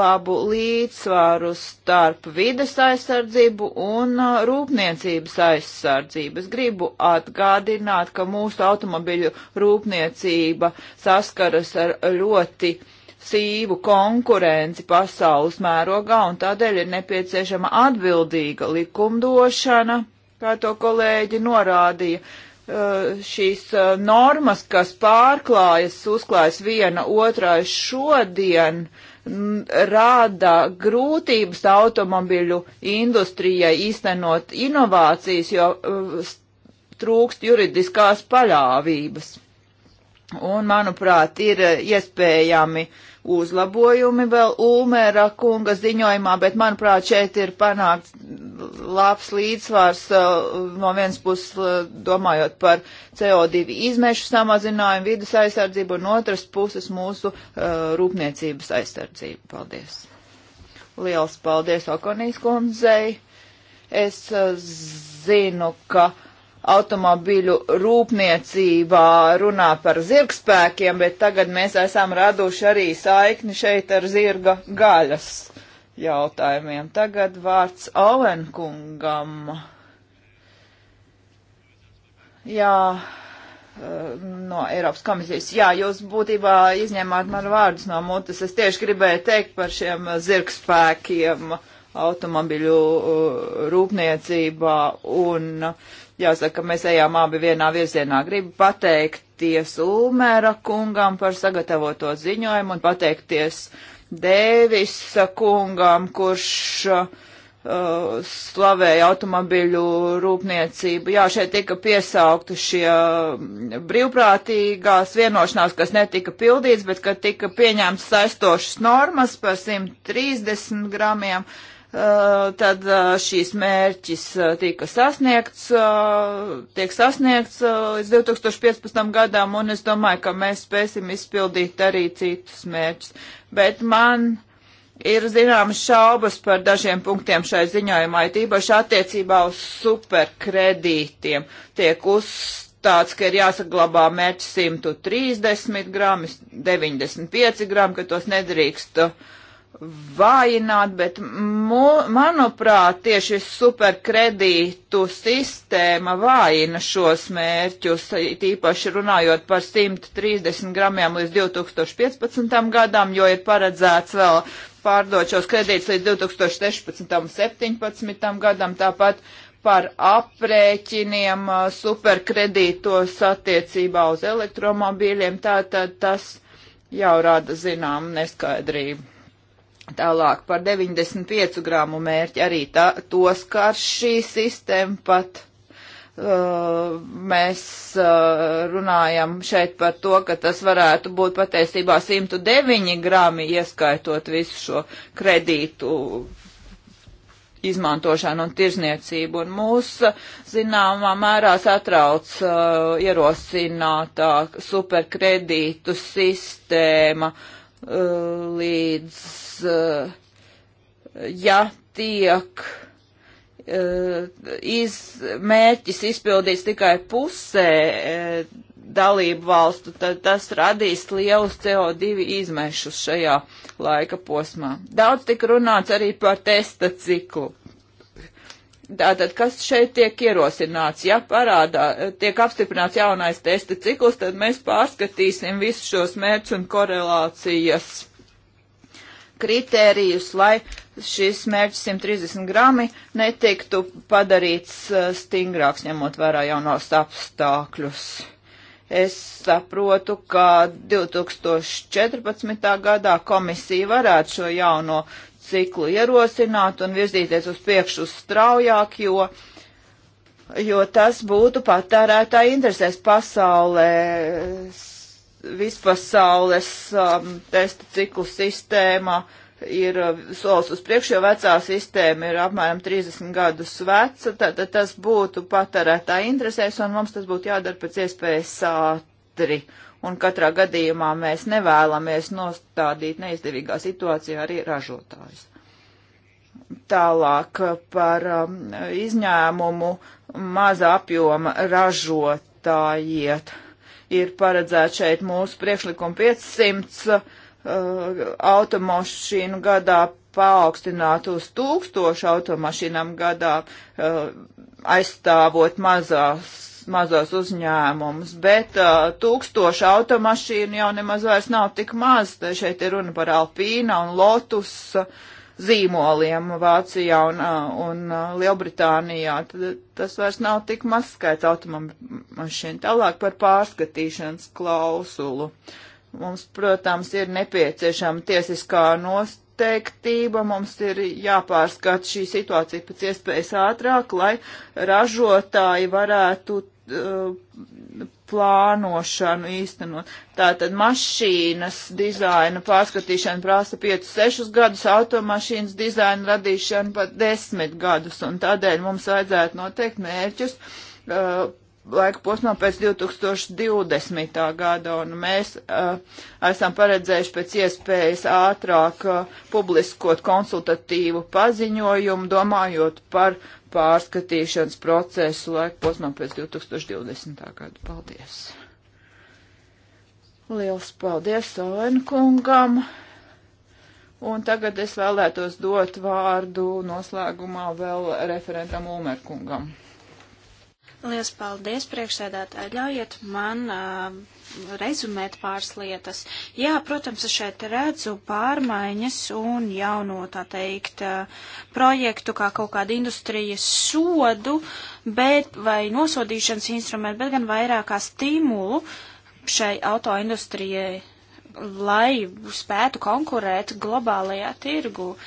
S2: labu līdzsvaru starp vides aizsardzību un uh, rūpniecības aizsardzību. Es gribu atgādināt, ka mūsu automobiļu rūpniecība saskaras ar ļoti sīvu konkurenci pasaules mērogā, un tādēļ ir nepieciešama atbildīga likumdošana, kā to kolēģi norādīja. Eh, šīs eh, normas, kas pārklājas, uzklājas viena otrai šodien, rāda grūtības automobiļu industrijai īstenot inovācijas, jo eh, trūkst juridiskās paļāvības. Un, manuprāt, ir eh, iespējami uzlabojumi vēl Ulmēra kunga ziņojumā, bet, manuprāt, šeit ir panākts labs līdzsvars eh, no vienas puses eh, domājot par CO2 izmešu samazinājumu, vidas aizsardzību un otras puses mūsu uh, rūpniecības aizsardzību. Paldies! Liels paldies Okonijas kundzei! Es uh, zinu, ka automobīļu rūpniecībā runā par zirgspēkiem, bet tagad mēs esam raduši arī saikni šeit ar zirga gaļas jautājumiem. Tagad vārds Ovenkungam. Jā, eh, no Eiropas komisijas. Jā, jūs būtībā izņēmāt man vārdus no mutes. Es tieši gribēju teikt par šiem zirgspēkiem automobiļu eh, rūpniecībā un uh, Jāsaka, mēs ejām abi vienā virzienā. Gribu pateikties Ulmēra kungam par sagatavoto ziņojumu un pateikties Dēvisa kungam, kurš uh, slavēja automobiļu rūpniecību. Jā, šeit tika piesaukti šie mm, brīvprātīgās vienošanās, kas netika pildīts, bet kad tika pieņemts saistošas normas par 130 gramiem, uh, Eh, tad eh, šīs mērķis eh, tika sasniegts, tiek sasniegts līdz 2015. gadam, un es domāju, ka mēs spēsim izpildīt arī citus mērķus. Bet man ir zināmas šaubas par dažiem punktiem šai ziņojumā, tīpaši attiecībā uz superkredītiem. Tiek uzstāts, ka ir jāsaglabā mērķis 130 gramus, 95 gramus, ka tos nedrīkst uh, vājināt, bet, mu, manuprāt, tieši superkredītu sistēma vājina šos mērķus, tīpaši runājot par 130 gramiem līdz 2015. gadam, jo ir paredzēts vēl pārdot šos kredītus līdz 2016. un 2017. gadam, tāpat par aprēķiniem superkredītos attiecībā uz elektromobīļiem, tātad tas jau rada zinām neskaidrību. Tālāk par 95 grāmu mērķi arī tā, to skar šī sistēma pat. Uh, mēs uh, runājam šeit par to, ka tas varētu būt patiesībā 109 grami, ieskaitot visu šo kredītu izmantošanu un tirzniecību. Un mūs zināmā mērā satrauc uh, ierosinātā superkredītu sistēma uh, līdz Eh, ja tiek eh, iz, mērķis izpildīts tikai pusē eh, dalību valstu, tad tas radīs lielus CO2 izmešus šajā laika posmā. Daudz tika runāts arī par testa ciklu. Tātad, kas šeit tiek ierosināts? Ja parādā tiek apstiprināts jaunais testa cikls, tad mēs pārskatīsim visus šos mērķus un korelācijas kritērijus, lai šis mērķis 130 grami netiktu padarīts eh, stingrāks, ņemot vērā jaunos apstākļus. Es saprotu, ka 2014. gadā komisija varētu šo jauno ciklu ierosināt un virzīties uz priekšu straujāk, jo, jo tas būtu patērētāji interesēs pasaulē vispasaules um, testa ciklu sistēma ir uh, solis uz priekšu, jo vecā sistēma ir apmēram 30 gadus veca, tad tas būtu patērētā interesēs un mums tas būtu jādara pēc iespējas ātri. Un katrā gadījumā mēs nevēlamies nostādīt neizdevīgā situācijā arī ražotājus. Tālāk uh, par um, izņēmumu maza apjoma ražotājiet. iet ir paredzēts šeit mūsu priekšlikuma 500 uh, automašīnu gadā paaugstināt uz tūkstošu automašīnām gadā, uh, aizstāvot mazās, mazos uzņēmumus, bet uh, tūkstošu automašīnu jau nemaz vairs nav tik maz. Te šeit ir runa par Alpīna un Lotus. Uh, zīmoliem Vācijā un, un Lielbritānijā. Tad tas vairs nav tik maz skaits automašīnu. Tālāk par pārskatīšanas klausulu. Mums, protams, ir nepieciešama tiesiskā nosteiktība, mums ir jāpārskata šī situācija pēc iespējas ātrāk, lai ražotāji varētu Uh, plānošanu īstenot. Tātad mašīnas dizaina pārskatīšana prasa 5-6 gadus, automašīnas dizaina radīšana pat 10 gadus, un tādēļ mums vajadzētu noteikt mērķus uh, laika posmā pēc 2020. gada, un mēs uh, esam paredzējuši pēc iespējas ātrāk uh, publiskot konsultatīvu paziņojumu, domājot par uh, pārskatīšanas procesu laika posmā pēc 2020. gada. Paldies! Liels paldies Solenkungam! Un tagad es vēlētos dot vārdu noslēgumā vēl referentam Ulmerkungam.
S1: Lielas paldies, priekšsēdētāji. Ļaujiet man uh, rezumēt pāris lietas. Jā, protams, es šeit redzu pārmaiņas un jauno, tā teikt, eh, projektu kā kaut kādu industrijas sodu, bet vai nosodīšanas instrumentu, bet gan vairāk kā stimulu šai autoindustrijai, lai spētu konkurēt globālajā tirgu. Uh,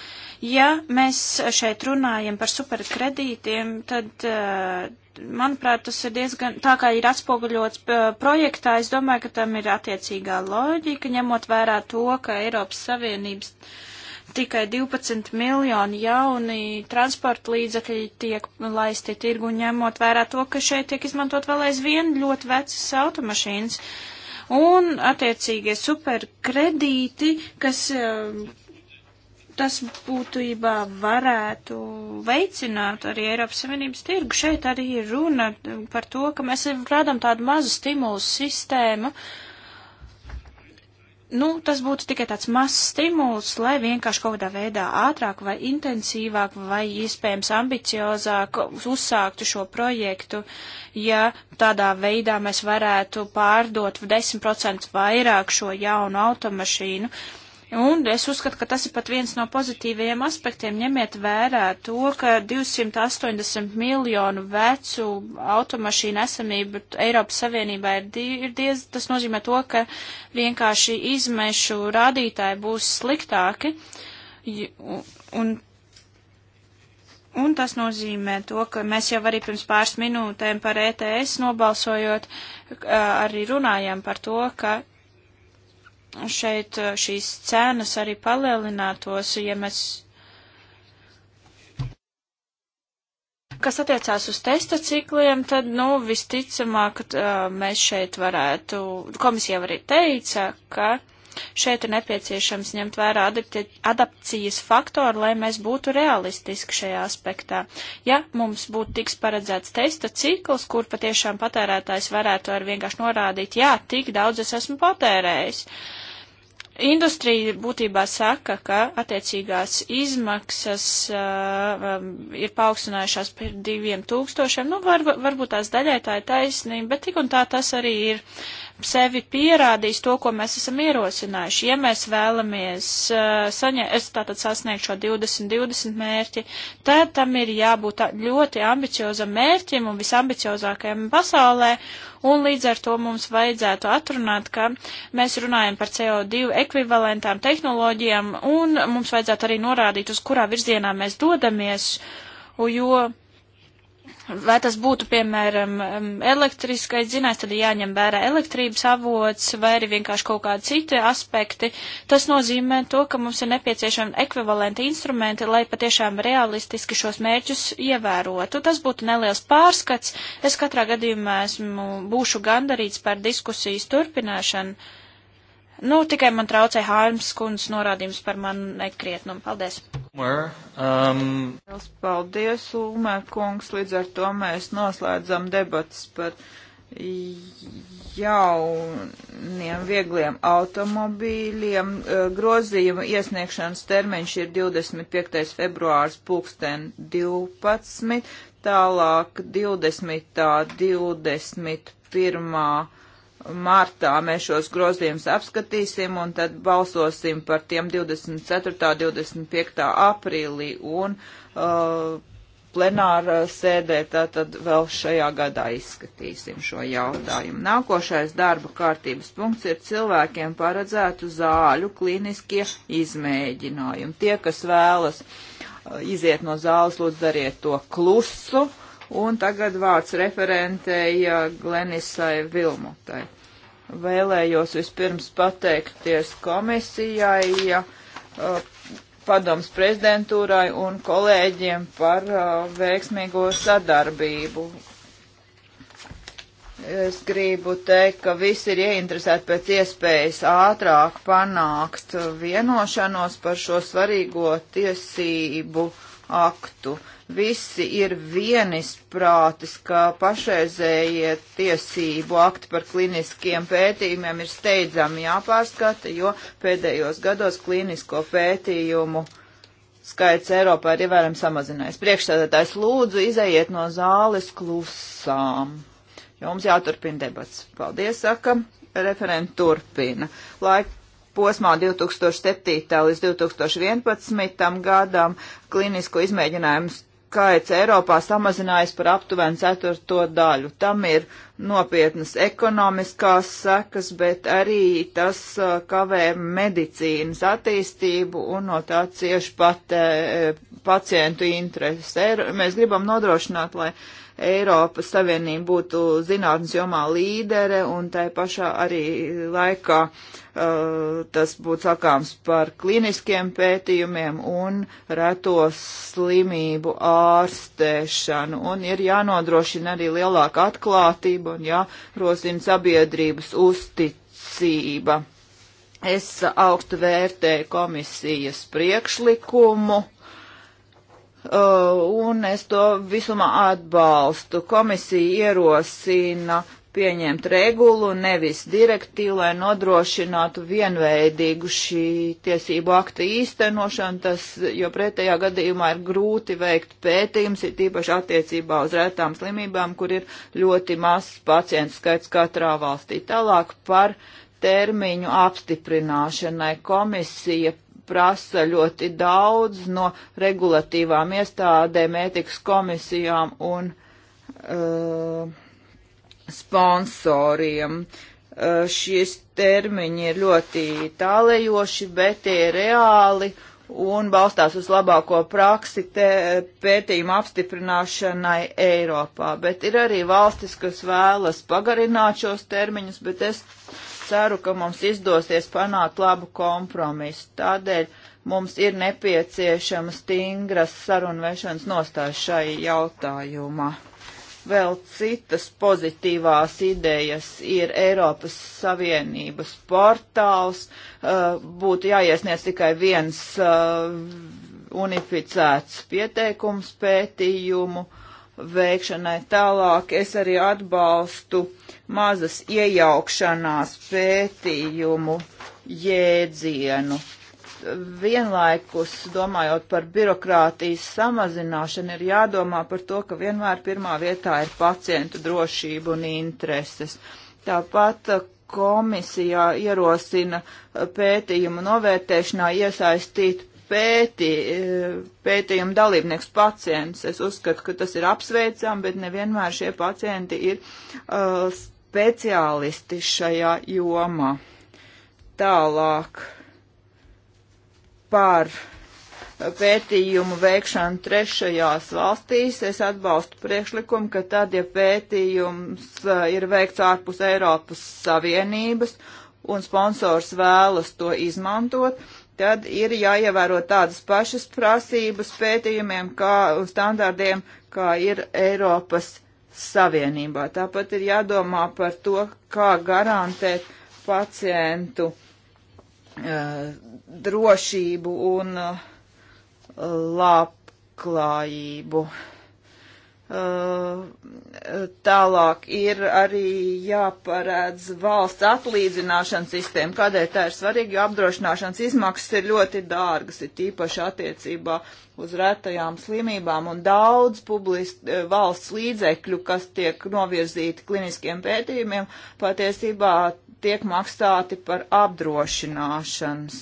S1: Ja mēs šeit runājam par superkredītiem, tad, eh, manuprāt, tas ir diezgan, tā kā ir atspoguļots eh, projektā, es domāju, ka tam ir attiecīgā loģika, ņemot vērā to, ka Eiropas Savienības tikai 12 miljoni jauni transporta līdzekļi tiek laisti tirgu, ņemot vērā to, ka šeit tiek izmantot vēl aizvien ļoti vecas automašīnas. Un attiecīgie superkredīti, kas eh, tas būtībā varētu veicināt arī Eiropas Savienības tirgu. Šeit arī ir runa par to, ka mēs rādām tādu mazu stimulu sistēmu. Nu, tas būtu tikai tāds mazs stimuls, lai vienkārši kaut kādā veidā ātrāk vai intensīvāk vai iespējams ambiciozāk uzsāktu šo projektu, ja tādā veidā mēs varētu pārdot 10% vairāk šo jaunu automašīnu. Uh, Un es uzskatu, ka tas ir pat viens no pozitīvajiem aspektiem. Ņemiet vērā to, ka 280 miljonu vecu automašīnu esamība Eiropas Savienībā ir, ir diez, tas nozīmē to, ka vienkārši izmešu rādītāji būs sliktāki. Un Un tas nozīmē to, ka mēs jau arī pirms pāris minūtēm par ETS nobalsojot, arī runājām par to, ka šeit eh, šīs cenas arī palielinātos, ja mēs. Kas attiecās uz testa cikliem, tad, nu, visticamāk, eh, mēs šeit varētu, komisija arī teica, ka Šeit ir nepieciešams ņemt vērā adaptācijas faktoru, lai mēs būtu realistiski šajā aspektā. Ja mums būtu tiks paredzēts testa cikls, kur patiešām patērētājs varētu ar vienkārši norādīt, jā, tik daudz es esmu patērējis. Industrija būtībā saka, ka attiecīgās izmaksas uh, um, ir paaugstinājušās par diviem tūkstošiem. Nu, var, varbūt tās daļai tā ir taisnība, bet tik un tā tas arī ir. Uh, sevi pierādījis to, ko mēs esam ierosinājuši. Ja mēs vēlamies uh, eh, saņē, es tātad sasniegt šo 2020 mērķi, tad tam ir jābūt ļoti ambiciozam mērķim un visambiciozākajam pasaulē, un līdz ar to mums vajadzētu atrunāt, ka mēs runājam par CO2 ekvivalentām tehnoloģijām, un mums vajadzētu arī norādīt, uz kurā virzienā mēs dodamies, jo Vai tas būtu, piemēram, um, elektriskais dzinājs, tad jāņem vērā elektrības avots vai arī vienkārši kaut kādi citi aspekti. Tas nozīmē to, ka mums ir nepieciešami ekvivalenti instrumenti, lai patiešām realistiski šos mērķus ievērotu. Tas būtu neliels pārskats. Es katrā gadījumā esmu, būšu gandarīts par diskusijas turpināšanu Nu, tikai man traucē Hārms kundzes norādījums par manu nekrietnumu. Paldies!
S2: Where, um... Paldies, Ulmēr kungs! Līdz ar to mēs noslēdzam debatas par jauniem viegliem automobīļiem. Uh, Grozījuma iesniegšanas termiņš ir 25. februārs pulksten 12, tālāk 20. 21 martā mēs šos grozījumus apskatīsim un tad balsosim par tiem 24. 25. aprīlī un uh, plenāra sēdē tātad vēl šajā gadā izskatīsim šo jautājumu. Nākošais darba kārtības punkts ir cilvēkiem paredzētu zāļu klīniskie izmēģinājumi. Tie, kas vēlas uh, iziet no zāles, lūdzu dariet to klusu. Uh, Un tagad vārds referentēja uh, Glenisai Vilmutai. Vēlējos vispirms pateikties komisijai, ja, uh, padoms prezidentūrai un kolēģiem par uh, veiksmīgo sadarbību. Es gribu teikt, ka visi ir ieinteresēti pēc iespējas ātrāk panākt vienošanos par šo svarīgo tiesību uh, aktu. Visi ir vienisprātis, ka pašreizējie tiesību akti par kliniskiem pētījumiem ir steidzami jāpārskata, jo pēdējos gados klinisko pētījumu skaits Eiropā ir ievērojami samazinājies. Priekšsēdētājs lūdzu izējiet no zāles klusām. Jums jāturpina debats. Paldies, saka. Referent turpina. Laika posmā 2007. līdz 2011. gadam klinisko izmēģinājumu skaits Eiropā samazinājies par aptuveni ceturto daļu. Tam ir nopietnas ekonomiskās sekas, bet arī tas uh, kavē medicīnas attīstību un no tā cieši pat uh, pacientu interesi. Mēs gribam nodrošināt, lai Eiropas Savienība būtu zinātnes jomā līdere un tai pašā arī laikā uh, tas būtu sakāms par kliniskiem pētījumiem un reto slimību ārstēšanu. Un ir jānodrošina arī lielāka atklātība un jārosina sabiedrības uzticība. Es augstu vērtēju komisijas priekšlikumu Uh, un es to visumā atbalstu. Komisija ierosina pieņemt regulu, nevis direktīvu, lai nodrošinātu vienveidīgu šī tiesību akta īstenošanu, tas, jo pretējā gadījumā ir grūti veikt pētījums, ir tīpaši attiecībā uz rētām slimībām, kur ir ļoti mazs pacientu skaits katrā valstī. Tālāk par termiņu apstiprināšanai komisija prasa ļoti daudz no regulatīvām iestādēm, ētikas komisijām un uh, sponsoriem. Uh, šis termiņi ir ļoti tālējoši, bet tie ir reāli un balstās uz labāko praksi te, pētījumu apstiprināšanai Eiropā. Bet ir arī valstis, kas vēlas pagarināt šos termiņus, bet es ceru, ka mums izdosies panākt labu kompromisu. Tādēļ mums ir nepieciešama stingras sarunvešanas nostājas šai jautājumā. Vēl citas pozitīvās idejas ir Eiropas Savienības portāls. Eh, būtu jāiesniedz tikai viens eh, unificēts pieteikums pētījumu veikšanai. Tālāk es arī atbalstu mazas iejaukšanās pētījumu jēdzienu. Vienlaikus, domājot par birokrātijas samazināšanu, ir jādomā par to, ka vienmēr pirmā vietā ir pacientu drošība un intereses. Tāpat uh, komisijā ierosina uh, pētījumu novērtēšanā iesaistīt pēti, pētījuma dalībnieks pacients. Es uzskatu, ka tas ir apsveicam, bet nevienmēr šie pacienti ir uh, speciālisti šajā jomā. Tālāk par pētījumu veikšanu trešajās valstīs. Es atbalstu priekšlikumu, ka tad, ja pētījums uh, ir veikts ārpus Eiropas Savienības un sponsors vēlas to izmantot, tad ir jāievēro tādas pašas prasības pētījumiem, kā standārdiem, kā ir Eiropas Savienībā. Tāpat ir jādomā par to, kā garantēt pacientu uh, drošību un uh, labklājību. Uh, Uh, tālāk ir arī jāparēdz valsts atlīdzināšanas sistēma. Kādēļ tā ir svarīga? Jo apdrošināšanas izmaksas ir ļoti dārgas, ir tīpaši attiecībā uz retajām slimībām un daudz publist, eh, valsts līdzekļu, kas tiek novirzīti kliniskiem pētījumiem, patiesībā tiek maksāti par apdrošināšanas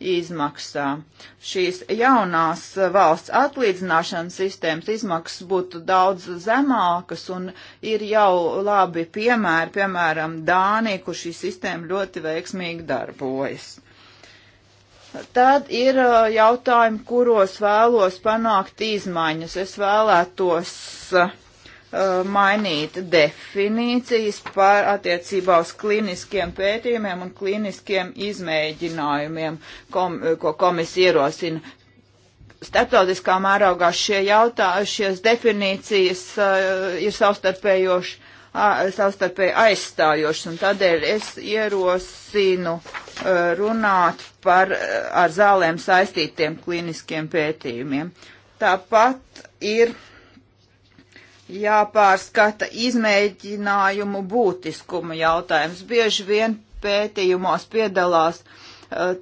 S2: izmaksām. Šīs jaunās valsts atlīdzināšanas sistēmas izmaksas būtu daudz zemākas un ir jau labi piemēri, piemēram, Dānija, kur šī sistēma ļoti veiksmīgi darbojas. Tad ir uh, jautājumi, kuros vēlos panākt izmaiņas. Es vēlētos uh, Uh, mainīt definīcijas par attiecībā uz klīniskiem pētījumiem un klīniskiem izmēģinājumiem, kom, ko komisija ierosina. Starptautiskā mērogā šie jautājumi, šīs definīcijas uh, ir savstarpējoši, uh, savstarpēji aizstājošas, un tādēļ es ierosinu uh, runāt par uh, ar zālēm saistītiem klīniskiem pētījumiem. Tāpat ir uh, jāpārskata izmēģinājumu būtiskumu jautājums. Bieži vien pētījumos piedalās uh,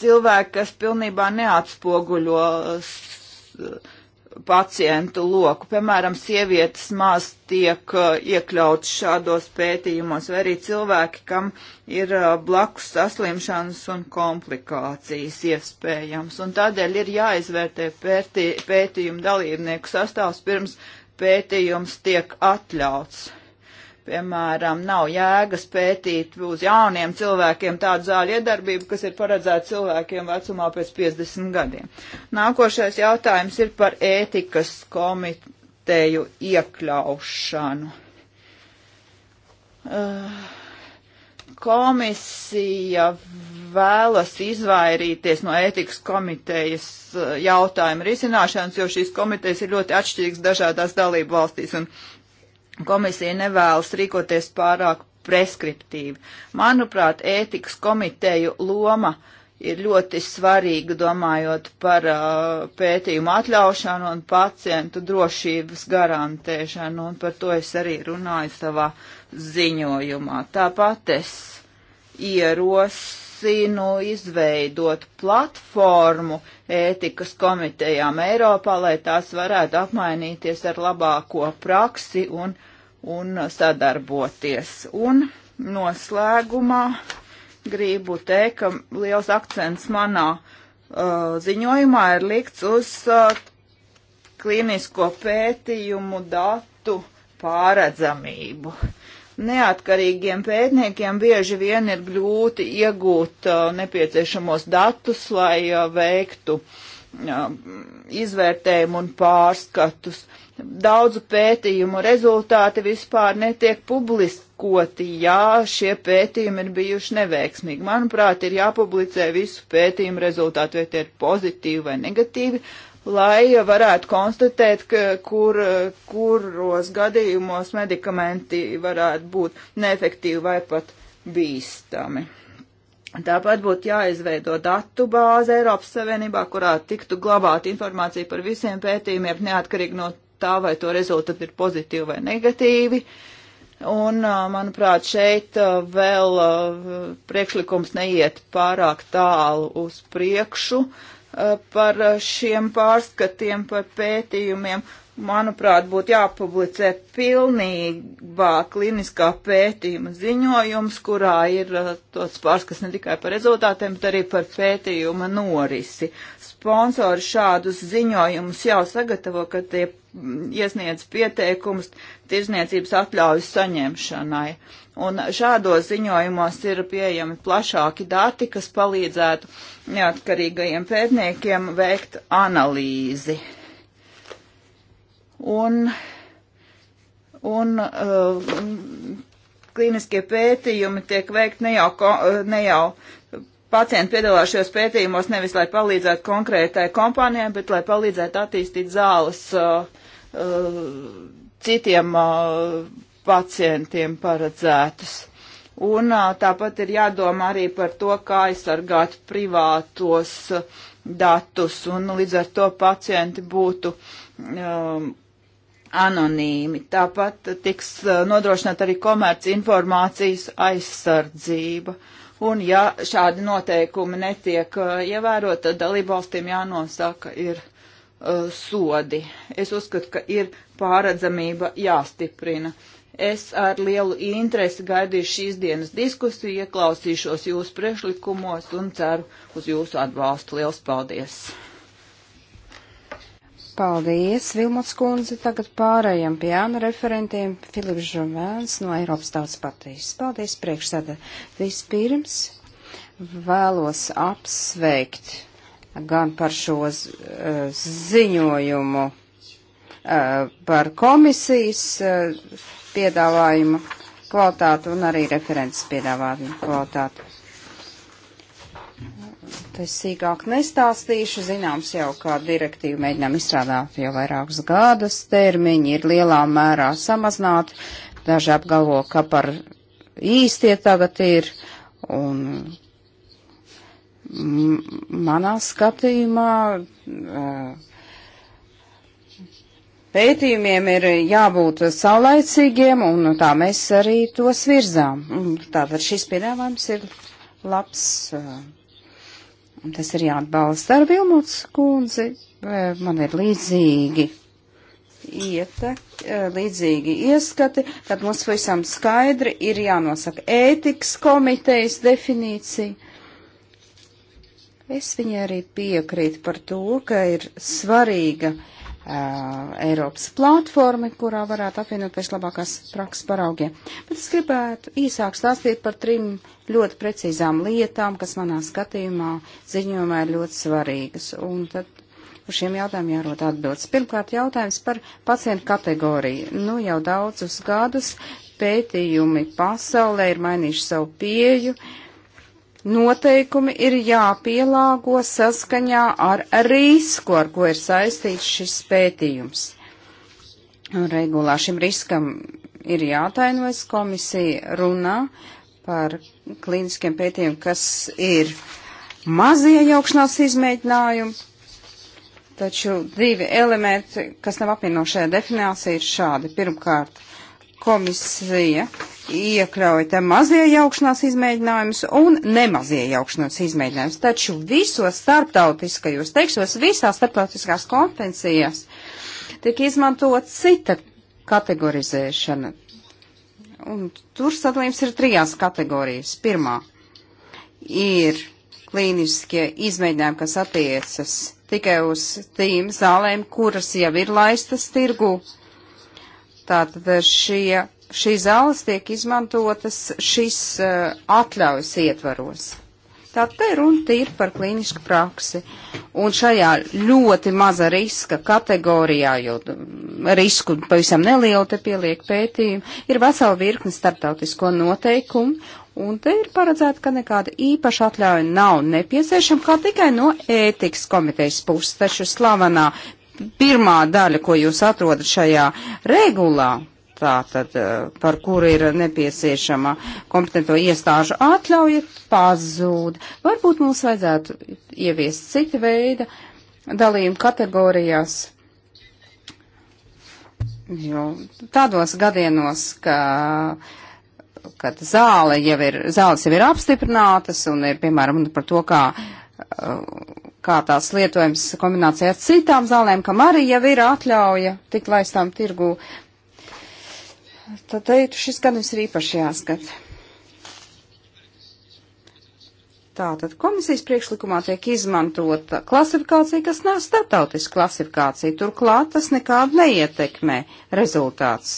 S2: cilvēki, kas pilnībā neatspoguļo uh, pacientu loku. Piemēram, sievietes maz tiek uh, iekļauts šādos pētījumos, vai arī cilvēki, kam ir uh, blakus saslimšanas un komplikācijas iespējams. Un tādēļ ir jāizvērtē pētī, pētījumu dalībnieku sastāvs pirms pētījums tiek atļauts. Piemēram, nav jēgas pētīt uz jauniem cilvēkiem tādu zāļu iedarbību, kas ir paredzēta cilvēkiem vecumā pēc 50 gadiem. Nākošais jautājums ir par ētikas komiteju iekļaušanu. Uh, komisija vēlas izvairīties no ētikas komitejas eh, jautājuma risināšanas, jo šīs komitejas ir ļoti atšķirīgas dažādās dalību valstīs, un komisija nevēlas rīkoties pārāk preskriptīvi. Manuprāt, ētikas komiteju loma ir ļoti svarīga, domājot par uh, pētījumu atļaušanu un pacientu drošības garantēšanu, un par to es arī runāju savā ziņojumā. Tāpat es ierosinu izveidot platformu ētikas komitejām Eiropā, lai tās varētu apmainīties ar labāko praksi un uh, un sadarboties. Un noslēgumā gribu teikt, ka liels akcents manā uh, ziņojumā ir likts uz uh, klīnisko pētījumu datu pāredzamību. Neatkarīgiem pētniekiem bieži vien ir grūti iegūt uh, nepieciešamos datus, lai uh, veiktu uh, izvērtējumu un pārskatus. Uh, Daudzu pētījumu rezultāti vispār netiek publiskoti, ja šie pētījumi ir bijuši neveiksmīgi. Manuprāt, ir jāpublicē visu pētījumu rezultātu, vai tie ir pozitīvi vai negatīvi, lai varētu konstatēt, ka, kur, kuros gadījumos medikamenti varētu būt neefektīvi vai pat bīstami. Tāpat būtu jāizveido datu bāze Eiropas Savienībā, kurā tiktu glabāta informācija par visiem pētījumiem, neatkarīgi no tā, vai to rezultāti ir pozitīvi vai negatīvi. Un, manuprāt, šeit vēl priekšlikums neiet pārāk tālu uz priekšu par šiem pārskatiem, par pētījumiem manuprāt, būtu jāpublicē pilnībā kliniskā pētījuma ziņojums, kurā ir uh, tāds pārskats ne tikai par rezultātiem, bet arī par pētījuma norisi. Sponsori šādus ziņojumus jau sagatavo, kad tie mm, iesniedz pieteikumus tirzniecības atļaujas saņemšanai. Un šādos ziņojumos ir pieejami plašāki dati, kas palīdzētu neatkarīgajiem pētniekiem veikt analīzi un, un uh, klīniskie pētījumi tiek veikt ne jau, uh, ne jau pacienti piedalās šajos pētījumos nevis, lai palīdzētu konkrētai kompānijai, bet lai palīdzētu attīstīt zāles uh, uh, citiem uh, pacientiem paredzētas. Un uh, tāpat ir jādomā arī par to, kā aizsargāt privātos uh, datus, un līdz ar to pacienti būtu um, anonīmi. Tāpat tiks eh, nodrošināt arī komerc informācijas aizsardzība. Un ja šādi noteikumi netiek eh, ievērot, tad dalībvalstīm jānosaka ir uh, sodi. Es uzskatu, ka ir pāredzamība jāstiprina. Es ar lielu interesi gaidīju šīs dienas diskusiju, ieklausīšos jūsu priešlikumos un ceru uz jūsu atbalstu. Liels paldies!
S3: Paldies, Vilmots kundze. Tagad pārējiem pie Jāna referentiem. Filips Žumēns no Eiropas tautas partijas. Paldies, priekšsēdē. Vispirms vēlos apsveikt gan par šo eh, ziņojumu eh, par komisijas eh, piedāvājumu kvalitāti un arī referents piedāvājumu kvalitāti te sīkāk nestāstīšu. Zināms jau, kā direktīvu mēģinām izstrādāt jau vairākus gadus. Termiņi ir lielā mērā samazināti. Daži apgalvo, ka par īstie tagad ir. Un manā skatījumā pētījumiem ir jābūt saulaicīgiem, un tā mēs arī tos virzām. Tātad šis piedāvājums ir labs. Uh, Un tas ir jāatbalsta ar Vilmots kundzi. Man ir līdzīgi iete, eh, līdzīgi ieskati, tad mums visam skaidri ir jānosaka ētikas komitejas definīcija. Es viņai arī piekrītu par to, ka ir svarīga uh, Eiropas platforma, kurā varētu apvienot pēc labākās prakses paraugiem. Bet es gribētu īsāk stāstīt par trim ļoti precīzām lietām, kas manā skatījumā ziņojumā ir ļoti svarīgas. Un tad uz šiem jautājumiem jārod atbildes. Pirmkārt, jautājums par pacientu kategoriju. Nu, jau daudzus gadus pētījumi pasaulē ir mainījuši savu pieju. Uh, noteikumi ir jāpielāgo saskaņā ar risku, ar ko ir saistīts šis pētījums. Un regulā šim riskam ir jātainojas komisija runā par klīniskiem pētījumiem, kas ir mazie jaukšanās izmēģinājumi, taču divi elementi, kas nav apvienošajā definīcijā, ir šādi. Pirmkārt, komisija iekļauj te mazie jaukšanās izmēģinājumus un nemazie jaukšanās izmēģinājumus. Taču visos starptautiskajos, teikšos, visās starptautiskās konvencijās tiek izmantot cita kategorizēšana. Un tur sadalījums ir trijās kategorijas. Pirmā ir klīniskie izmēģinājumi, kas attiecas tikai uz tīm zālēm, kuras jau ir laistas tirgu Tātad šie, šīs zāles tiek izmantotas šis uh, atļaujas ietvaros. Tātad te runa ir par klīnisku praksi. Un šajā ļoti maza riska kategorijā, jo mm, risku pavisam nelielu te pieliek pētījumu, ir vesela virkne starptautisko noteikumu. Un te ir paredzēta, ka nekāda īpaša atļauja nav nepieciešama, kā tikai no ētikas komitejas puses. Taču slavenā pirmā daļa, ko jūs atrodat šajā regulā, tātad eh, par kuru ir nepieciešama kompetento iestāžu atļauja, pazūd. Varbūt mums vajadzētu ieviest cita veida dalījumu kategorijās. Jo tādos gadienos, ka kad zāle jau ir, zāles jau ir apstiprinātas un ir, piemēram, par to, kā uh, kā tās lietojums kombinācijā ar citām zālēm, kam arī jau ir atļauja tikt laistām tirgū. Tad teicu, šis gadījums ir īpaši jāskata. Tātad komisijas priekšlikumā tiek izmantota klasifikācija, kas nav startautiska klasifikācija, turklāt tas nekādu neietekmē rezultāts.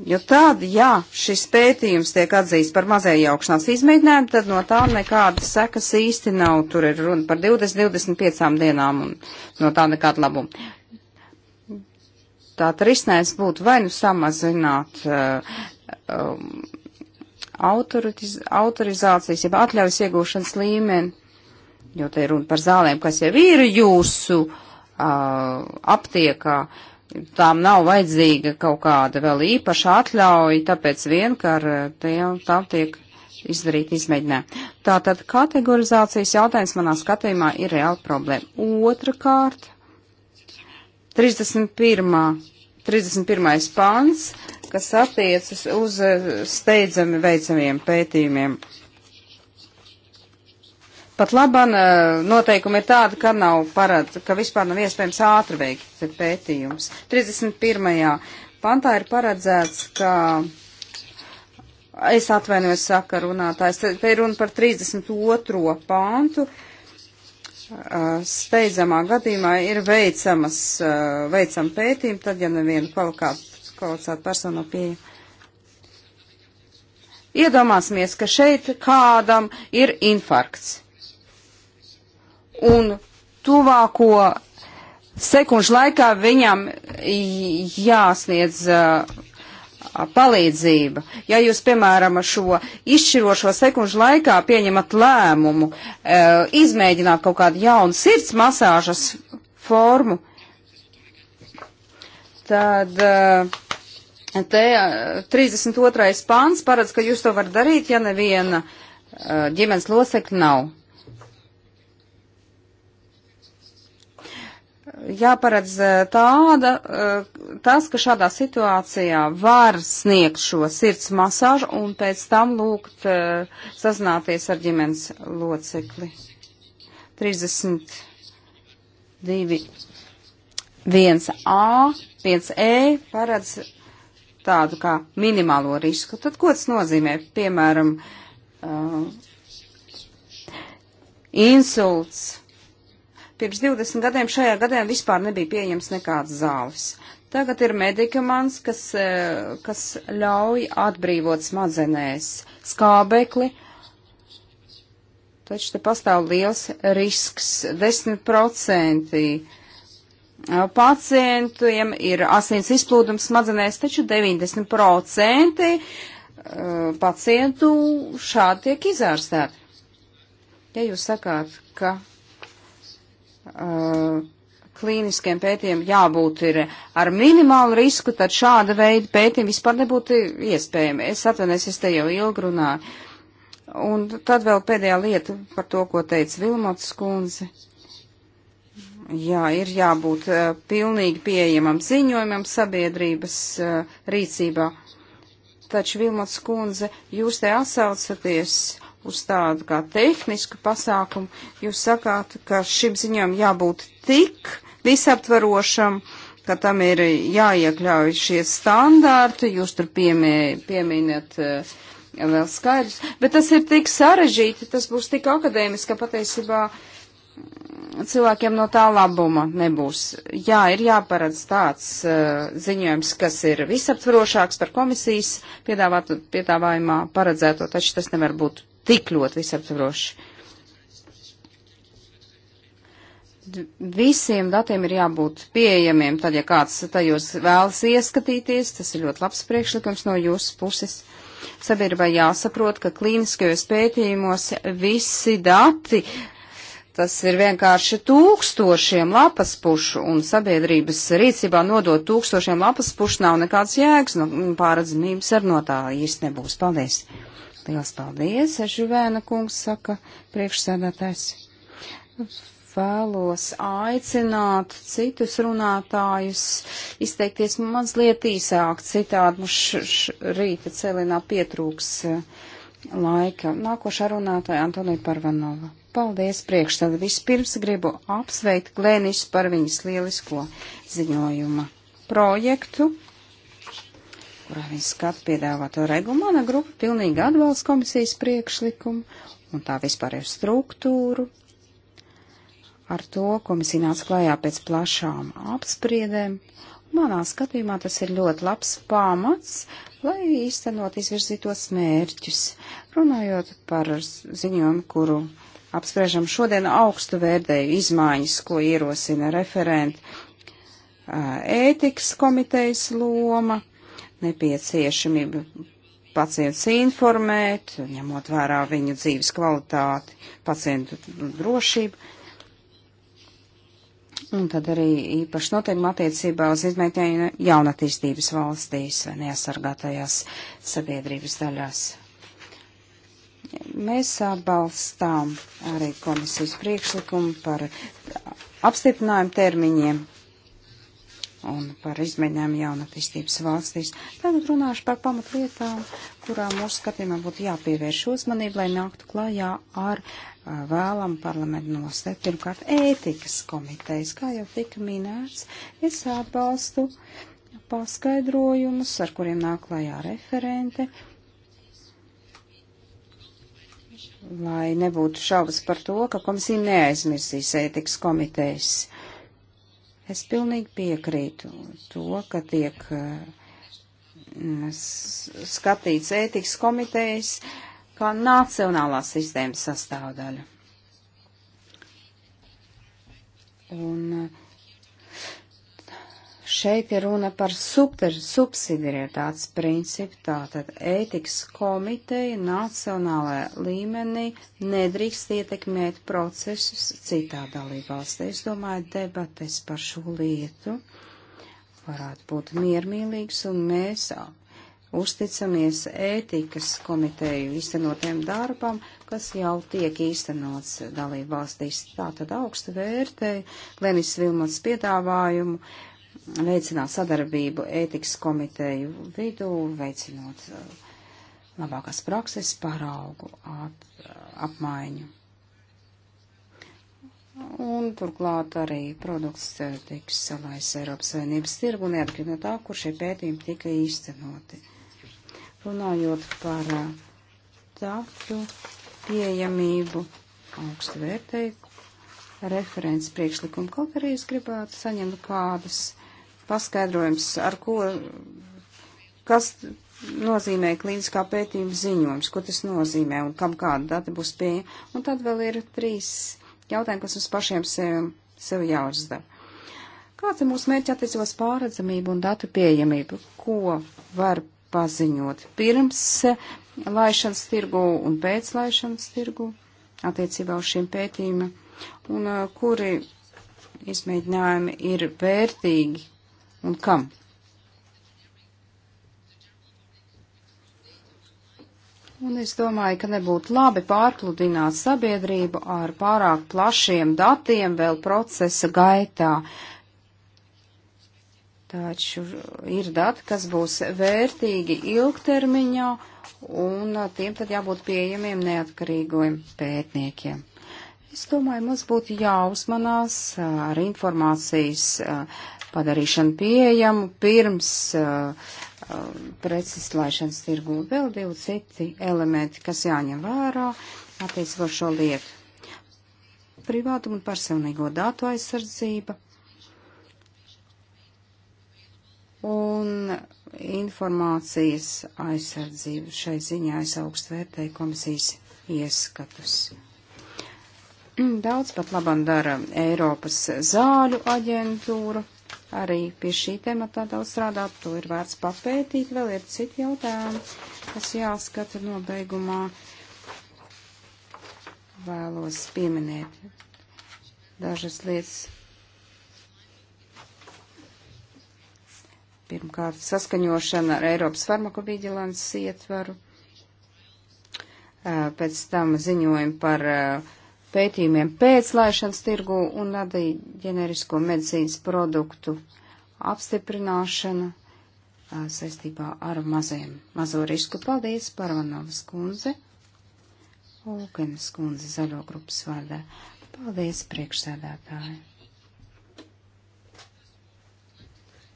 S3: Jo tādi, jā, šis pētījums tiek atzīst par mazējaukšanās izmēģinājumu, tad no tā nekādas sekas īsti nav. Tur ir runa par 20-25 dienām un no tā nekāda labuma. Tātad risinājums būtu vai nu samazināt uh, um, autoriz, autorizācijas, jeb atļaujas iegūšanas līmeni, jo te ir runa par zālēm, kas jau ir jūsu uh, aptiekā. Uh, tām nav vajadzīga kaut kāda vēl īpaša atļauja, tāpēc vien, ka ar eh, tiem tām tiek izdarīt izmēģinē. Tātad kategorizācijas jautājums manā skatījumā ir reāla problēma. Otrakārt, 31. 31. pāns, kas attiecas uz eh, steidzami veicamiem pētījumiem. Pat labam eh, noteikumi ir tādi, ka nav parad, ka vispār nav iespējams ātri veikt pētījums. 31. pantā ir paredzēts, ka es atvainojos saka runātājs, te ir runa par 32. pantu. Eh, steidzamā gadījumā ir veicamas, eh, veicam pētījumi, tad, ja neviena kvalificēta persona pieeja. Iedomāsimies, ka šeit kādam ir infarkts un tuvāko sekunžu laikā viņam jāsniedz uh, palīdzība. Ja jūs, piemēram, šo izšķirošo sekunžu laikā pieņemat lēmumu, uh, izmēģināt kaut kādu jaunu sirds masāžas formu, tad uh, te 32. pāns paredz, ka jūs to varat darīt, ja neviena ģimenes locekļa nav. jāparedz eh, tāda, eh, tas, ka šādā situācijā var sniegt šo sirds masāžu un pēc tam lūgt eh, sazināties ar ģimenes locekli. 32. 1A, 1E paredz tādu kā minimālo risku. Tad ko tas nozīmē? Piemēram, uh, insults Pirms 20 gadiem šajā gadiem vispār nebija pieejams nekāds zāles. Tagad ir medikaments, kas, eh, kas ļauj atbrīvot smadzenēs skābekli, taču te pastāv liels risks - 10% eh, pacientiem ir asins izplūdums smadzenēs, taču 90% eh, pacientu šādi tiek izārstēti. Ja jūs sakāt, ka uh, klīniskiem pētījiem jābūt ir ar minimālu risku, tad šāda veida pētījumi vispār nebūtu iespējami. Es atvainojos, es te jau ilgi runāju. Un tad vēl pēdējā lieta par to, ko teica Vilmots kundze. Jā, ir jābūt uh, pilnīgi pieejamam ziņojumam sabiedrības uh, rīcībā. Taču, Vilmots kundze, jūs te atsaucaties uz tādu kā tehnisku pasākumu. Jūs sakāt, ka šim ziņām jābūt tik visaptvarošam, ka tam ir jāiekļauj šie standārti, jūs tur piemē, pieminat uh, eh, vēl skaidrs, bet tas ir tik sarežģīti, tas būs tik akadēmiski, ka patiesībā mm, cilvēkiem no tā labuma nebūs. Jā, ir jāparedz tāds uh, ziņojums, kas ir visaptvarošāks par komisijas piedāvājumā paredzēto, taču tas nevar būt tik ļoti visaptvaroši. Visiem datiem ir jābūt pieejamiem, tad, ja kāds tajos vēlas ieskatīties, tas ir ļoti labs priekšlikums no jūsu puses. Sabiedrībai jāsaprot, ka klīniskajos pētījumos visi dati uh, Tas ir vienkārši tūkstošiem lapas pušu, un sabiedrības rīcībā nodot tūkstošiem lapas pušu nav nekāds jēgas, nu, pārredzamības ar no tā īsti nebūs. Paldies! Liels paldies, Žuvēna kungs, saka priekšsēdētājs. Vēlos aicināt citus runātājus izteikties mazliet īsāk, citādi mums š, š, rīta celinā pietrūks eh, laika. Nākošā runātāja Antonija Parvanova. Paldies priekšstādā. Vispirms gribu apsveikt Glēnis par viņas lielisko ziņojumu projektu viņi skat piedāvāto regulu. Mana grupa pilnīgi atbalsta komisijas priekšlikumu un tā vispārēju struktūru. Ar to komisija nāca klājā pēc plašām apspriedēm. Manā skatījumā tas ir ļoti labs pamats, lai īstenot izvirzītos mērķus. Runājot par ziņojumu, kuru apspriežam šodien augstu vērtēju izmaiņas, ko ierosina referenti, ētikas komitejas loma, nepieciešamība pacients informēt, ņemot vērā viņu dzīves kvalitāti, pacientu drošību. Un tad arī īpaši noteikumi attiecībā uz izmēģinājumu jaunatīstības valstīs vai neasargātajās sabiedrības daļās. Mēs atbalstām arī komisijas priekšlikumu par apstiprinājumu termiņiem un par izmaiņām jaunatīstības valstīs. Tagad runāšu par pamatlietām, kurām mūsu skatījumā būtu jāpievērš uzmanība, lai nāktu klājā ar vēlamu parlamentu nostē. Pirmkārt, ētikas komitejas, kā jau tika minēts, es atbalstu paskaidrojumus, ar kuriem nāk klājā referente. Lai nebūtu šaubas par to, ka komisija neaizmirsīs ētikas komitejas uh, Es pilnīgi piekrītu to, ka tiek mm, skatīts ētikas komitejas kā nacionālās sistēmas sastāvdaļa. Un Šeit ir runa par super subsidiarietātes principu, tātad ētikas komiteja nacionālajā līmenī nedrīkst ietekmēt procesus citā dalībvalstī. Es domāju, debates par šo lietu varētu būt miermīlīgs un mēs uzticamies ētikas komiteju īstenotiem darbam, kas jau tiek īstenots dalībvalstīs. Tātad augstu vērtēju Lenis Vilmots piedāvājumu veicināt sadarbību ētikas komiteju vidū, veicinot uh, labākās prakses paraugu at, uh, apmaiņu. Un turklāt arī produkts uh, tiks salaists Eiropas Savienības tirgu neatkarīgi no tā, kur šie pētījumi tika īstenoti. Runājot par tādu pieejamību, augstu vērtēju referents priekšlikumu, kaut arī es gribētu saņemt kādas paskaidrojums, ar ko, kas nozīmē klīniskā pētījuma ziņojums, ko tas nozīmē un kam kāda data būs pieeja. Un tad vēl ir trīs jautājumi, kas mums pašiem sev, sev jāuzdara. Kāds ir mūsu mērķi attiecībās pārredzamību un datu pieejamību? Ko var paziņot pirms laišanas tirgu un pēc laišanas tirgu attiecībā uz šiem pētījumiem? Un uh, kuri izmēģinājumi ir vērtīgi un kam. Un es domāju, ka nebūtu labi pārkludināt sabiedrību ar pārāk plašiem datiem vēl procesa gaitā. Taču ir dati, kas būs vērtīgi ilgtermiņā, un tiem tad jābūt pieejamiem neatkarīgiem pētniekiem. Es domāju, mums būtu jāuzmanās eh, ar informācijas eh, padarīšanu pieejamu pirms uh, uh, preces laišanas tirgu. Vēl divi citi elementi, kas jāņem vērā attiecībā šo lietu. Privātuma un personīgo datu aizsardzība un informācijas aizsardzību. Šai ziņā es augstu vērtēju komisijas ieskatus. Daudz pat labam dara Eiropas zāļu aģentūra, arī pie šī temata daudz strādāt, to ir vērts papētīt, vēl ir citi jautājumi, kas jāskata nobeigumā. Vēlos pieminēt dažas lietas. Pirmkārt, saskaņošana ar Eiropas farmakovigilants ietvaru, pēc tam ziņojumi par uh, pētījumiem pēc laišanas tirgu un arī ģenerisko medicīnas produktu apstiprināšana saistībā ar maziem, mazo risku. Paldies, Parvanovas kundze, Ulkenes kundze zaļo grupas vārdā. Paldies, priekšsēdētāji.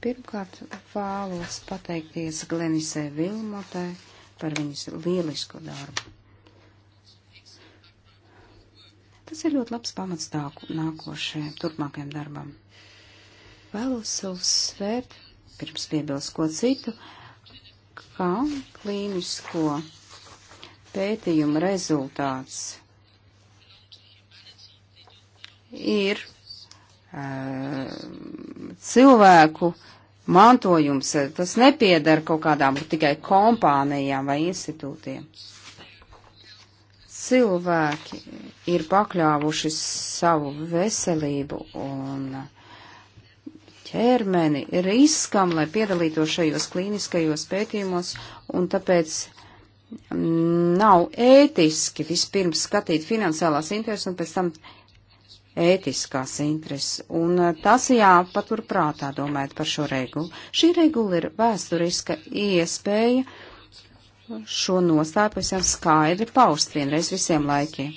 S3: Pirmkārt, vēlos pateikties Glenisē Vilmotai par viņas lielisko darbu. Tas ir ļoti labs pamats tāku, nākošajam turpmākajam darbam. Vēlos uzsvērt, pirms piebilst ko citu, kā klīnisko pētījumu rezultāts ir uh, cilvēku mantojums. Tas nepiedara kaut kādām tikai kompānijām vai institūtiem cilvēki ir pakļāvuši savu veselību un ķermeni riskam, lai piedalītos šajos klīniskajos pētījumos, un tāpēc nav ētiski vispirms skatīt finansiālās intereses un pēc tam ētiskās intereses. Un eh, tas jāpatur prātā domājot par šo regulu. Šī regula ir vēsturiska iespēja šo nostāju pavisam skaidri paust vienreiz visiem laikiem.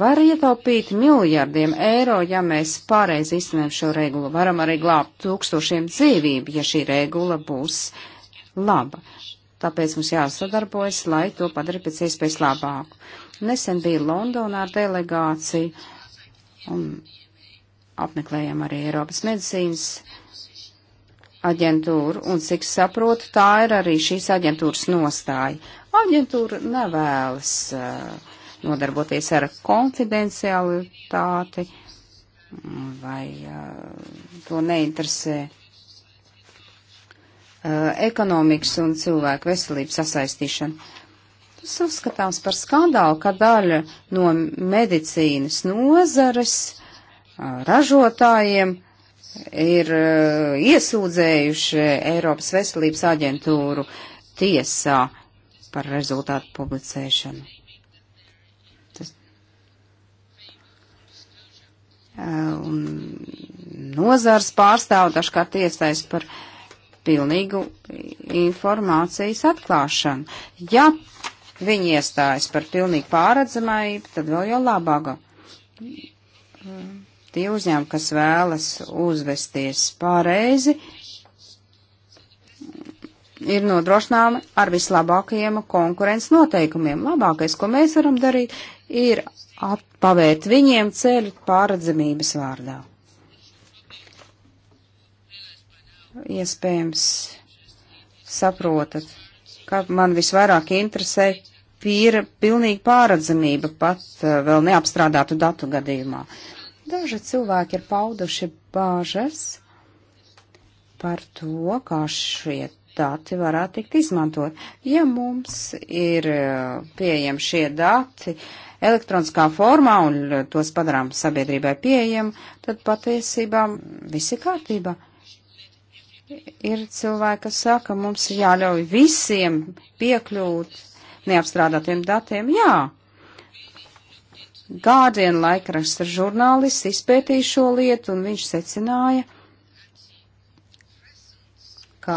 S3: Var ietaupīt miljardiem eiro, ja mēs pareizi izsmēm šo regulu. Varam arī glābt tūkstošiem dzīvību, ja šī regula būs laba. Tāpēc mums jāsadarbojas, lai to padarītu pēc iespējas labāku. Nesen bija Londonā ar delegāciju un apmeklējām arī Eiropas medicīnas aģentūru, un cik saprotu, tā ir arī šīs aģentūras nostāja. Aģentūra nevēlas uh, nodarboties ar konfidencialitāti, mm, vai uh, to neinteresē uh, ekonomikas un cilvēku veselības sasaistīšana. Tas uzskatāms par skandālu, ka daļa no medicīnas nozares uh, ražotājiem uh, ir eh, iesūdzējuši Eiropas veselības aģentūru tiesā par rezultātu publicēšanu. Tas, eh, un nozars pārstāv dažkārt tiesais par pilnīgu informācijas atklāšanu. Ja viņi iestājas par pilnīgu pāredzamību, tad vēl jau labāk. Tie uzņēmumi, kas vēlas uzvesties pareizi, ir nodrošināmi ar vislabākajiem konkurences noteikumiem. Labākais, ko mēs varam darīt, ir pavērt viņiem ceļu pārredzamības vārdā. Iespējams, saprotat, ka man visvairāk interesē pīra pilnīga pārredzamība pat eh, vēl neapstrādātu datu gadījumā. Uh, Daži cilvēki ir pauduši bāžas par to, kā šie dati varētu tikt izmantot. Ja mums ir e, pieejami šie dati elektroniskā formā un tos padarām sabiedrībai pieejam, tad patiesībā viss ir kārtībā. Ir cilvēki, kas saka, mums jāļauj visiem piekļūt neapstrādātiem datiem. Jā, Guardian laikraksta žurnālists izpētīja šo lietu, un viņš secināja, ka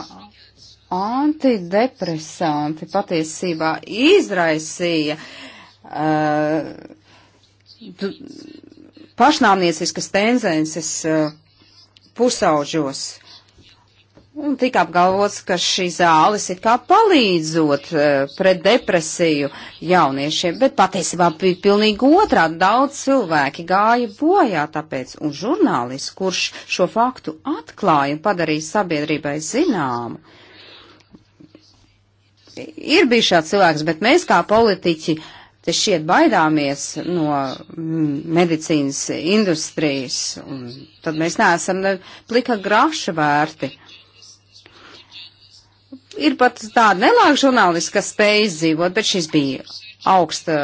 S3: antidepresanti patiesībā izraisīja uh, pašnāvnieciskas tendences uh, pusaužos. Un tika apgalvots, ka šī zāles ir kā palīdzot uh, pret depresiju jauniešiem, bet patiesībā bija pilnīgi otrā. Daudz cilvēki gāja bojā tāpēc, un žurnālists, kurš šo faktu atklāja un padarīja sabiedrībai zināmu, ir bijis šāds cilvēks, bet mēs kā politiķi te šiet baidāmies no mm, medicīnas industrijas, un tad mēs neesam plika graša vērti ir pat tāda nelāga žurnālisti, kas spēj izdzīvot, bet šis bija augsta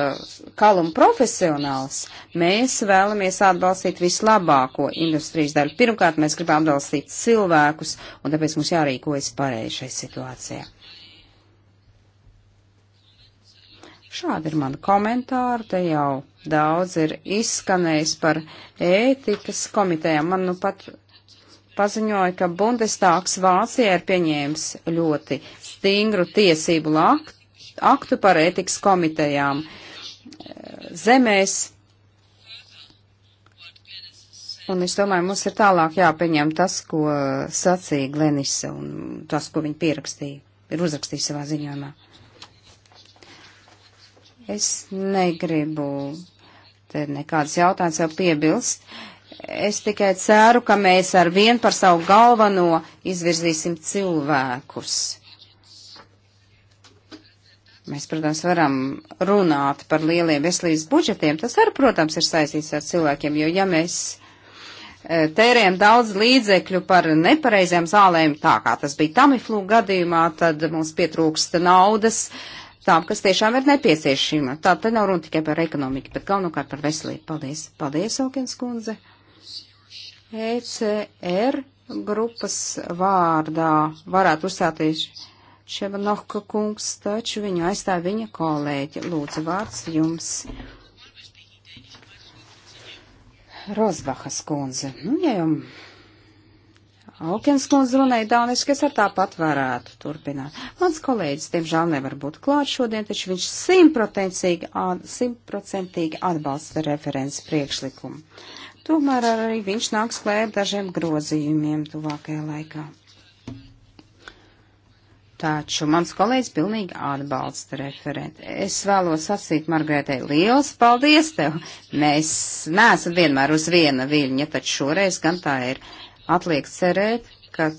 S3: kaluma profesionāls. Mēs vēlamies atbalstīt vislabāko industrijas daļu. Pirmkārt, mēs gribam atbalstīt cilvēkus, un tāpēc mums jārīkojas pareizi šai situācijai. Šādi ir mani komentāri, te jau daudz ir izskanējis par ētikas komitejām. Man nu pat paziņoja, ka Bundestāgs Vācijā ir pieņēmis ļoti stingru tiesību lakt, aktu par ētikas komitejām zemēs. Un es domāju, mums ir tālāk jāpieņem tas, ko sacīja Glenisa un tas, ko viņa pierakstīja, ir uzrakstījis savā ziņojumā. Es negribu te nekādas jautājumas jau piebilst. Uh, Es tikai ceru, ka mēs ar vien par savu galveno izvirzīsim cilvēkus. Mēs, protams, varam runāt par lieliem veselības budžetiem. Tas arī, protams, ir saistīts ar cilvēkiem, jo ja mēs e, tērējam daudz līdzekļu par nepareiziem zālēm, tā kā tas bija Tamiflu gadījumā, tad mums pietrūkst naudas tām, kas tiešām ir nepieciešama. Tā te nav runa tikai par ekonomiku, bet galvenokārt par veselību. Paldies, paldies, Aukens kundze. ECR grupas vārdā varētu uzstāties Ševanohka kungs, taču viņu aizstāja viņa kolēģi. Lūdzu, vārds jums. Rozbahas kundze. Nu, ja jau Aukens kundze runāja dāniski, es ar tāpat varētu turpināt. Mans kolēģis, diemžēl, nevar būt klāt šodien, taču viņš simtprocentīgi atbalsta referents priekšlikumu. Tomēr arī viņš nāks klē ar dažiem grozījumiem tuvākajā laikā. Taču mans kolēģis pilnīgi atbalsta referenti. Es vēlos sacīt Margaretai liels paldies tev. Mēs neesam vienmēr uz viena viļņa, taču šoreiz gan tā ir. Atliek cerēt, ka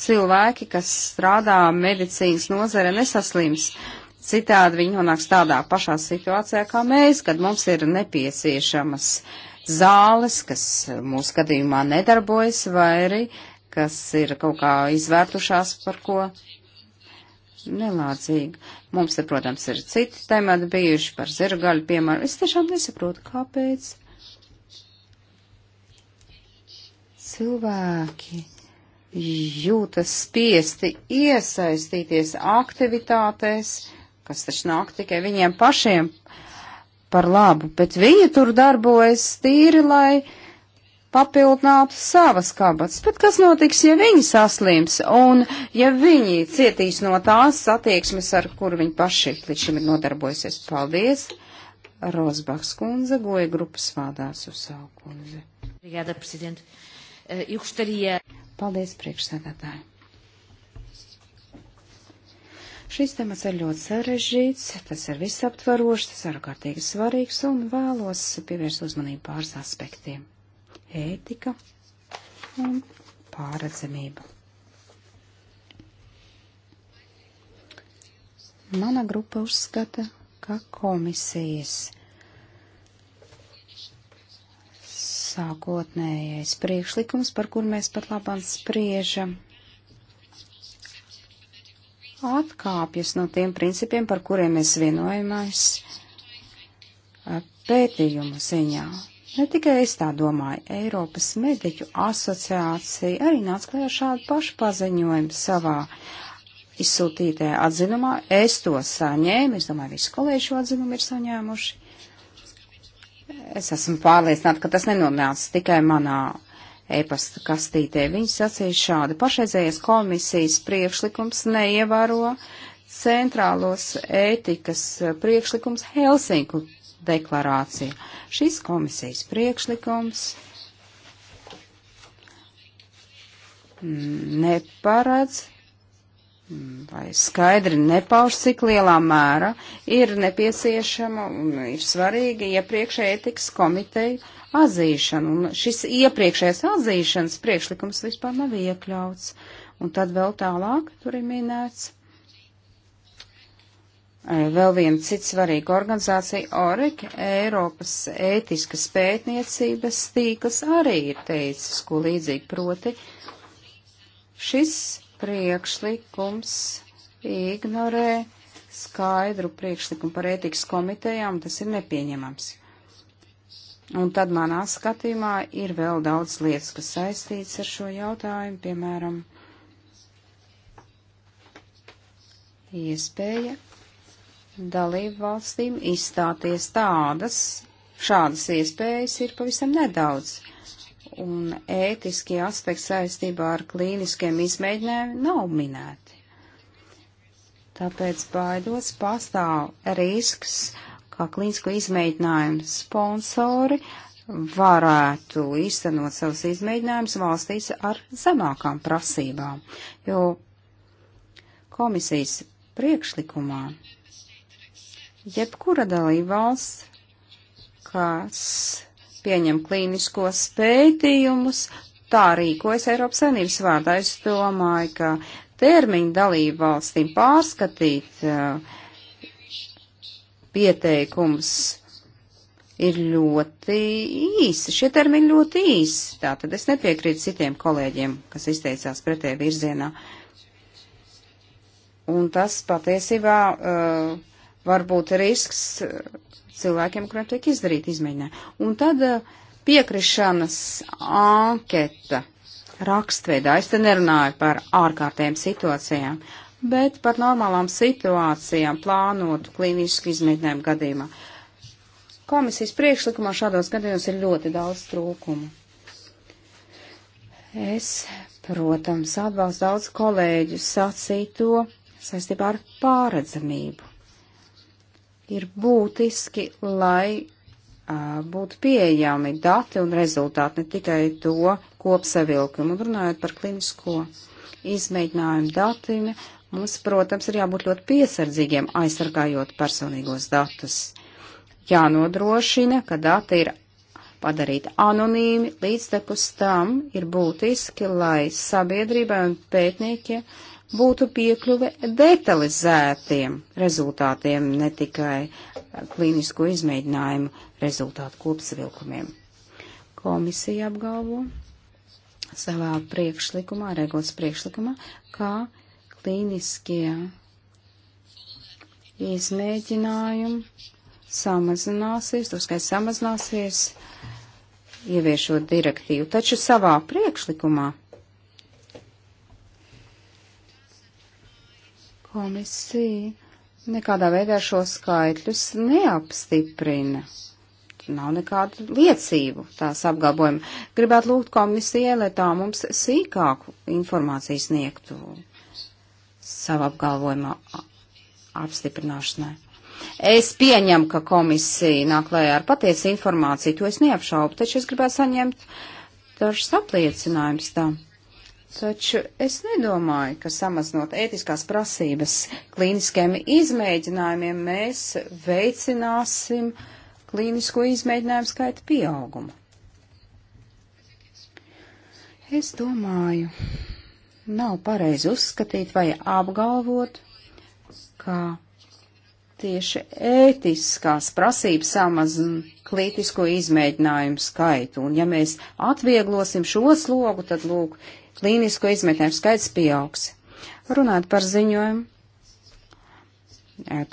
S3: cilvēki, kas strādā medicīnas nozare, nesaslims. Citādi viņi nonāks tādā pašā situācijā kā mēs, kad mums ir nepieciešamas uh, zāles, kas mūsu gadījumā nedarbojas, vai arī kas ir kaut kā izvērtušās par ko nelādzīgi. Mums te, protams, ir citi temati bijuši par zirgaļu, piemēram. Es tiešām nesaprotu, kāpēc cilvēki jūtas spiesti iesaistīties aktivitātēs, kas taču nāk tikai viņiem pašiem par labu, bet viņi tur darbojas tīri, lai papildinātu savas kabatas. Bet kas notiks, ja viņi saslims un ja viņi cietīs no tās satieksmes, ar kur viņi paši līdz šim ir nodarbojusies? Paldies! Rosbachs kundze, goja grupas vādās uz savu kundzi. Obrigada, prezident. Uh, eh, Paldies, priekšsēdētāji. Šis temats ir ļoti sarežģīts, tas ir visaptvarošs, tas ir ārkārtīgi svarīgs un vēlos pievērst uzmanību pāris aspektiem - ētika un pārredzamība. Mana grupa uzskata, ka komisijas sākotnējais priekšlikums, par kur mēs pat labāk spriežam, atkāpjas no tiem principiem, par kuriem mēs vienojamies eh, pētījumu ziņā. Ne tikai es tā domāju, Eiropas mediķu asociācija arī nāca klajā šādu pašu paziņojumu savā izsūtītajā atzinumā. Es to saņēmu, es domāju, visi kolēģi šo atzinumu ir saņēmuši. Es esmu pārliecināta, ka tas nenonāca tikai manā e-pasta kastītē. Viņi sacīja šādi. Pašreizējais komisijas priekšlikums neievēro centrālos ētikas e, priekšlikums Helsinku deklarāciju. Šis komisijas priekšlikums neparedz lai skaidri nepauž, cik lielā mērā ir nepieciešama un ir svarīga iepriekšēja etikas komiteja atzīšana. Un šis iepriekšējais atzīšanas priekšlikums vispār nav iekļauts. Un tad vēl tālāk tur ir minēts. E, vēl viena cita svarīga organizācija, OREK, Eiropas ētiskas pētniecības tīkls, arī ir teicis, ko līdzīgi proti. Šis priekšlikums ignorē skaidru priekšlikumu par ētikas komitejām, tas ir nepieņemams. Un tad manā skatījumā ir vēl daudz lietas, kas saistīts ar šo jautājumu, piemēram, iespēja dalību valstīm izstāties tādas, šādas iespējas ir pavisam nedaudz un ētiskie aspekti saistībā ar klīniskiem izmēģinājumiem nav minēti. Tāpēc baidos pastāv risks, ka klīnisko izmēģinājumu sponsori varētu īstenot savus izmēģinājumus valstīs ar zemākām prasībām, jo komisijas priekšlikumā jebkura dalībvalsts, kas pieņem klīniskos pētījumus, tā rīkojas Eiropas Savienības vārdā. Es domāju, ka termiņu dalību valstīm pārskatīt uh, pieteikums ir ļoti īsi. Šie termiņi ļoti īsi. Tātad es nepiekrītu citiem kolēģiem, kas izteicās pretē virzienā. Un tas patiesībā uh, var būt risks. Uh, cilvēkiem, kuriem tiek izdarīti izmēģinājumi. Un tad eh, piekrišanas anketa rakstveidā. Es te nerunāju par ārkārtējām situācijām, bet par normālām situācijām plānotu klīnisku izmēģinājumu gadījumā. Komisijas priekšlikumā šādos gadījumos ir ļoti daudz trūkumu. Es, protams, atbalstu daudz kolēģu sacīto saistībā ar pāredzamību ir būtiski, lai būtu pieejami dati un rezultāti, ne tikai to kopsavilkumu. Un runājot par klinisko izmēģinājumu datiem, mums, protams, ir jābūt ļoti piesardzīgiem, aizsargājot personīgos datus. Jānodrošina, ka dati ir padarīti anonīmi, līdz tekus tam ir būtiski, lai sabiedrībai un pētniekiem būtu piekļuve detalizētiem rezultātiem, ne tikai klīnisko izmēģinājumu rezultātu kopsavilkumiem. Komisija apgalvo savā priekšlikumā, regulas priekšlikumā, kā klīniskie izmēģinājumi samazināsies, to skaits samazināsies, ieviešot direktīvu. Taču savā priekšlikumā Komisija nekādā veidā šo skaitļus neapstiprina. Nav nekādu liecību tās apgalbojumu. Gribētu lūgt komisijai, lai tā mums sīkāku informāciju sniegtu savu apgalvojumu apstiprināšanai. Es pieņemu, ka komisija nāk klajā ar patiesu informāciju, to es neapšaubu, taču es gribētu saņemt dažus apliecinājumus tam. Taču es nedomāju, ka samazinot ētiskās prasības klīniskiem izmēģinājumiem, mēs veicināsim klīnisko izmēģinājumu skaita pieaugumu. Es domāju, nav pareizi uzskatīt vai apgalvot, ka tieši ētiskās prasības samazina klītisko izmēģinājumu skaitu. Un ja mēs atvieglosim šo slogu, tad lūk, klīnisko izmetnēm skaits pieaugs. Runāt par ziņojumu.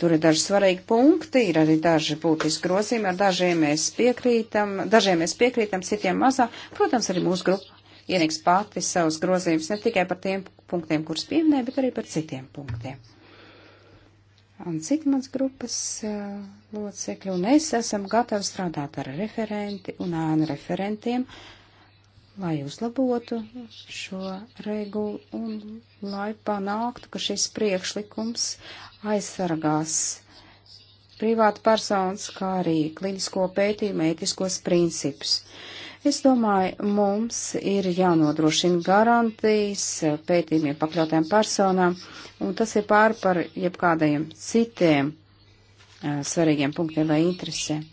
S3: Tur ir daži svarīgi punkti, ir arī daži būtiski grozījumi, ar dažiem mēs piekrītam, dažiem mēs piekrītam, citiem mazāk. Protams, arī mūsu grupa ieniks pati savus grozījumus ne tikai par tiem punktiem, kurus pieminēja, bet arī par citiem punktiem. Un citi mans grupas uh, locekļi un es esam gatavi strādāt ar referenti un ānu referentiem, uh, lai uzlabotu šo regulu un lai panāktu, ka šis priekšlikums aizsargās privātu personas, kā arī klinisko pētījumu ētiskos principus. Es domāju, mums ir jānodrošina garantijas pētījumiem pakļautām personām, un tas ir pār par jebkādajiem citiem eh, svarīgiem punktiem vai interesēm.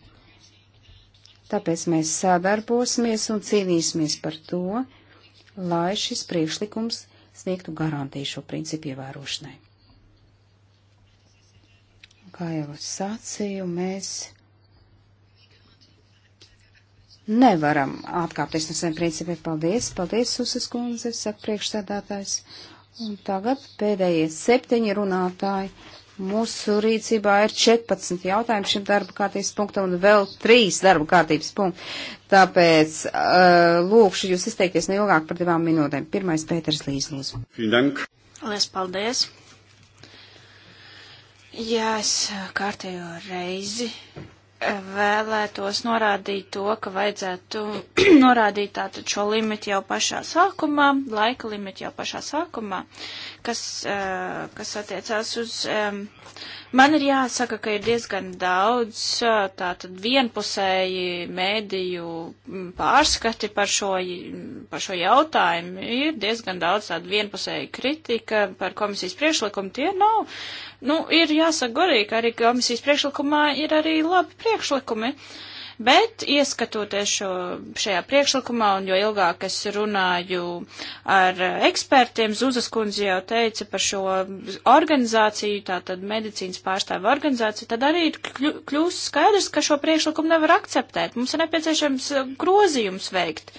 S3: Tāpēc mēs sadarbosimies un cīnīsimies par to, lai šis priekšlikums sniegtu garantiju šo principu ievērošanai. Kā jau es sacīju, mēs nevaram atkāpties no saviem principiem. Paldies, paldies, Susas kundze, saka priekšsēdētājs. Un tagad pēdējie septiņi runātāji Mūsu rīcībā ir 14 jautājumi šim darba kārtības punktam un vēl 3 darba kārtības punkti. Tāpēc uh, lūkšu jūs izteikties neilgāk par divām minūtēm. Pirmais Pēters Līs, lūdzu.
S1: Lies paldies. Jā, es kārtējo reizi eh, vēlētos norādīt to, ka vajadzētu norādīt tātad šo limitu jau pašā sākumā, laika limitu jau pašā sākumā, kas, uh, kas attiecās uz. Um, man ir jāsaka, ka ir diezgan daudz uh, tātad vienpusēji mēdīju pārskati par šo, par šo jautājumu. Ir diezgan daudz tādu vienpusēju kritika par komisijas priekšlikumu. Tie nav. Nu, ir jāsaka gorīgi, ka arī komisijas priekšlikumā ir arī labi priekšlikumi. Uh, Bet, ieskatoties šo, šajā priekšlikumā, un jo ilgāk es runāju ar ekspertiem, Zuzas kundze jau teica par šo organizāciju, tātad medicīnas pārstāvu organizāciju, tad arī kļūst skaidrs, ka šo priekšlikumu nevar akceptēt. Mums ir nepieciešams grozījums veikt.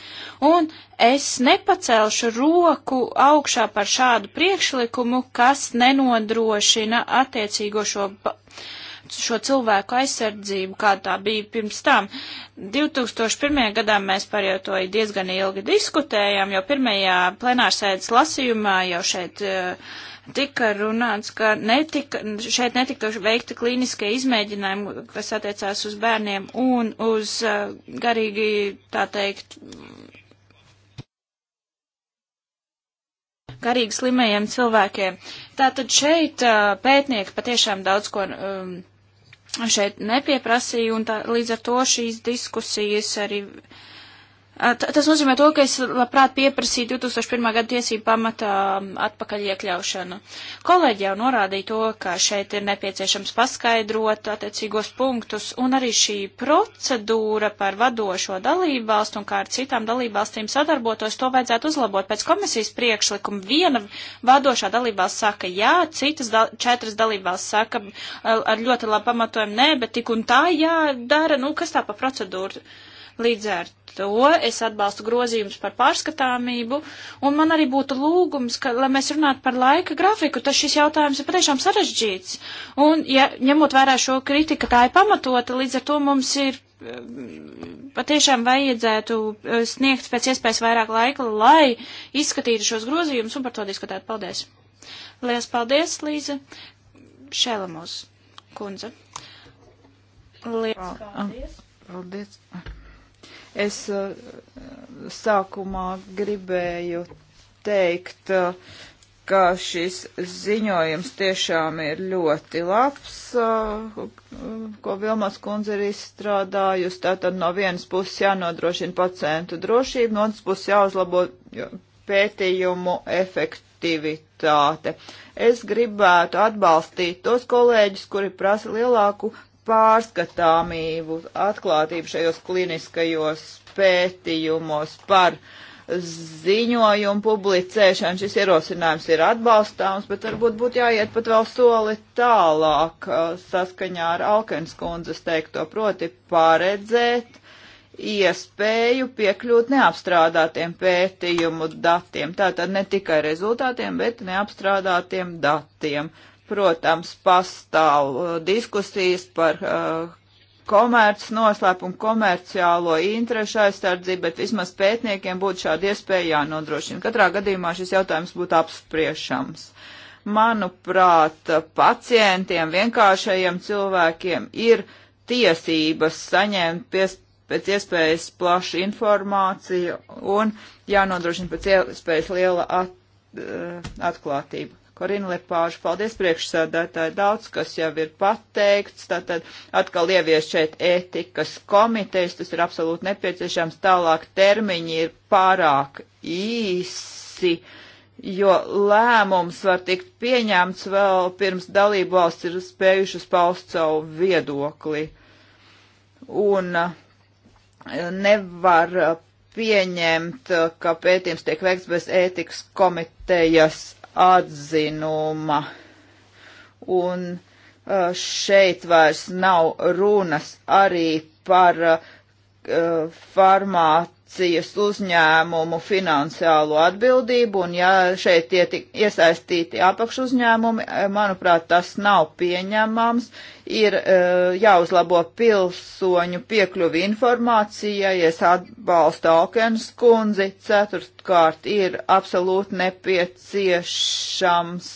S1: Un es nepacelšu roku augšā par šādu priekšlikumu, kas nenodrošina attiecīgo šo šo cilvēku aizsardzību, kā tā bija pirms tam. 2001. gadā mēs par jau to diezgan ilgi diskutējām, jo pirmajā plenārsēdes lasījumā jau šeit eh, tika runāts, ka netika, šeit netika veikti klīniskie izmēģinājumi, kas attiecās uz bērniem un uz eh, garīgi, tā teikt, garīgi slimajiem cilvēkiem. Tātad šeit eh, pētnieki patiešām daudz ko. Um, šeit nepieprasīja, un tā, līdz ar to šīs diskusijas arī uh, Tas nozīmē to, ka es labprāt pieprasīju 2001. gada tiesību pamatā um, atpakaļ iekļaušanu. Kolēģi jau norādīja to, ka šeit ir nepieciešams paskaidrot attiecīgos punktus, un arī šī procedūra par vadošo dalībvalstu un kā ar citām dalībvalstīm sadarbotos, to vajadzētu uzlabot. Pēc komisijas priekšlikuma viena vadošā dalībvalsts saka jā, citas da četras dalībvalsts saka ar ļoti labu pamatojumu nē, bet tik un tā jādara, nu kas tā pa procedūru? Līdz ar to es atbalstu grozījumus par pārskatāmību, un man arī būtu lūgums, ka, lai mēs runātu par laika grafiku, tad šis jautājums ir patiešām sarežģīts. Un, ja ņemot vērā šo kritiku, tā ir pamatota, līdz ar to mums ir eh, patiešām vajadzētu eh, sniegt pēc iespējas vairāk laika, lai izskatītu šos grozījumus un par to diskutētu. Paldies! Lielas paldies, Līze! Šēlamos kundze! Lielas paldies!
S2: paldies. Ah. Es uh, sākumā gribēju teikt, uh, ka šis ziņojums tiešām ir ļoti labs, uh, ko Vilmas kundze ir izstrādājusi. Tātad no vienas puses jānodrošina pacientu drošību, no otras puses jāuzlabo pētījumu efektivitāte. Es gribētu atbalstīt tos kolēģis, kuri prasa lielāku pārskatāmību, atklātību šajos kliniskajos pētījumos par ziņojumu publicēšanu. Šis ierosinājums ir atbalstāms, bet varbūt būtu jāiet pat vēl soli tālāk uh, saskaņā ar Alkens kundzes teikto, proti paredzēt iespēju piekļūt neapstrādātiem pētījumu datiem. Tātad ne tikai rezultātiem, bet neapstrādātiem datiem. Protams, pastāv uh, diskusijas par uh, komerc noslēpumu, komerciālo interešu aizsardzību, bet vismaz pētniekiem būtu šāda iespēja jānodrošina. Katrā gadījumā šis jautājums būtu apspriešams. Manuprāt, pacientiem, vienkāršajiem cilvēkiem ir tiesības saņemt pies, pēc iespējas plašu informāciju un jānodrošina pēc iespējas liela at, uh, atklātība. Korina Lepāžu. Paldies priekšsēdētāji, daudz kas jau ir pateikts. Tātad atkal ievies šeit ētikas komitejas, tas ir absolūti nepieciešams. Tālāk termiņi ir pārāk īsi, jo lēmums var tikt pieņemts vēl pirms dalību valsts ir spējušas paust savu viedokli. Un uh, nevar uh, pieņemt, uh, ka pētījums tiek veikts bez ētikas komitejas atzinuma. Un uh, šeit vairs nav runas arī par uh, farmācijas uzņēmumu finansiālo atbildību, un ja šeit tie tik iesaistīti apakšuzņēmumi, eh, manuprāt, tas nav pieņemams, ir e, jāuzlabo pilsoņu piekļuvi informācijai, es atbalstu Aukens kundzi, ceturtkārt ir absolūti nepieciešams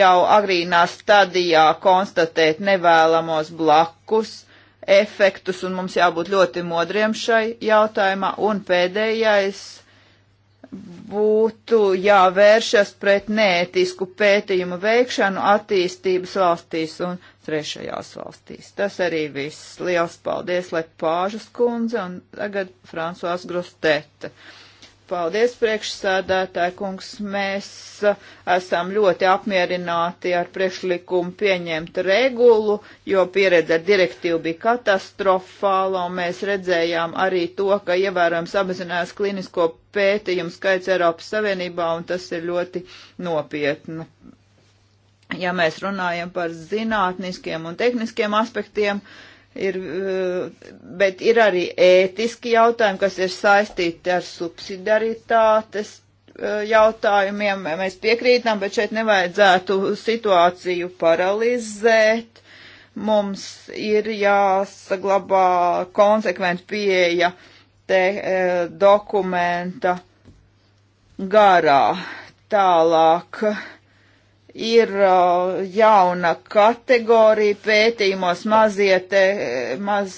S2: jau agrīnā stadijā konstatēt nevēlamos blakus efektus, un mums jābūt ļoti modriem šai jautājumā, un pēdējais būtu jāvēršas pret nētisku pētījumu veikšanu attīstības valstīs un trešajās valstīs. Tas arī viss. Liels paldies, Lepāžas kundze un tagad Fransuās Grostete. Paldies, priekšsēdētāji kungs. Mēs uh, esam ļoti apmierināti ar priekšlikumu pieņemt regulu, jo pieredze ar direktīvu bija katastrofāla, un mēs redzējām arī to, ka ievērojams samazinājās klinisko pētījumu skaits Eiropas Savienībā, un tas ir ļoti nopietni ja mēs runājam par zinātniskiem un tehniskiem aspektiem, ir, eh, bet ir arī ētiski jautājumi, kas ir saistīti ar subsidiaritātes eh, jautājumiem. Mēs piekrītam, bet šeit nevajadzētu situāciju paralizēt. Mums ir jāsaglabā konsekventa pieeja te eh, dokumenta garā tālāk. Uh, ir uh, jauna kategorija pētījumos maziete, maz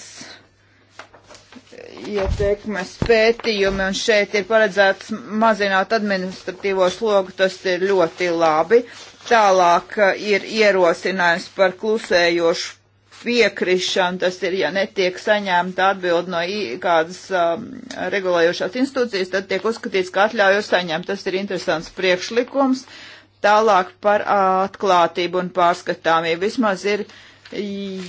S2: ietekmes pētījumi, un šeit ir paredzēts mazināt administratīvo slogu, tas ir ļoti labi. Tālāk uh, ir ierosinājums par klusējošu piekrišanu, tas ir, ja netiek saņemta atbild no kādas um, regulējošās institūcijas, tad tiek uzskatīts, ka atļauju saņemt. Tas ir interesants priekšlikums. Uh, Tālāk par atklātību un pārskatāmību. Vismaz ir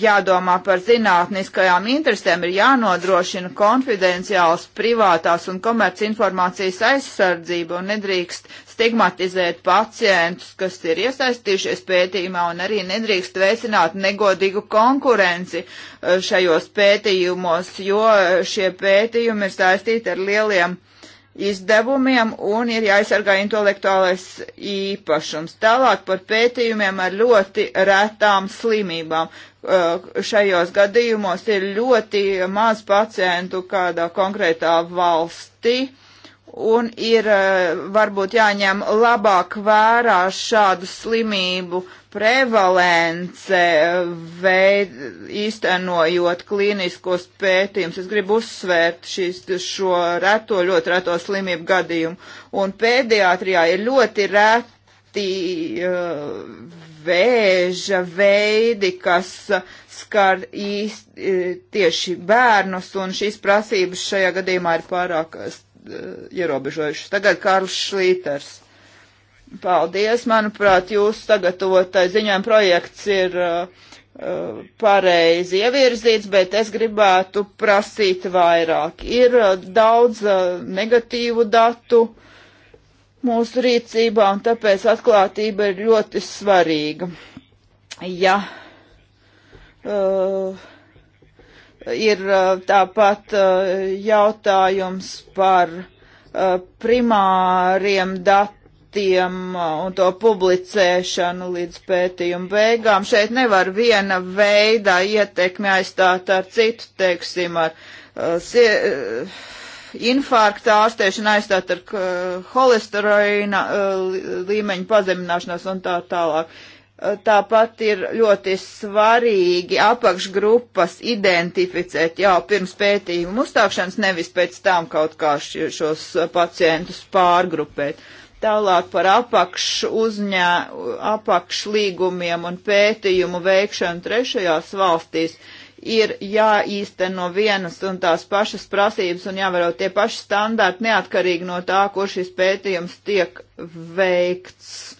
S2: jādomā par zinātniskajām interesēm, ir jānodrošina konfidenciāls privātās un komerc informācijas aizsardzība un nedrīkst stigmatizēt pacientus, kas ir iesaistījušies pētījumā un arī nedrīkst veicināt negodīgu konkurenci eh, šajos pētījumos, jo šie pētījumi ir saistīti ar lieliem uh, izdevumiem un ir jāaizsargā intelektuālais īpašums. Tālāk par pētījumiem ar ļoti retām slimībām. Uh, šajos gadījumos ir ļoti maz pacientu kādā konkrētā valstī un ir eh, varbūt jāņem labāk vērā šādu slimību prevalence, eh, veid, īstenojot klīniskos pētījumus. Es gribu uzsvērt šis, šo reto, ļoti reto slimību gadījumu. Un pēdiatrijā ir ļoti reti uh, vēža veidi, kas skar īsti, tieši bērnus, un šīs prasības šajā gadījumā ir pārāk Eh, ierobežojušas. Tagad Kārls Šlīters. Paldies, manuprāt, jūs sagatavotai ziņojuma projekts ir uh, pareizi ievirzīts, bet es gribētu prasīt vairāk. Ir daudz negatīvu datu mūsu rīcībā, un tāpēc atklātība ir ļoti svarīga. Ja uh, Ir uh, tāpat uh, jautājums par uh, primāriem datiem un to publicēšanu līdz pētījuma beigām. Šeit nevar viena veida ietekmi aizstāt ar citu, teiksim, ar sie, infarkta ārstēšanu aizstāt ar holesterīna līmeņu pazemināšanos un tā tālāk. Tāpat ir ļoti svarīgi apakšgrupas identificēt jau pirms pētījuma uzstākšanas, nevis pēc tam kaut kā šos pacientus pārgrupēt. Tālāk par apakš uzņē, apakšlīgumiem un pētījumu veikšanu trešajās valstīs ir jāīsteno vienas un tās pašas prasības un jāvaro tie paši standarti neatkarīgi no tā, kur šis pētījums tiek veikts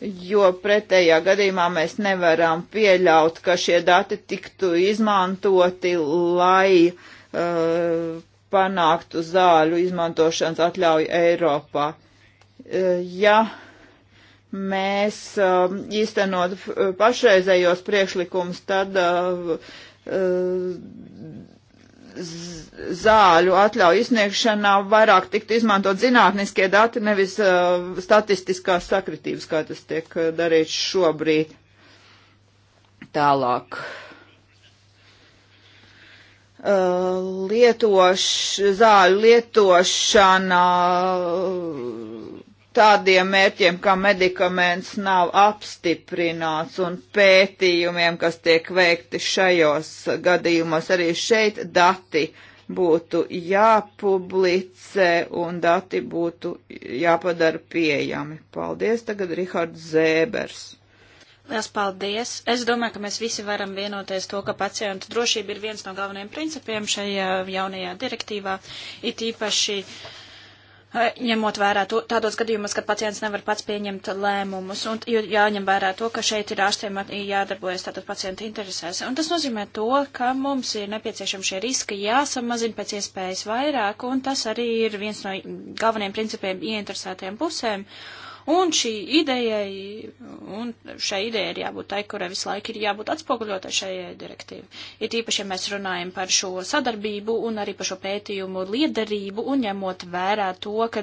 S2: jo pretējā gadījumā mēs nevaram pieļaut, ka šie dati tiktu izmantoti, lai uh, panāktu zāļu izmantošanas atļauju Eiropā. Uh, ja mēs um, uh, īstenot pašreizējos priekšlikumus, tad uh, uh zāļu atļauju izsniegšanā vairāk tikt izmantot zinātniskie dati, nevis uh, statistiskās sakritības, kā tas tiek uh, darīts šobrīd. Tālāk. Uh, lietoš, zāļu lietošana. Uh, tādiem mērķiem, ka medikaments nav apstiprināts un pētījumiem, kas tiek veikti šajos gadījumos, arī šeit dati būtu jāpublicē un dati būtu jāpadara pieejami. Paldies, tagad Rihards Zēbers.
S1: Lielas paldies! Es domāju, ka mēs visi varam vienoties to, ka pacientu drošība ir viens no galvenajiem principiem šajā jaunajā direktīvā, it īpaši uh, Eh, ņemot vērā to, tādos gadījumos, kad pacients nevar pats pieņemt lēmumus, un jāņem vērā to, ka šeit ir ārstiem jādarbojas tātad pacienta interesēs. Un tas nozīmē to, ka mums ir nepieciešami šie riski jāsamazina pēc iespējas vairāk, un tas arī ir viens no galvenajiem principiem ieinteresētajām pusēm. Uh, Un šī idejai, un šai idejai ir jābūt tai, kurai visu laiku ir jābūt atspoguļotai šajai direktīvai. Ir īpaši, ja mēs runājam par šo sadarbību un arī par šo pētījumu liederību un ņemot vērā to, ka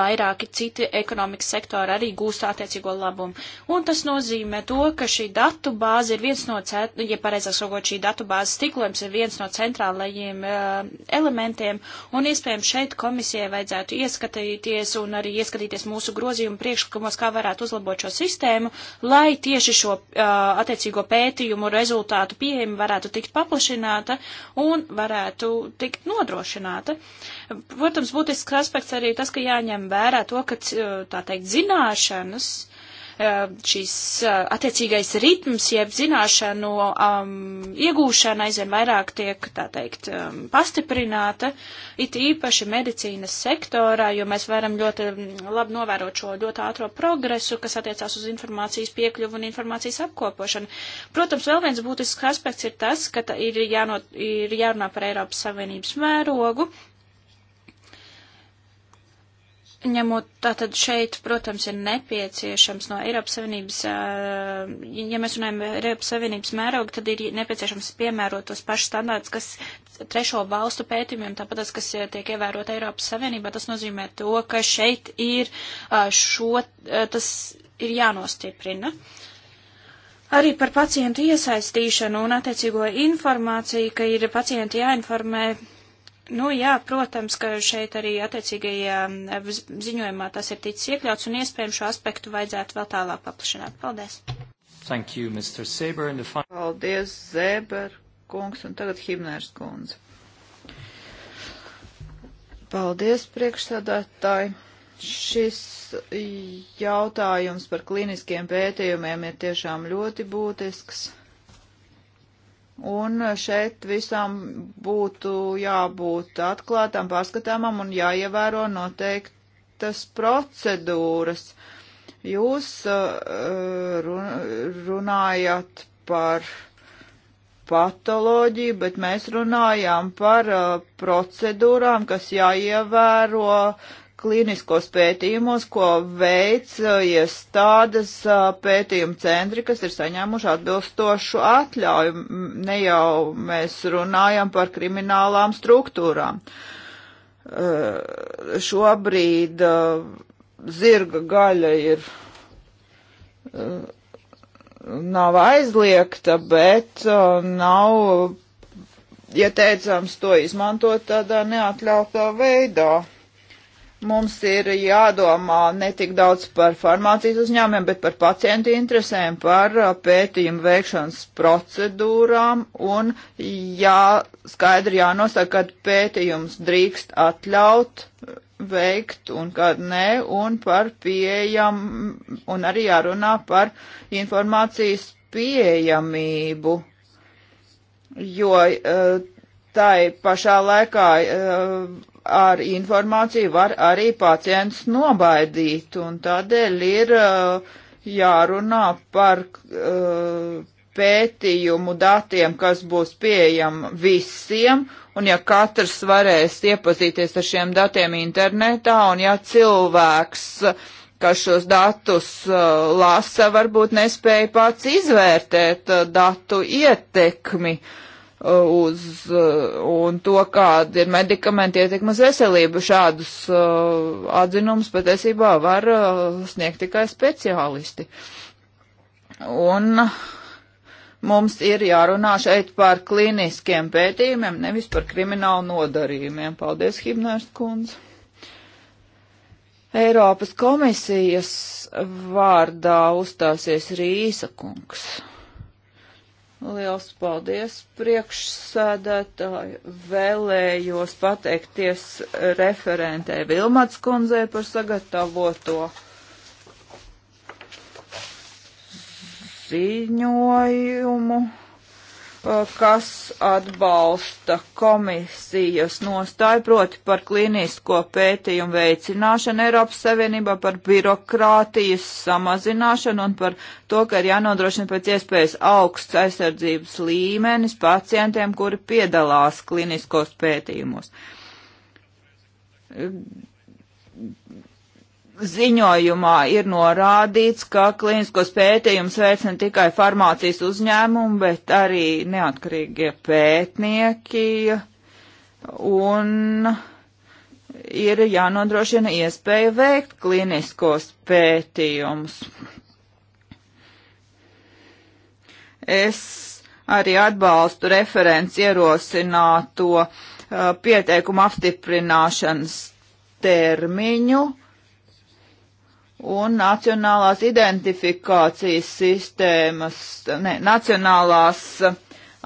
S1: vairāki citi ekonomikas sektori arī gūst attiecīgo labumu. Un tas nozīmē to, ka šī datu bāze ir viens no, ja pareizāk sakot, šī datu bāzes stiklojums ir viens no centrālajiem uh, elementiem, un iespējams šeit komisijai vajadzētu ieskatīties un arī ieskatīties mūsu grozījumu priekš priekšlikumos, kā varētu uzlabot šo sistēmu, lai tieši šo uh, attiecīgo pētījumu rezultātu pieejama varētu tikt paplašināta un varētu tikt nodrošināta. Protams, būtisks aspekts arī tas, ka jāņem vērā to, ka, tā teikt, zināšanas, Eh, šīs eh, attiecīgais ritms, jeb zināšanu um, iegūšana aizvien vairāk tiek, tā teikt, um, pastiprināta, it īpaši medicīnas sektorā, jo mēs varam ļoti mm, labi novērot šo ļoti ātro progresu, kas attiecās uz informācijas piekļuvu un informācijas apkopošanu. Protams, vēl viens būtisks aspekts ir tas, ka ir, jāno, ir jārunā par Eiropas Savienības mērogu. Ņemot tātad šeit, protams, ir nepieciešams no Eiropas Savienības, ja mēs runājam Eiropas Savienības mērogu, tad ir nepieciešams piemērot tos pašus standārts, kas trešo valstu pētījumiem, tāpat tas, kas tiek ievērot Eiropas Savienībā, tas nozīmē to, ka šeit ir šo, tas ir jānostiprina. Arī par pacientu iesaistīšanu un attiecīgo informāciju, ka ir pacienti jāinformē Nu jā, protams, ka šeit arī attiecīgajā ziņojumā tas ir ticis iekļauts un iespējams šo aspektu vajadzētu vēl tālāk paplašināt.
S2: Paldies! Thank you, Mr. Saber. And the final... Paldies, Zēber kungs un tagad Himnērs kundze. Paldies, priekšsādātāji! Šis jautājums par klīniskiem pētījumiem ir tiešām ļoti būtisks Un šeit visam būtu jābūt atklātām, pārskatāmām un jāievēro noteiktas procedūras. Jūs uh, runājat par patoloģiju, bet mēs runājām par uh, procedūrām, kas jāievēro uh, klīniskos pētījumos, ko veic uh, iestādes uh, pētījumu centri, kas ir saņēmuši atbilstošu atļauju. Ne jau mēs runājam par kriminālām struktūrām. Uh, šobrīd zirga gaļa ir nav aizliegta, bet nav ieteicams ja to izmantot tādā neatļautā veidā. Mums ir jādomā ne tik daudz par farmācijas uzņēmumiem, bet par pacientu interesēm, par uh, pētījumu veikšanas procedūrām un jā, skaidri jānosaka, kad pētījums drīkst atļaut veikt un kad nē, un par pieejam, un arī jārunā par informācijas pieejamību, jo uh, tai pašā laikā uh, ar informāciju var arī pacients nobaidīt, un tādēļ ir uh, jārunā par uh, pētījumu datiem, kas būs pieejami visiem, un ja katrs varēs iepazīties ar šiem datiem internetā, un ja cilvēks, kas šos datus uh, lasa, varbūt nespēja pats izvērtēt datu ietekmi, uh, Uh, uz, uh, un to, kāda ir medikamenti ietekmas veselību. Šādus uh, atzinumus patiesībā var uh, sniegt tikai speciālisti. Un mums ir jārunā šeit par klīniskiem pētījumiem, nevis par kriminālu nodarījumiem. Paldies, Himnērst kundze! Eiropas komisijas vārdā uzstāsies Rīsa kungs. Liels paldies priekšsādātāju. Vēlējos pateikties referentē Vilmats kundzē par sagatavoto ziņojumu kas atbalsta komisijas nostāju proti par klīnisko pētījumu veicināšanu Eiropas Savienībā, par birokrātijas samazināšanu un par to, ka ir jānodrošina pēc iespējas augsts aizsardzības līmenis pacientiem, kuri piedalās klīniskos pētījumos ziņojumā ir norādīts, ka klīniskos pētījumus veic ne tikai farmācijas uzņēmumi, bet arī neatkarīgie pētnieki un ir jānodrošina iespēja veikt klīniskos pētījumus. Es arī atbalstu referents ierosināto uh, pieteikumu apstiprināšanas termiņu un nacionālās identifikācijas sistēmas, ne, nacionālās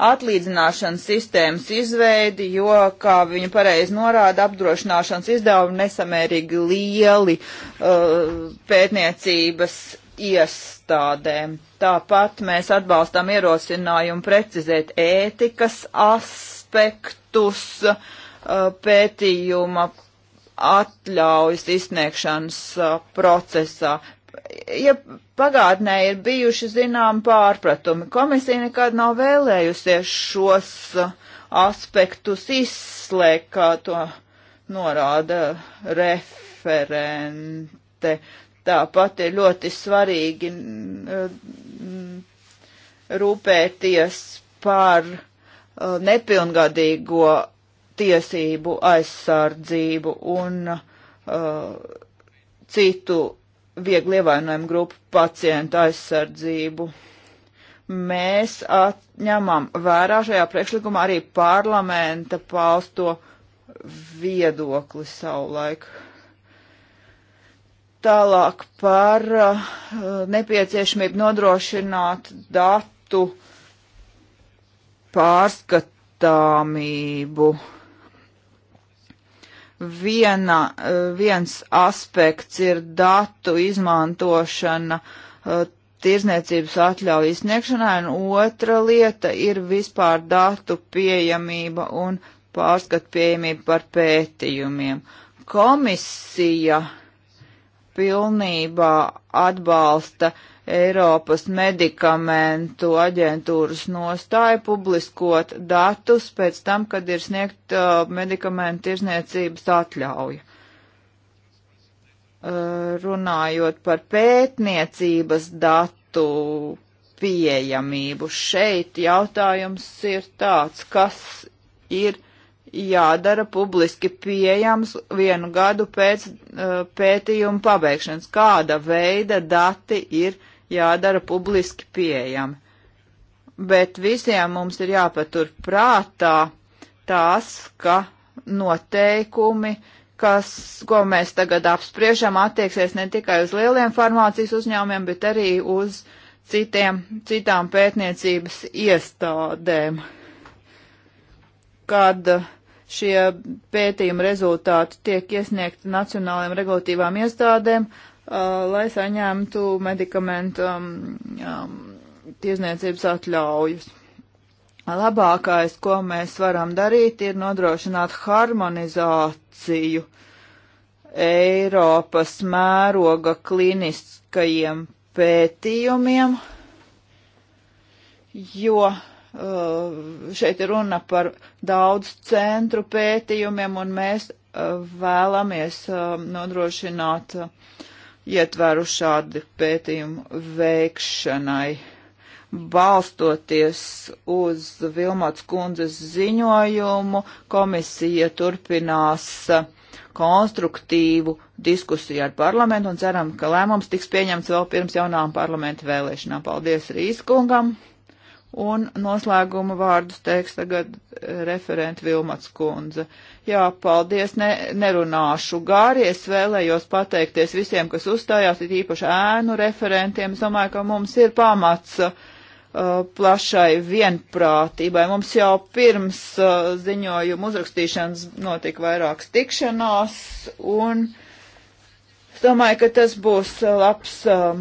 S2: atlīdzināšanas sistēmas izveidi, jo, kā viņa pareizi norāda, apdrošināšanas izdevumi nesamērīgi lieli uh, pētniecības iestādēm. Tāpat mēs atbalstam ierosinājumu precizēt ētikas aspektus uh, pētījuma atļaujas izsniegšanas uh, procesā. Ja pagātnē ir bijuši zinām pārpratumi, komisija nekad nav vēlējusies šos uh, aspektus izslēgt, kā to norāda referente. Tāpat ir ļoti svarīgi mm, mm, rūpēties par uh, nepilngadīgo tiesību aizsardzību un uh, citu viegli ievainojumu grupu pacientu aizsardzību. Mēs ņemam vērā šajā priekšlikumā arī parlamenta pausto viedokli savulaik. Tālāk par uh, nepieciešamību nodrošināt datu pārskatāmību. Uh, Viena, eh, viens aspekts ir datu izmantošana eh, tirzniecības atļauju izsniegšanai, un otra lieta ir vispār datu pieejamība un pārskat pieejamība par pētījumiem. Komisija pilnībā atbalsta uh, Eiropas medikamentu aģentūras nostāja publiskot datus pēc tam, kad ir sniegt uh, medikamentu tirzniecības atļauja. Uh, runājot par pētniecības datu pieejamību, šeit jautājums ir tāds, kas ir jādara publiski pieejams vienu gadu pēc uh, pētījuma pabeigšanas. Kāda veida dati ir pieejami? jādara publiski pieejami. Bet visiem mums ir jāpatur prātā tās, ka noteikumi, kas, ko mēs tagad apspriežam, attieksies ne tikai uz lieliem farmācijas uzņēmumiem, bet arī uz citiem, citām pētniecības iestādēm. Kad uh, šie pētījuma rezultāti tiek iesniegti nacionālajiem regulatīvām iestādēm, Uh, lai saņemtu medikamentu um, um, tiesniecības atļaujas. Labākais, ko mēs varam darīt, ir nodrošināt harmonizāciju Eiropas mēroga kliniskajiem pētījumiem, jo uh, šeit ir runa par daudz centru pētījumiem, un mēs uh, vēlamies nodrošināt uh, ietveru šādu pētījumu veikšanai. Balstoties uz Vilmots kundzes ziņojumu, komisija turpinās konstruktīvu diskusiju ar parlamentu un ceram, ka lēmums tiks pieņemts vēl pirms jaunām parlamentu vēlēšanām. Paldies Rīskungam! Un noslēguma vārdus teiks tagad eh, referenti Vilmats Kundze. Jā, paldies, ne, nerunāšu gāri, es vēlējos pateikties visiem, kas uzstājās, ir īpaši ēnu referentiem. Es domāju, ka mums ir pamats uh, plašai vienprātībai. Mums jau pirms uh, ziņojuma uzrakstīšanas notika vairākas tikšanās, un es domāju, ka tas būs labs uh,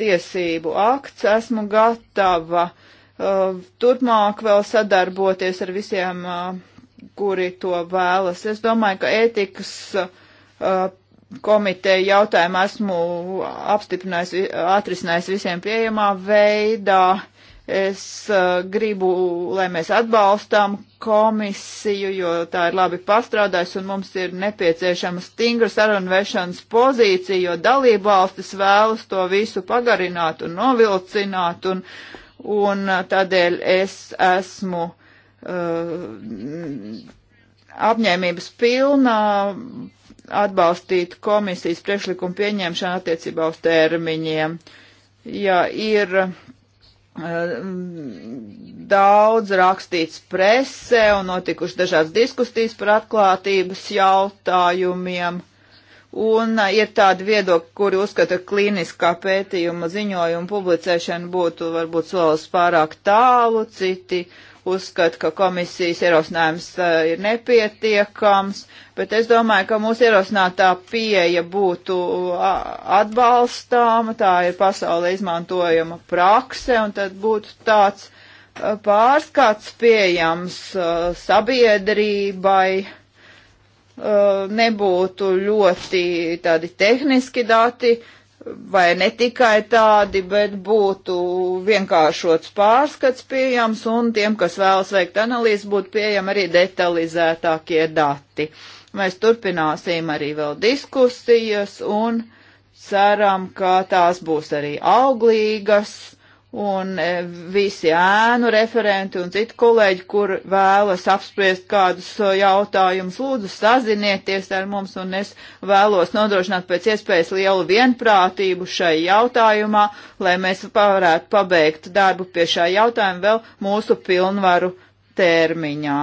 S2: tiesību akts. Esmu gatava Uh, turpmāk vēl sadarboties ar visiem, uh, kuri to vēlas. Es domāju, ka ētikas uh, komiteja jautājumu esmu apstiprinājis, atrisinājis visiem pieejamā veidā. Es uh, gribu, lai mēs atbalstām komisiju, jo tā ir labi pastrādājusi un mums ir nepieciešama stingra sarunvešanas pozīcija, jo dalību valstis vēlas to visu pagarināt un novilcināt un uh, un uh, tādēļ es esmu uh, apņēmības pilnā atbalstīt komisijas priekšlikumu pieņemšanu attiecībā uz termiņiem. Ja ir uh, daudz rakstīts presē un notikuši dažādas diskusijas par atklātības jautājumiem, Un uh, ir tādi viedokļi, kuri uzskata, ka klīniskā pētījuma ziņojuma publicēšana būtu varbūt solis pārāk tālu, citi uzskata, ka komisijas ierosinājums uh, ir nepietiekams, bet es domāju, ka mūsu ierosinātā pieeja būtu uh, atbalstāma, tā ir pasaulē izmantojama prakse, un tad būtu tāds pārskats pieejams sabiedrībai Uh, nebūtu ļoti tādi tehniski dati, vai ne tikai tādi, bet būtu vienkāršots pārskats pieejams un tiem, kas vēlas veikt analīzes, būtu pieejami arī detalizētākie dati. Mēs turpināsim arī vēl diskusijas un ceram, ka tās būs arī auglīgas un e, visi ēnu referenti un citi kolēģi, kur vēlas apspriest kādus e, jautājumus, lūdzu sazinieties ar mums, un es vēlos nodrošināt pēc iespējas lielu vienprātību šai jautājumā, lai mēs varētu pabeigt darbu pie šā jautājuma vēl mūsu pilnvaru termiņā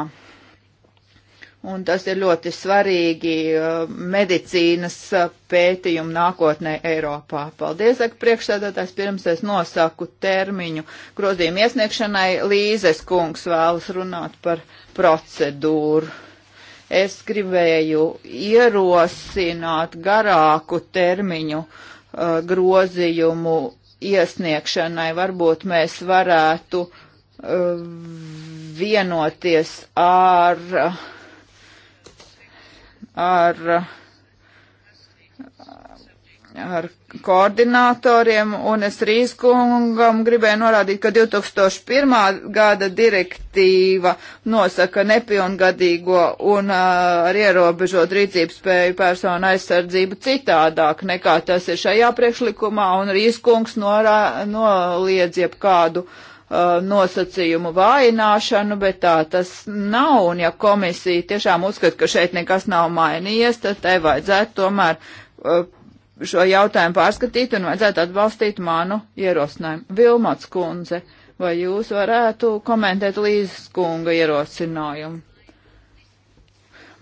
S2: un tas ir ļoti svarīgi uh, medicīnas uh, pētījumu nākotnē Eiropā. Paldies, ak, priekšsēdētājs, pirms es nosaku termiņu grozījumu iesniegšanai, Līzes kungs vēlas runāt par procedūru. Es gribēju ierosināt garāku termiņu uh, grozījumu iesniegšanai. Varbūt mēs varētu uh, vienoties ar uh, ar, ar koordinatoriem, un es Rīskungam gribēju norādīt, ka 2001. gada direktīva nosaka nepilngadīgo un uh, ar ierobežot rīcības spēju personu aizsardzību citādāk nekā tas ir šajā priekšlikumā, un Rīskungs norā, noliedz jeb kādu uh, Uh, nosacījumu vājināšanu, bet tā tas nav, un ja komisija tiešām uzskata, ka šeit nekas nav mainījies, tad tai vajadzētu tomēr uh, šo jautājumu pārskatīt un vajadzētu atbalstīt manu ierosinājumu. Vilmats kundze, vai jūs varētu komentēt Līzes kunga ierosinājumu?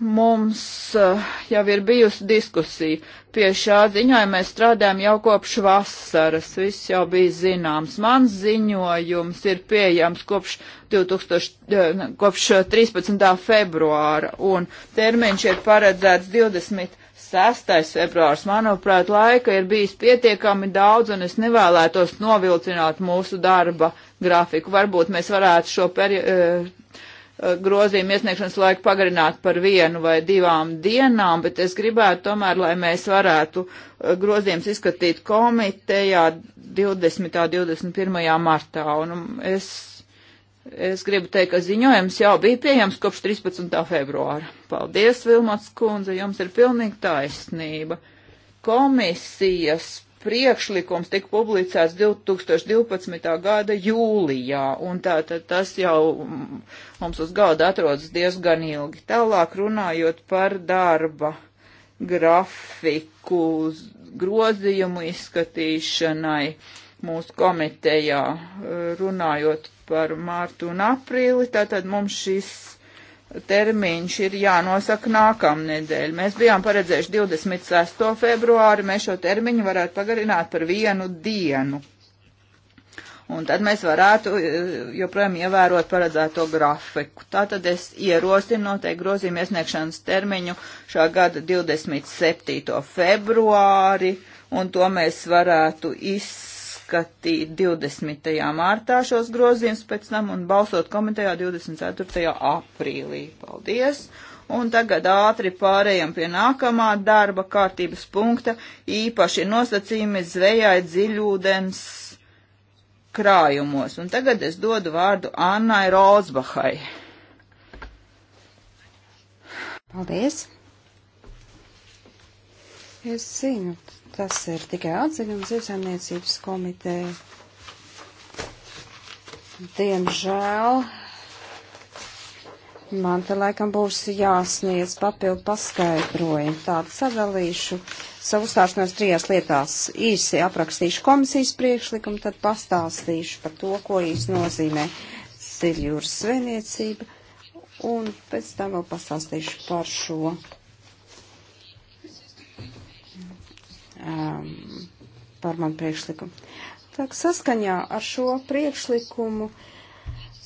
S2: Mums eh, jau ir bijusi diskusija pie šā ziņojuma. Mēs strādājam jau kopš vasaras. Viss jau bija zināms. Mans ziņojums ir pieejams kopš, 2000, eh, kopš 13. Eh, februāra un termiņš ir paredzēts 20. 6. februārs, manuprāt, laika ir bijis pietiekami daudz, un es nevēlētos novilcināt mūsu darba grafiku. Varbūt mēs varētu šo peri Eh, grozījumu iesniegšanas laiku pagarināt par vienu vai divām dienām, bet es gribētu tomēr, lai mēs varētu eh, grozījums izskatīt komitejā 20. 21. martā. Un es, es gribu teikt, ka ziņojums jau bija pieejams kopš 13. februāra. Paldies, Vilmots Kunze, jums ir pilnīgi taisnība. Komisijas priekšlikums tika publicēts 2012. gada jūlijā, un tātad tas jau mums uz galda atrodas diezgan ilgi. Tālāk runājot par darba grafiku grozījumu izskatīšanai mūsu komitejā, runājot par mārtu un aprīli, tātad mums šis termiņš ir jānosaka nākamnedēļ. Mēs bijām paredzējuši 26. februāri, mēs šo termiņu varētu pagarināt par vienu dienu. Un tad mēs varētu e, joprojām ievērot paredzēto grafiku. Tātad es ierosinu noteikti grozījumu iesniegšanas termiņu šā gada 27. februāri, un to mēs varētu izsākt izskatīt 20. mārtā šos grozījumus pēc tam un balsot komitejā 24. aprīlī. Paldies! Un tagad ātri pārējām pie nākamā darba kārtības punkta - īpaši nosacījumi zvejai dziļūdens krājumos. Un tagad es dodu vārdu Annai Rozbahai.
S3: Paldies! Es zinu, tas ir tikai atziņums zivsaimniecības komiteja. Diemžēl man te laikam būs jāsniedz papildu paskaidrojumi. Tādu sadalīšu savu stāšanos trijās lietās. Īsi aprakstīšu komisijas priekšlikumu, tad pastāstīšu par to, ko īsti nozīmē ziļjūras zvejniecība, un pēc tam vēl pastāstīšu par šo um, par manu priekšlikumu. Tā kā saskaņā ar šo priekšlikumu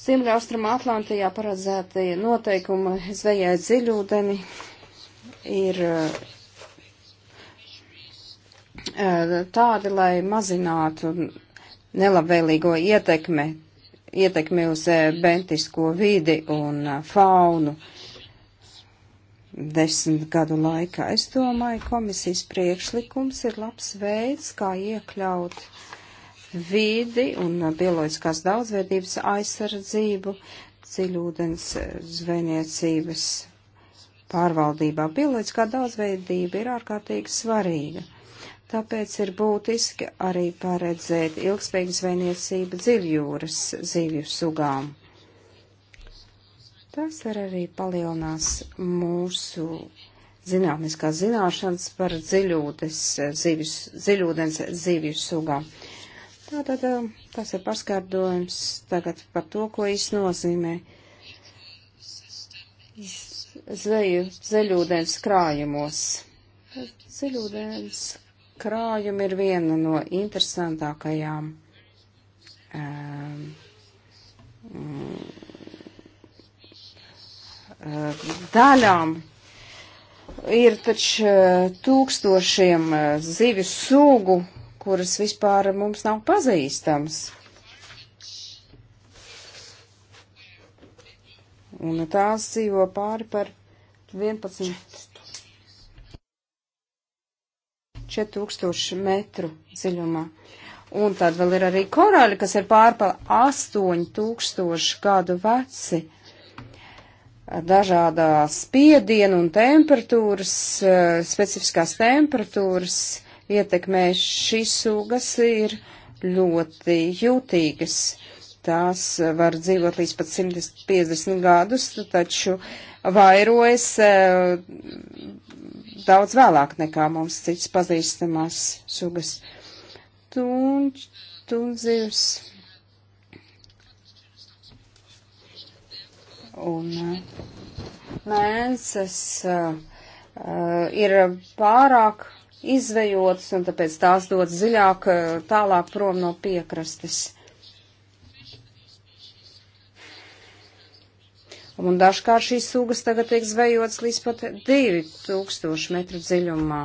S3: Ziemļaustrumā Atlantijā paredzētie noteikumi zvejai dziļūdeni ir uh, tādi, lai mazinātu nelabvēlīgo ietekme, ietekmi uz eh, bentisko vidi un eh, faunu. Uh, desmit gadu laikā. Es domāju, komisijas priekšlikums ir labs veids, kā iekļaut vidi un bioloģiskās daudzveidības aizsardzību dziļūdens zvejniecības pārvaldībā. Bioloģiskā daudzveidība ir ārkārtīgi svarīga. Tāpēc ir būtiski arī paredzēt ilgspējīgu zvejniecību dziļjūras zivju sugām. Tas ar arī palielinās mūsu zinātniskās zināšanas par dziļūdes, zivis, dziļūdens zivju sugām. Tātad um, tas ir paskardojums tagad par to, ko īsti nozīmē zveju zeļūdens krājumos. Zeļūdens krājumi ir viena no interesantākajām um, daļām. Ir taču e, tūkstošiem e, zivju sugu, kuras vispār mums nav pazīstams. Un tās dzīvo pāri par 11 4000 metru dziļumā. Un tad vēl ir arī korāļi, kas ir pārpār 8000 gadu veci. Uh, dažādās spiedienu un temperatūras, eh, specifiskās temperatūras ietekmē šīs sugas ir ļoti jūtīgas. Tās var dzīvot līdz pat 150 gadus, taču vairojas eh, daudz vēlāk nekā mums citas pazīstamās sugas. Tunz, tunzivs Un eh, mēnesis uh, eh, eh, ir pārāk izvejotas, un tāpēc tās dod ziļāk, tālāk prom no piekrastes. Un dažkārt šīs sugas tagad tiek zvejotas līdz pat 2000 metru dziļumā.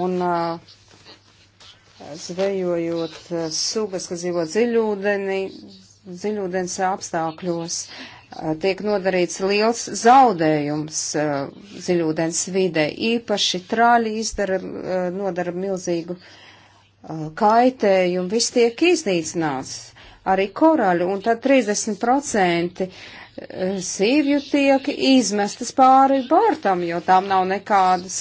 S3: Un uh, zvejojot sugas, kas dzīvo dziļūdenī, ziļūdens apstākļos uh, tiek nodarīts liels zaudējums uh, ziļūdens vidē. Īpaši trāļi izdara, uh, nodara milzīgu kaitējumu, viss tiek iznīcināts, arī koraļu, un tad 30% sīvju tiek izmestas pāri bortam, jo tām nav nekādas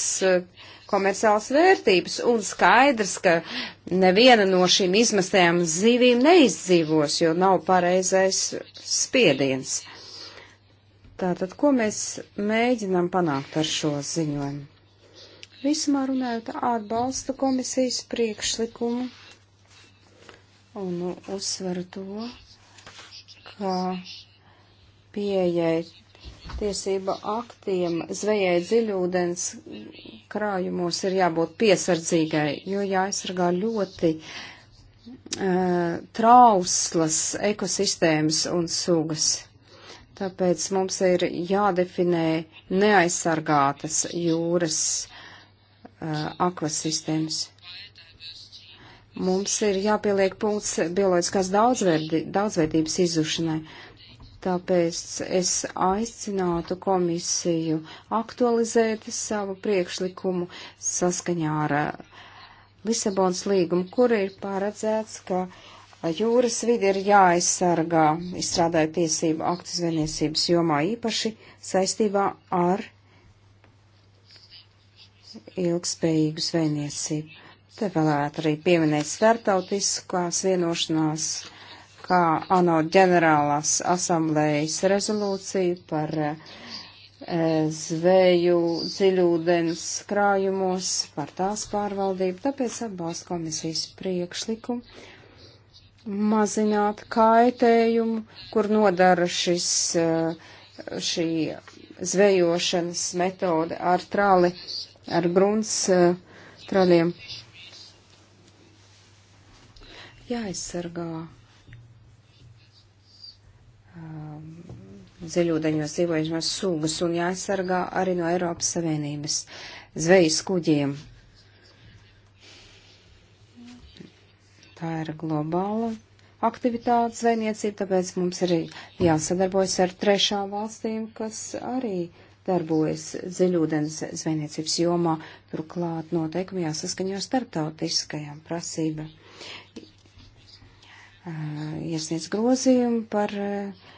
S3: komerciālas vērtības, un skaidrs, ka neviena no šīm izmestējām zivīm neizdzīvos, jo nav pareizais spiediens. Tātad, ko mēs mēģinām panākt ar šo ziņojumu? Vismā runājot atbalsta komisijas priekšlikumu un uzsveru to, ka pieejai tiesība aktiem zvejai dziļūdens krājumos ir jābūt piesardzīgai, jo jāaizsargā ļoti uh, trauslas ekosistēmas un sugas. Tāpēc mums ir jādefinē neaizsargātas jūras uh, akvasistēmas. Mums ir jāpieliek punkts bioloģiskās daudzveidības izušanai. Uh, Tāpēc es aicinātu komisiju aktualizēt savu priekšlikumu saskaņā ar uh, Lisabonas līgumu, kur ir paredzēts, ka uh, jūras vidi ir jāaizsargā, izstrādāja tiesību aktu zvejniecības jomā īpaši saistībā ar ilgspējīgu zvejniecību. Te vēlētu arī pieminēt startautiskās vienošanās kā ANO ģenerālās asamblējas rezolūciju par e, eh, zvēju dziļūdens krājumos, par tās pārvaldību, tāpēc atbalsta komisijas priekšlikumu mazināt kaitējumu, kur nodara šis, eh, šī zvejošanas metode ar trāli, ar bruns eh, trāliem. Jāaizsargā ziļūdeņos dzīvojušās sugas un jāaizsargā arī no Eiropas Savienības zvejas kuģiem. Tā ir globāla aktivitāte zvejniecība, tāpēc mums arī jāsadarbojas ar trešām valstīm, kas arī darbojas dziļūdens zvejniecības jomā, turklāt noteikumi jāsaskaņo starptautiskajām prasībām. Iesniedz grozījumu par uh,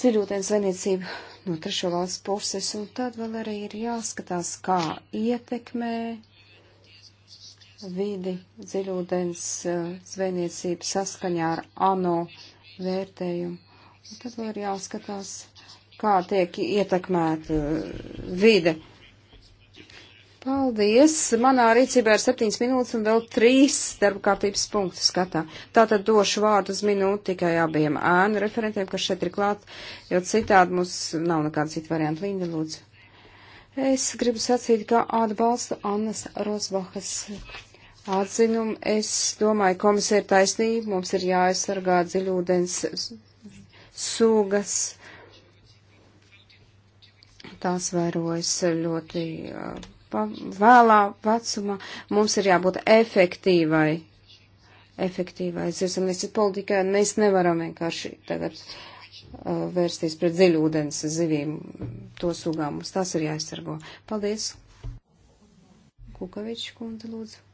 S3: ceļūdens zemniecību no trešo valsts puses, un tad vēl arī ir jāskatās, kā ietekmē vidi dziļūdens eh, zvejniecība saskaņā ar ANO vērtējumu. Un tad vēl ir jāskatās, kā tiek ietekmēta eh, vide Paldies! Manā rīcībā ir septiņas minūtes un vēl trīs darba kārtības punktu skatā. Tātad došu vārdu uz minūti tikai abiem ēnu referentiem, kas šeit ir klāt, jo citādi mums nav nekāda cita varianta. Linda, lūdzu. Es gribu sacīt, ka atbalstu Annas Rosbachas atzinumu. Es domāju, komisija ir taisnība, mums ir jāaizsargā dziļūdens sugas tās vairojas ļoti vēlā vecumā. Mums ir jābūt efektīvai, efektīvai zivsamniecības politikai, un mēs nevaram vienkārši tagad uh, vērsties pret dziļūdens zivīm, to sugām. Mums tas ir jāaizsargo. Paldies! Kukavičs kundze, lūdzu.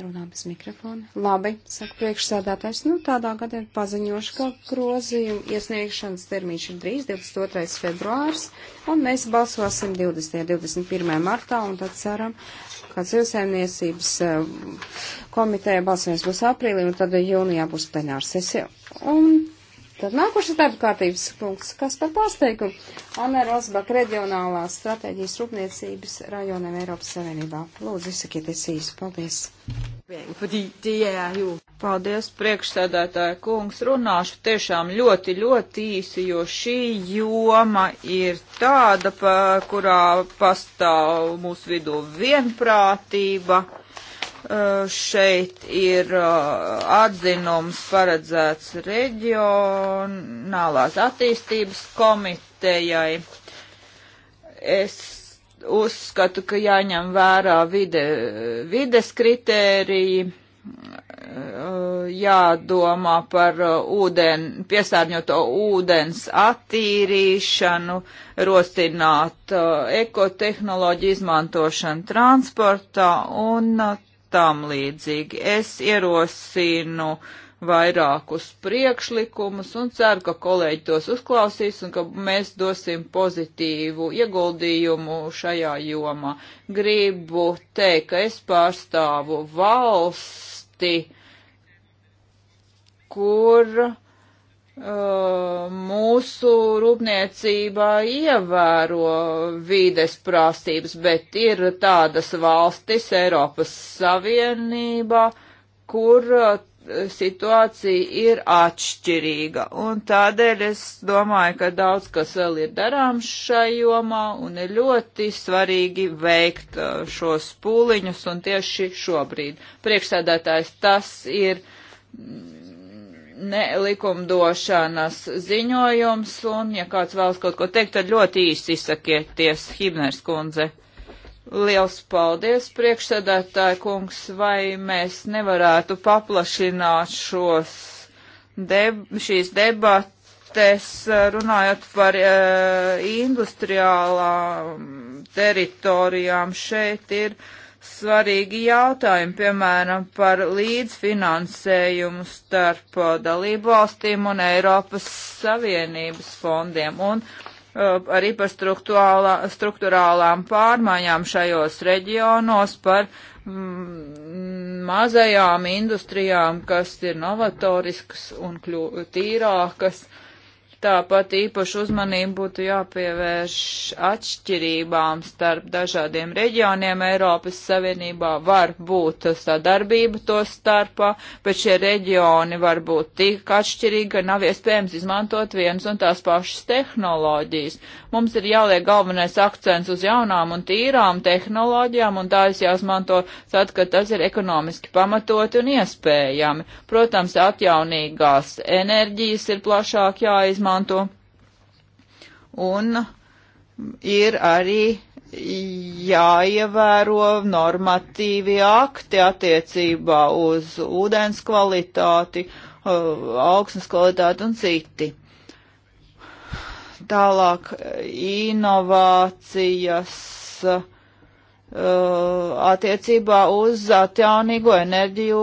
S3: Runā bez mikrofona. Labi, saka priekšsēdētājs. Nu, tādā gadā paziņošu, ka grozījumu iesniegšanas termiņš ir drīz 22. februārs, un mēs balsosim 20. 21. martā, un tad ceram, ka dzīvesēmniecības eh, komiteja balsojums būs aprīlī, un tad jūnijā būs plenārs sesija. Un Tad nākošais darba kārtības punkts, kas par pārsteigumu Anna Rosbach reģionālās stratēģijas rūpniecības rajoniem Eiropas Savienībā. Lūdzu, izsakieties īsi. Paldies.
S2: Paldies, priekšsēdētāja kungs. Runāšu tiešām ļoti, ļoti īsi, jo šī joma ir tāda, pa, kurā pastāv mūsu vidū vienprātība Eh, šeit ir eh, atzinums paredzēts reģionālās attīstības komitejai. Es uzskatu, ka jāņem vērā vide, vides kritēriji, eh, jādomā par ūden, piesārņoto ūdens attīrīšanu, rosināt ekotehnoloģiju izmantošanu transportā un tam līdzīgi. Es ierosinu vairākus priekšlikumus un ceru, ka kolēģi tos uzklausīs un ka mēs dosim pozitīvu ieguldījumu šajā jomā. Gribu teikt, ka es pārstāvu valsti, kur Uh, mūsu rūpniecībā ievēro vīdes prasības, bet ir tādas valstis Eiropas Savienībā, kur uh, situācija ir atšķirīga. Un tādēļ es domāju, ka daudz kas vēl ir darāms šai jomā un ir ļoti svarīgi veikt uh, šos pūliņus un tieši šobrīd. Priekšsēdētājs tas ir nelikumdošanas ziņojums, un, ja kāds vēlas kaut ko teikt, tad ļoti īsi izsakieties, Hibners kundze. Liels paldies, priekšsēdētāji kungs, vai mēs nevarētu paplašināt šos deb šīs debates, runājot par uh, industriālām teritorijām. Šeit ir uh, svarīgi jautājumi, piemēram, par līdzfinansējumu starp uh, dalību valstīm un Eiropas Savienības fondiem un uh, arī par struktūrālām pārmaiņām šajos reģionos, par mm, mazajām industrijām, kas ir novatoriskas un kļu, tīrākas. Uh, Tāpat īpaši uzmanību būtu jāpievērš atšķirībām starp dažādiem reģioniem Eiropas Savienībā. Var būt sadarbība to starpā, bet šie reģioni var būt tik atšķirīgi, ka nav iespējams izmantot vienas un tās pašas tehnoloģijas. Mums ir jāliek galvenais akcents uz jaunām un tīrām tehnoloģijām, un tās jāizmanto tad, kad tas ir ekonomiski pamatoti un iespējami. Protams, atjaunīgās enerģijas ir plašāk jāizmanto jāizmanto. Un ir arī jāievēro normatīvi akti attiecībā uz ūdens kvalitāti, uh, augsnes kvalitāti un citi. Tālāk inovācijas Uh, attiecībā uz atjaunīgo enerģiju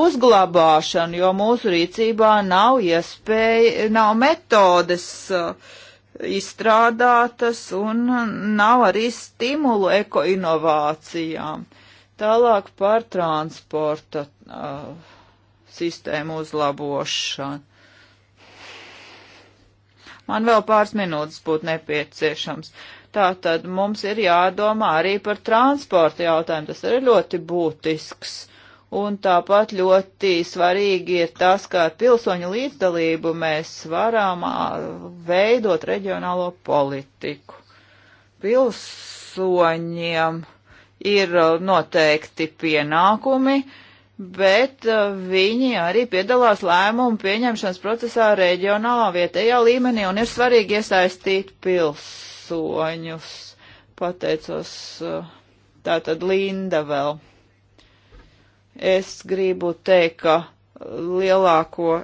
S2: uzglabāšanu, jo mūsu rīcībā nav iespēja, nav metodes uh, izstrādātas un nav arī stimulu ekoinovācijām. Tālāk par transporta uh, sistēmu uzlabošanu. Man vēl pāris minūtes būtu nepieciešams. Uh, Tātad mums ir jādomā arī par transporta jautājumu. Tas arī ļoti būtisks. Un tāpat ļoti svarīgi ir tas, kā ar pilsoņu līdzdalību mēs varam veidot reģionālo politiku. Pilsoņiem ir noteikti pienākumi, bet viņi arī piedalās lēmumu pieņemšanas procesā reģionālā vietējā līmenī un ir svarīgi iesaistīt pils, pilsoņus. Pateicos eh, tātad Linda vēl. Es gribu teikt, ka lielāko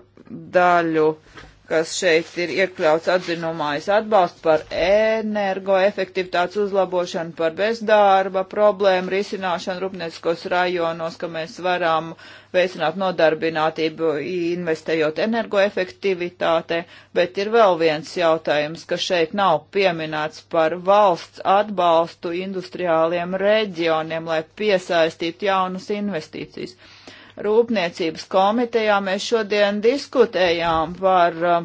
S2: daļu uh, kas šeit ir iekļauts atzinumā, es atbalstu par energoefektivitātes uzlabošanu, par bezdarba problēmu risināšanu rūpnieciskos rajonos, ka mēs varam veicināt nodarbinātību, investējot energoefektivitātē, bet ir vēl viens jautājums, ka šeit nav pieminēts par valsts atbalstu industriāliem reģioniem, lai piesaistītu jaunas investīcijas rūpniecības komitejā mēs šodien diskutējām par uh,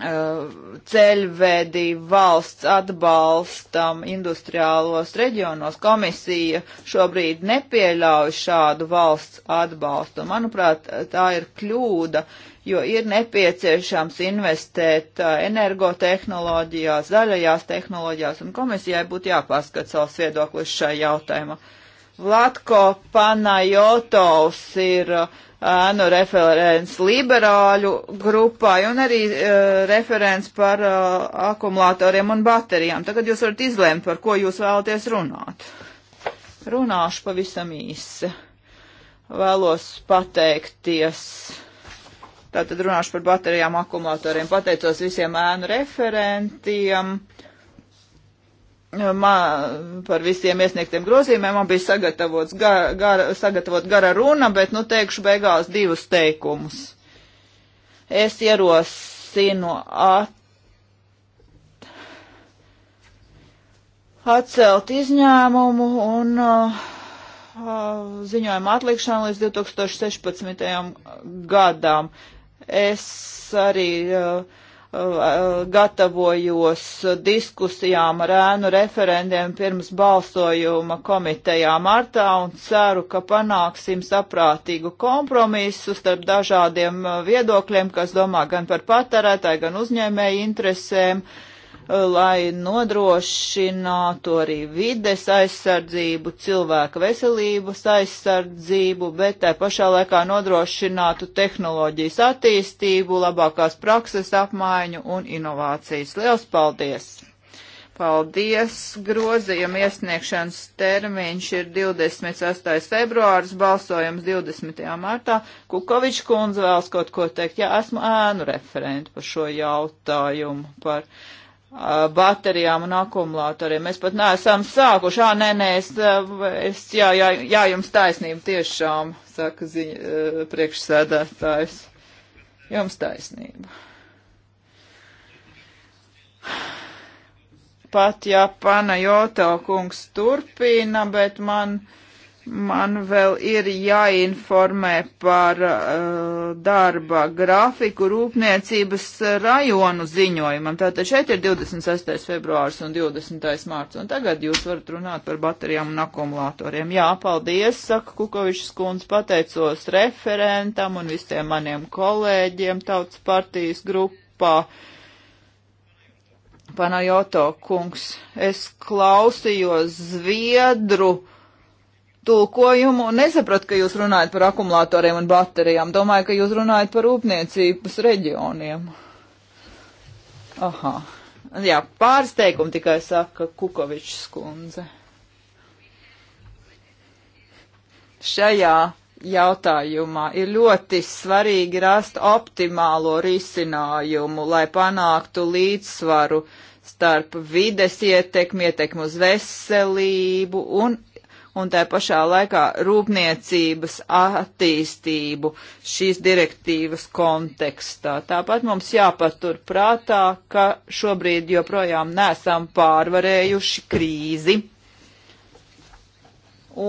S2: uh, ceļvedi valsts atbalstam industriālos reģionos. Komisija šobrīd nepieļauj šādu valsts atbalstu. Manuprāt, tā ir kļūda, jo ir nepieciešams investēt uh, energotehnoloģijās, zaļajās tehnoloģijās, un komisijai būtu jāpaskat savs viedoklis šajā jautājumā. Uh, Latko Panajotovs ir uh, ēnu uh, referents liberāļu grupai un arī uh, referents par uh, akumulatoriem un baterijām. Tagad jūs varat izlēmt, par ko jūs vēlaties runāt. Runāšu pavisam īsi. Vēlos pateikties. Tātad runāšu par baterijām, akumulatoriem. Pateicos visiem ēnu referentiem. Uh, man par visiem iesniegtiem grozījumiem man bija sagatavots gar, gar, sagatavot gara runa, bet nu teikšu beigās divus teikumus. Es ierosinu at, atcelt izņēmumu un uh, uh ziņojumu atlikšanu līdz 2016. gadām. Es arī uh, gatavojos diskusijām ar ēnu referendiem pirms balsojuma komitejā martā un ceru, ka panāksim saprātīgu kompromisu starp dažādiem viedokļiem, kas domā gan par patērētāju, gan uzņēmēju interesēm. Uh, lai nodrošinātu arī vides aizsardzību, cilvēka veselības aizsardzību, bet tai pašā laikā nodrošinātu tehnoloģijas attīstību, labākās prakses apmaiņu un inovācijas. Liels paldies! Paldies! Grozījuma iesniegšanas termiņš ir 28. februāris, balsojums 20. martā. Kukovičs kundze vēlas kaut ko teikt. Jā, esmu ēnu referenti par šo jautājumu, par baterijām un akumulatoriem. Mēs pat neesam sākuši. Ā, nē, nē, es, es jā, jā, jā, jums taisnība tiešām, saka ziņa, priekšsēdētājs. Jums taisnība. Pat ja pana Joto kungs turpina, bet man. Uh, Man vēl ir jāinformē par uh, darba grafiku rūpniecības rajonu ziņojumam. Tātad šeit ir 26. februārs un 20. mārts. Un tagad jūs varat runāt par baterijām un akumulatoriem. Jā, paldies, saka Kukovičs kundze, pateicos referentam un visiem maniem kolēģiem tautas partijas grupā. Panajoto kungs, es klausījos Zviedru tulkojumu un nesapratu, ka jūs runājat par akumulatoriem un baterijām. Domāju, ka jūs runājat par rūpniecības reģioniem. Aha. Jā, pāris teikumi tikai saka Kukovičs kundze. Šajā jautājumā ir ļoti svarīgi rast optimālo risinājumu, lai panāktu līdzsvaru starp vides ietekmi, ietekmi uz veselību un un tā pašā laikā rūpniecības attīstību šīs direktīvas kontekstā. Tāpat mums jāpatur prātā, ka šobrīd joprojām nesam pārvarējuši krīzi.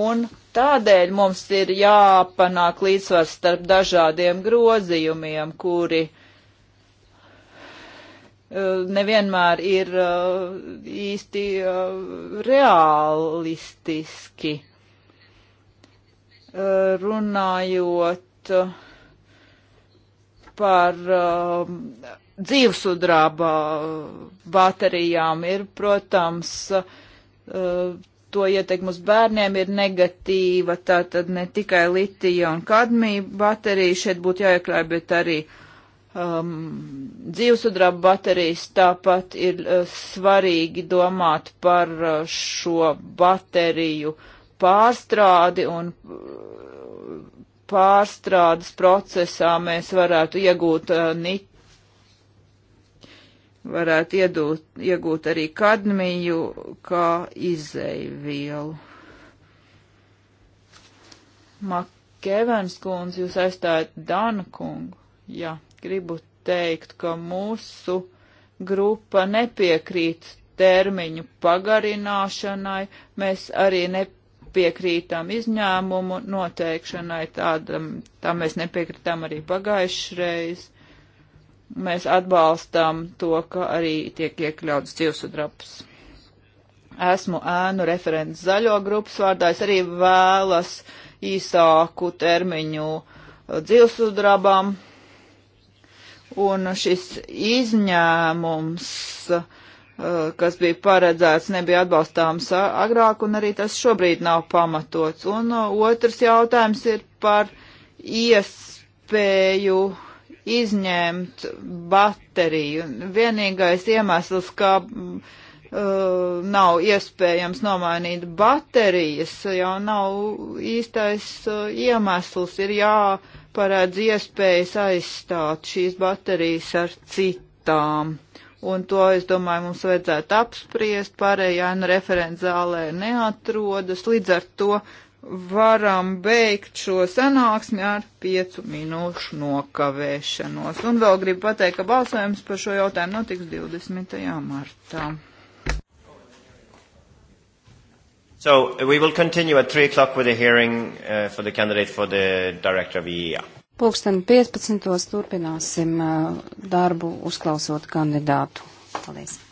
S2: Un tādēļ mums ir jāpanāk līdzsvars starp dažādiem grozījumiem, kuri uh, Eh, nevienmēr ir eh, īsti eh, realistiski. Runājot par dzīvesudraba baterijām, ir, protams, to ietekmi uz bērniem ir negatīva, tātad ne tikai litija un kadmija baterija šeit būtu jāiekļauj, bet arī uh, um, dzīvesudraba baterijas, tāpat ir uh, svarīgi domāt par uh, šo bateriju pārstrādi un uh, pārstrādes procesā mēs varētu iegūt uh, nit, varētu iedūt, iegūt arī kadmiju kā izeivielu. Makevens kundze, jūs aizstājat Dānu kungu? Jā. Ja gribu teikt, ka mūsu grupa nepiekrīt termiņu pagarināšanai, mēs arī nepiekrītam izņēmumu noteikšanai, tādam, tam mēs nepiekritām arī pagājušreiz. Mēs atbalstām to, ka arī tiek iekļauts dzīvesudraps. Esmu ēnu referents zaļo grupas vārdā, es arī vēlas īsāku termiņu uh, dzīvesudrabam, un šis izņēmums, uh, kas bija paredzēts, nebija atbalstāms uh, agrāk, un arī tas šobrīd nav pamatots. Un uh, otrs jautājums ir par iespēju izņemt bateriju. Vienīgais iemesls, kā Uh, nav iespējams nomainīt baterijas, jau nav īstais uh, iemesls, ir jā, paredz iespējas aizstāt šīs baterijas ar citām. Un to, es domāju, mums vajadzētu apspriest, pārējā nu referentzālē neatrodas, līdz ar to varam beigt šo sanāksmi ar piecu minūšu nokavēšanos. Un vēl gribu pateikt, ka balsojums par šo jautājumu notiks 20. martā. So uh, we will continue at 3 o'clock with a hearing uh, for the candidate for the director of EEA.
S3: Pulksten 15. turpināsim uh, darbu uzklausot kandidātu. Paldies.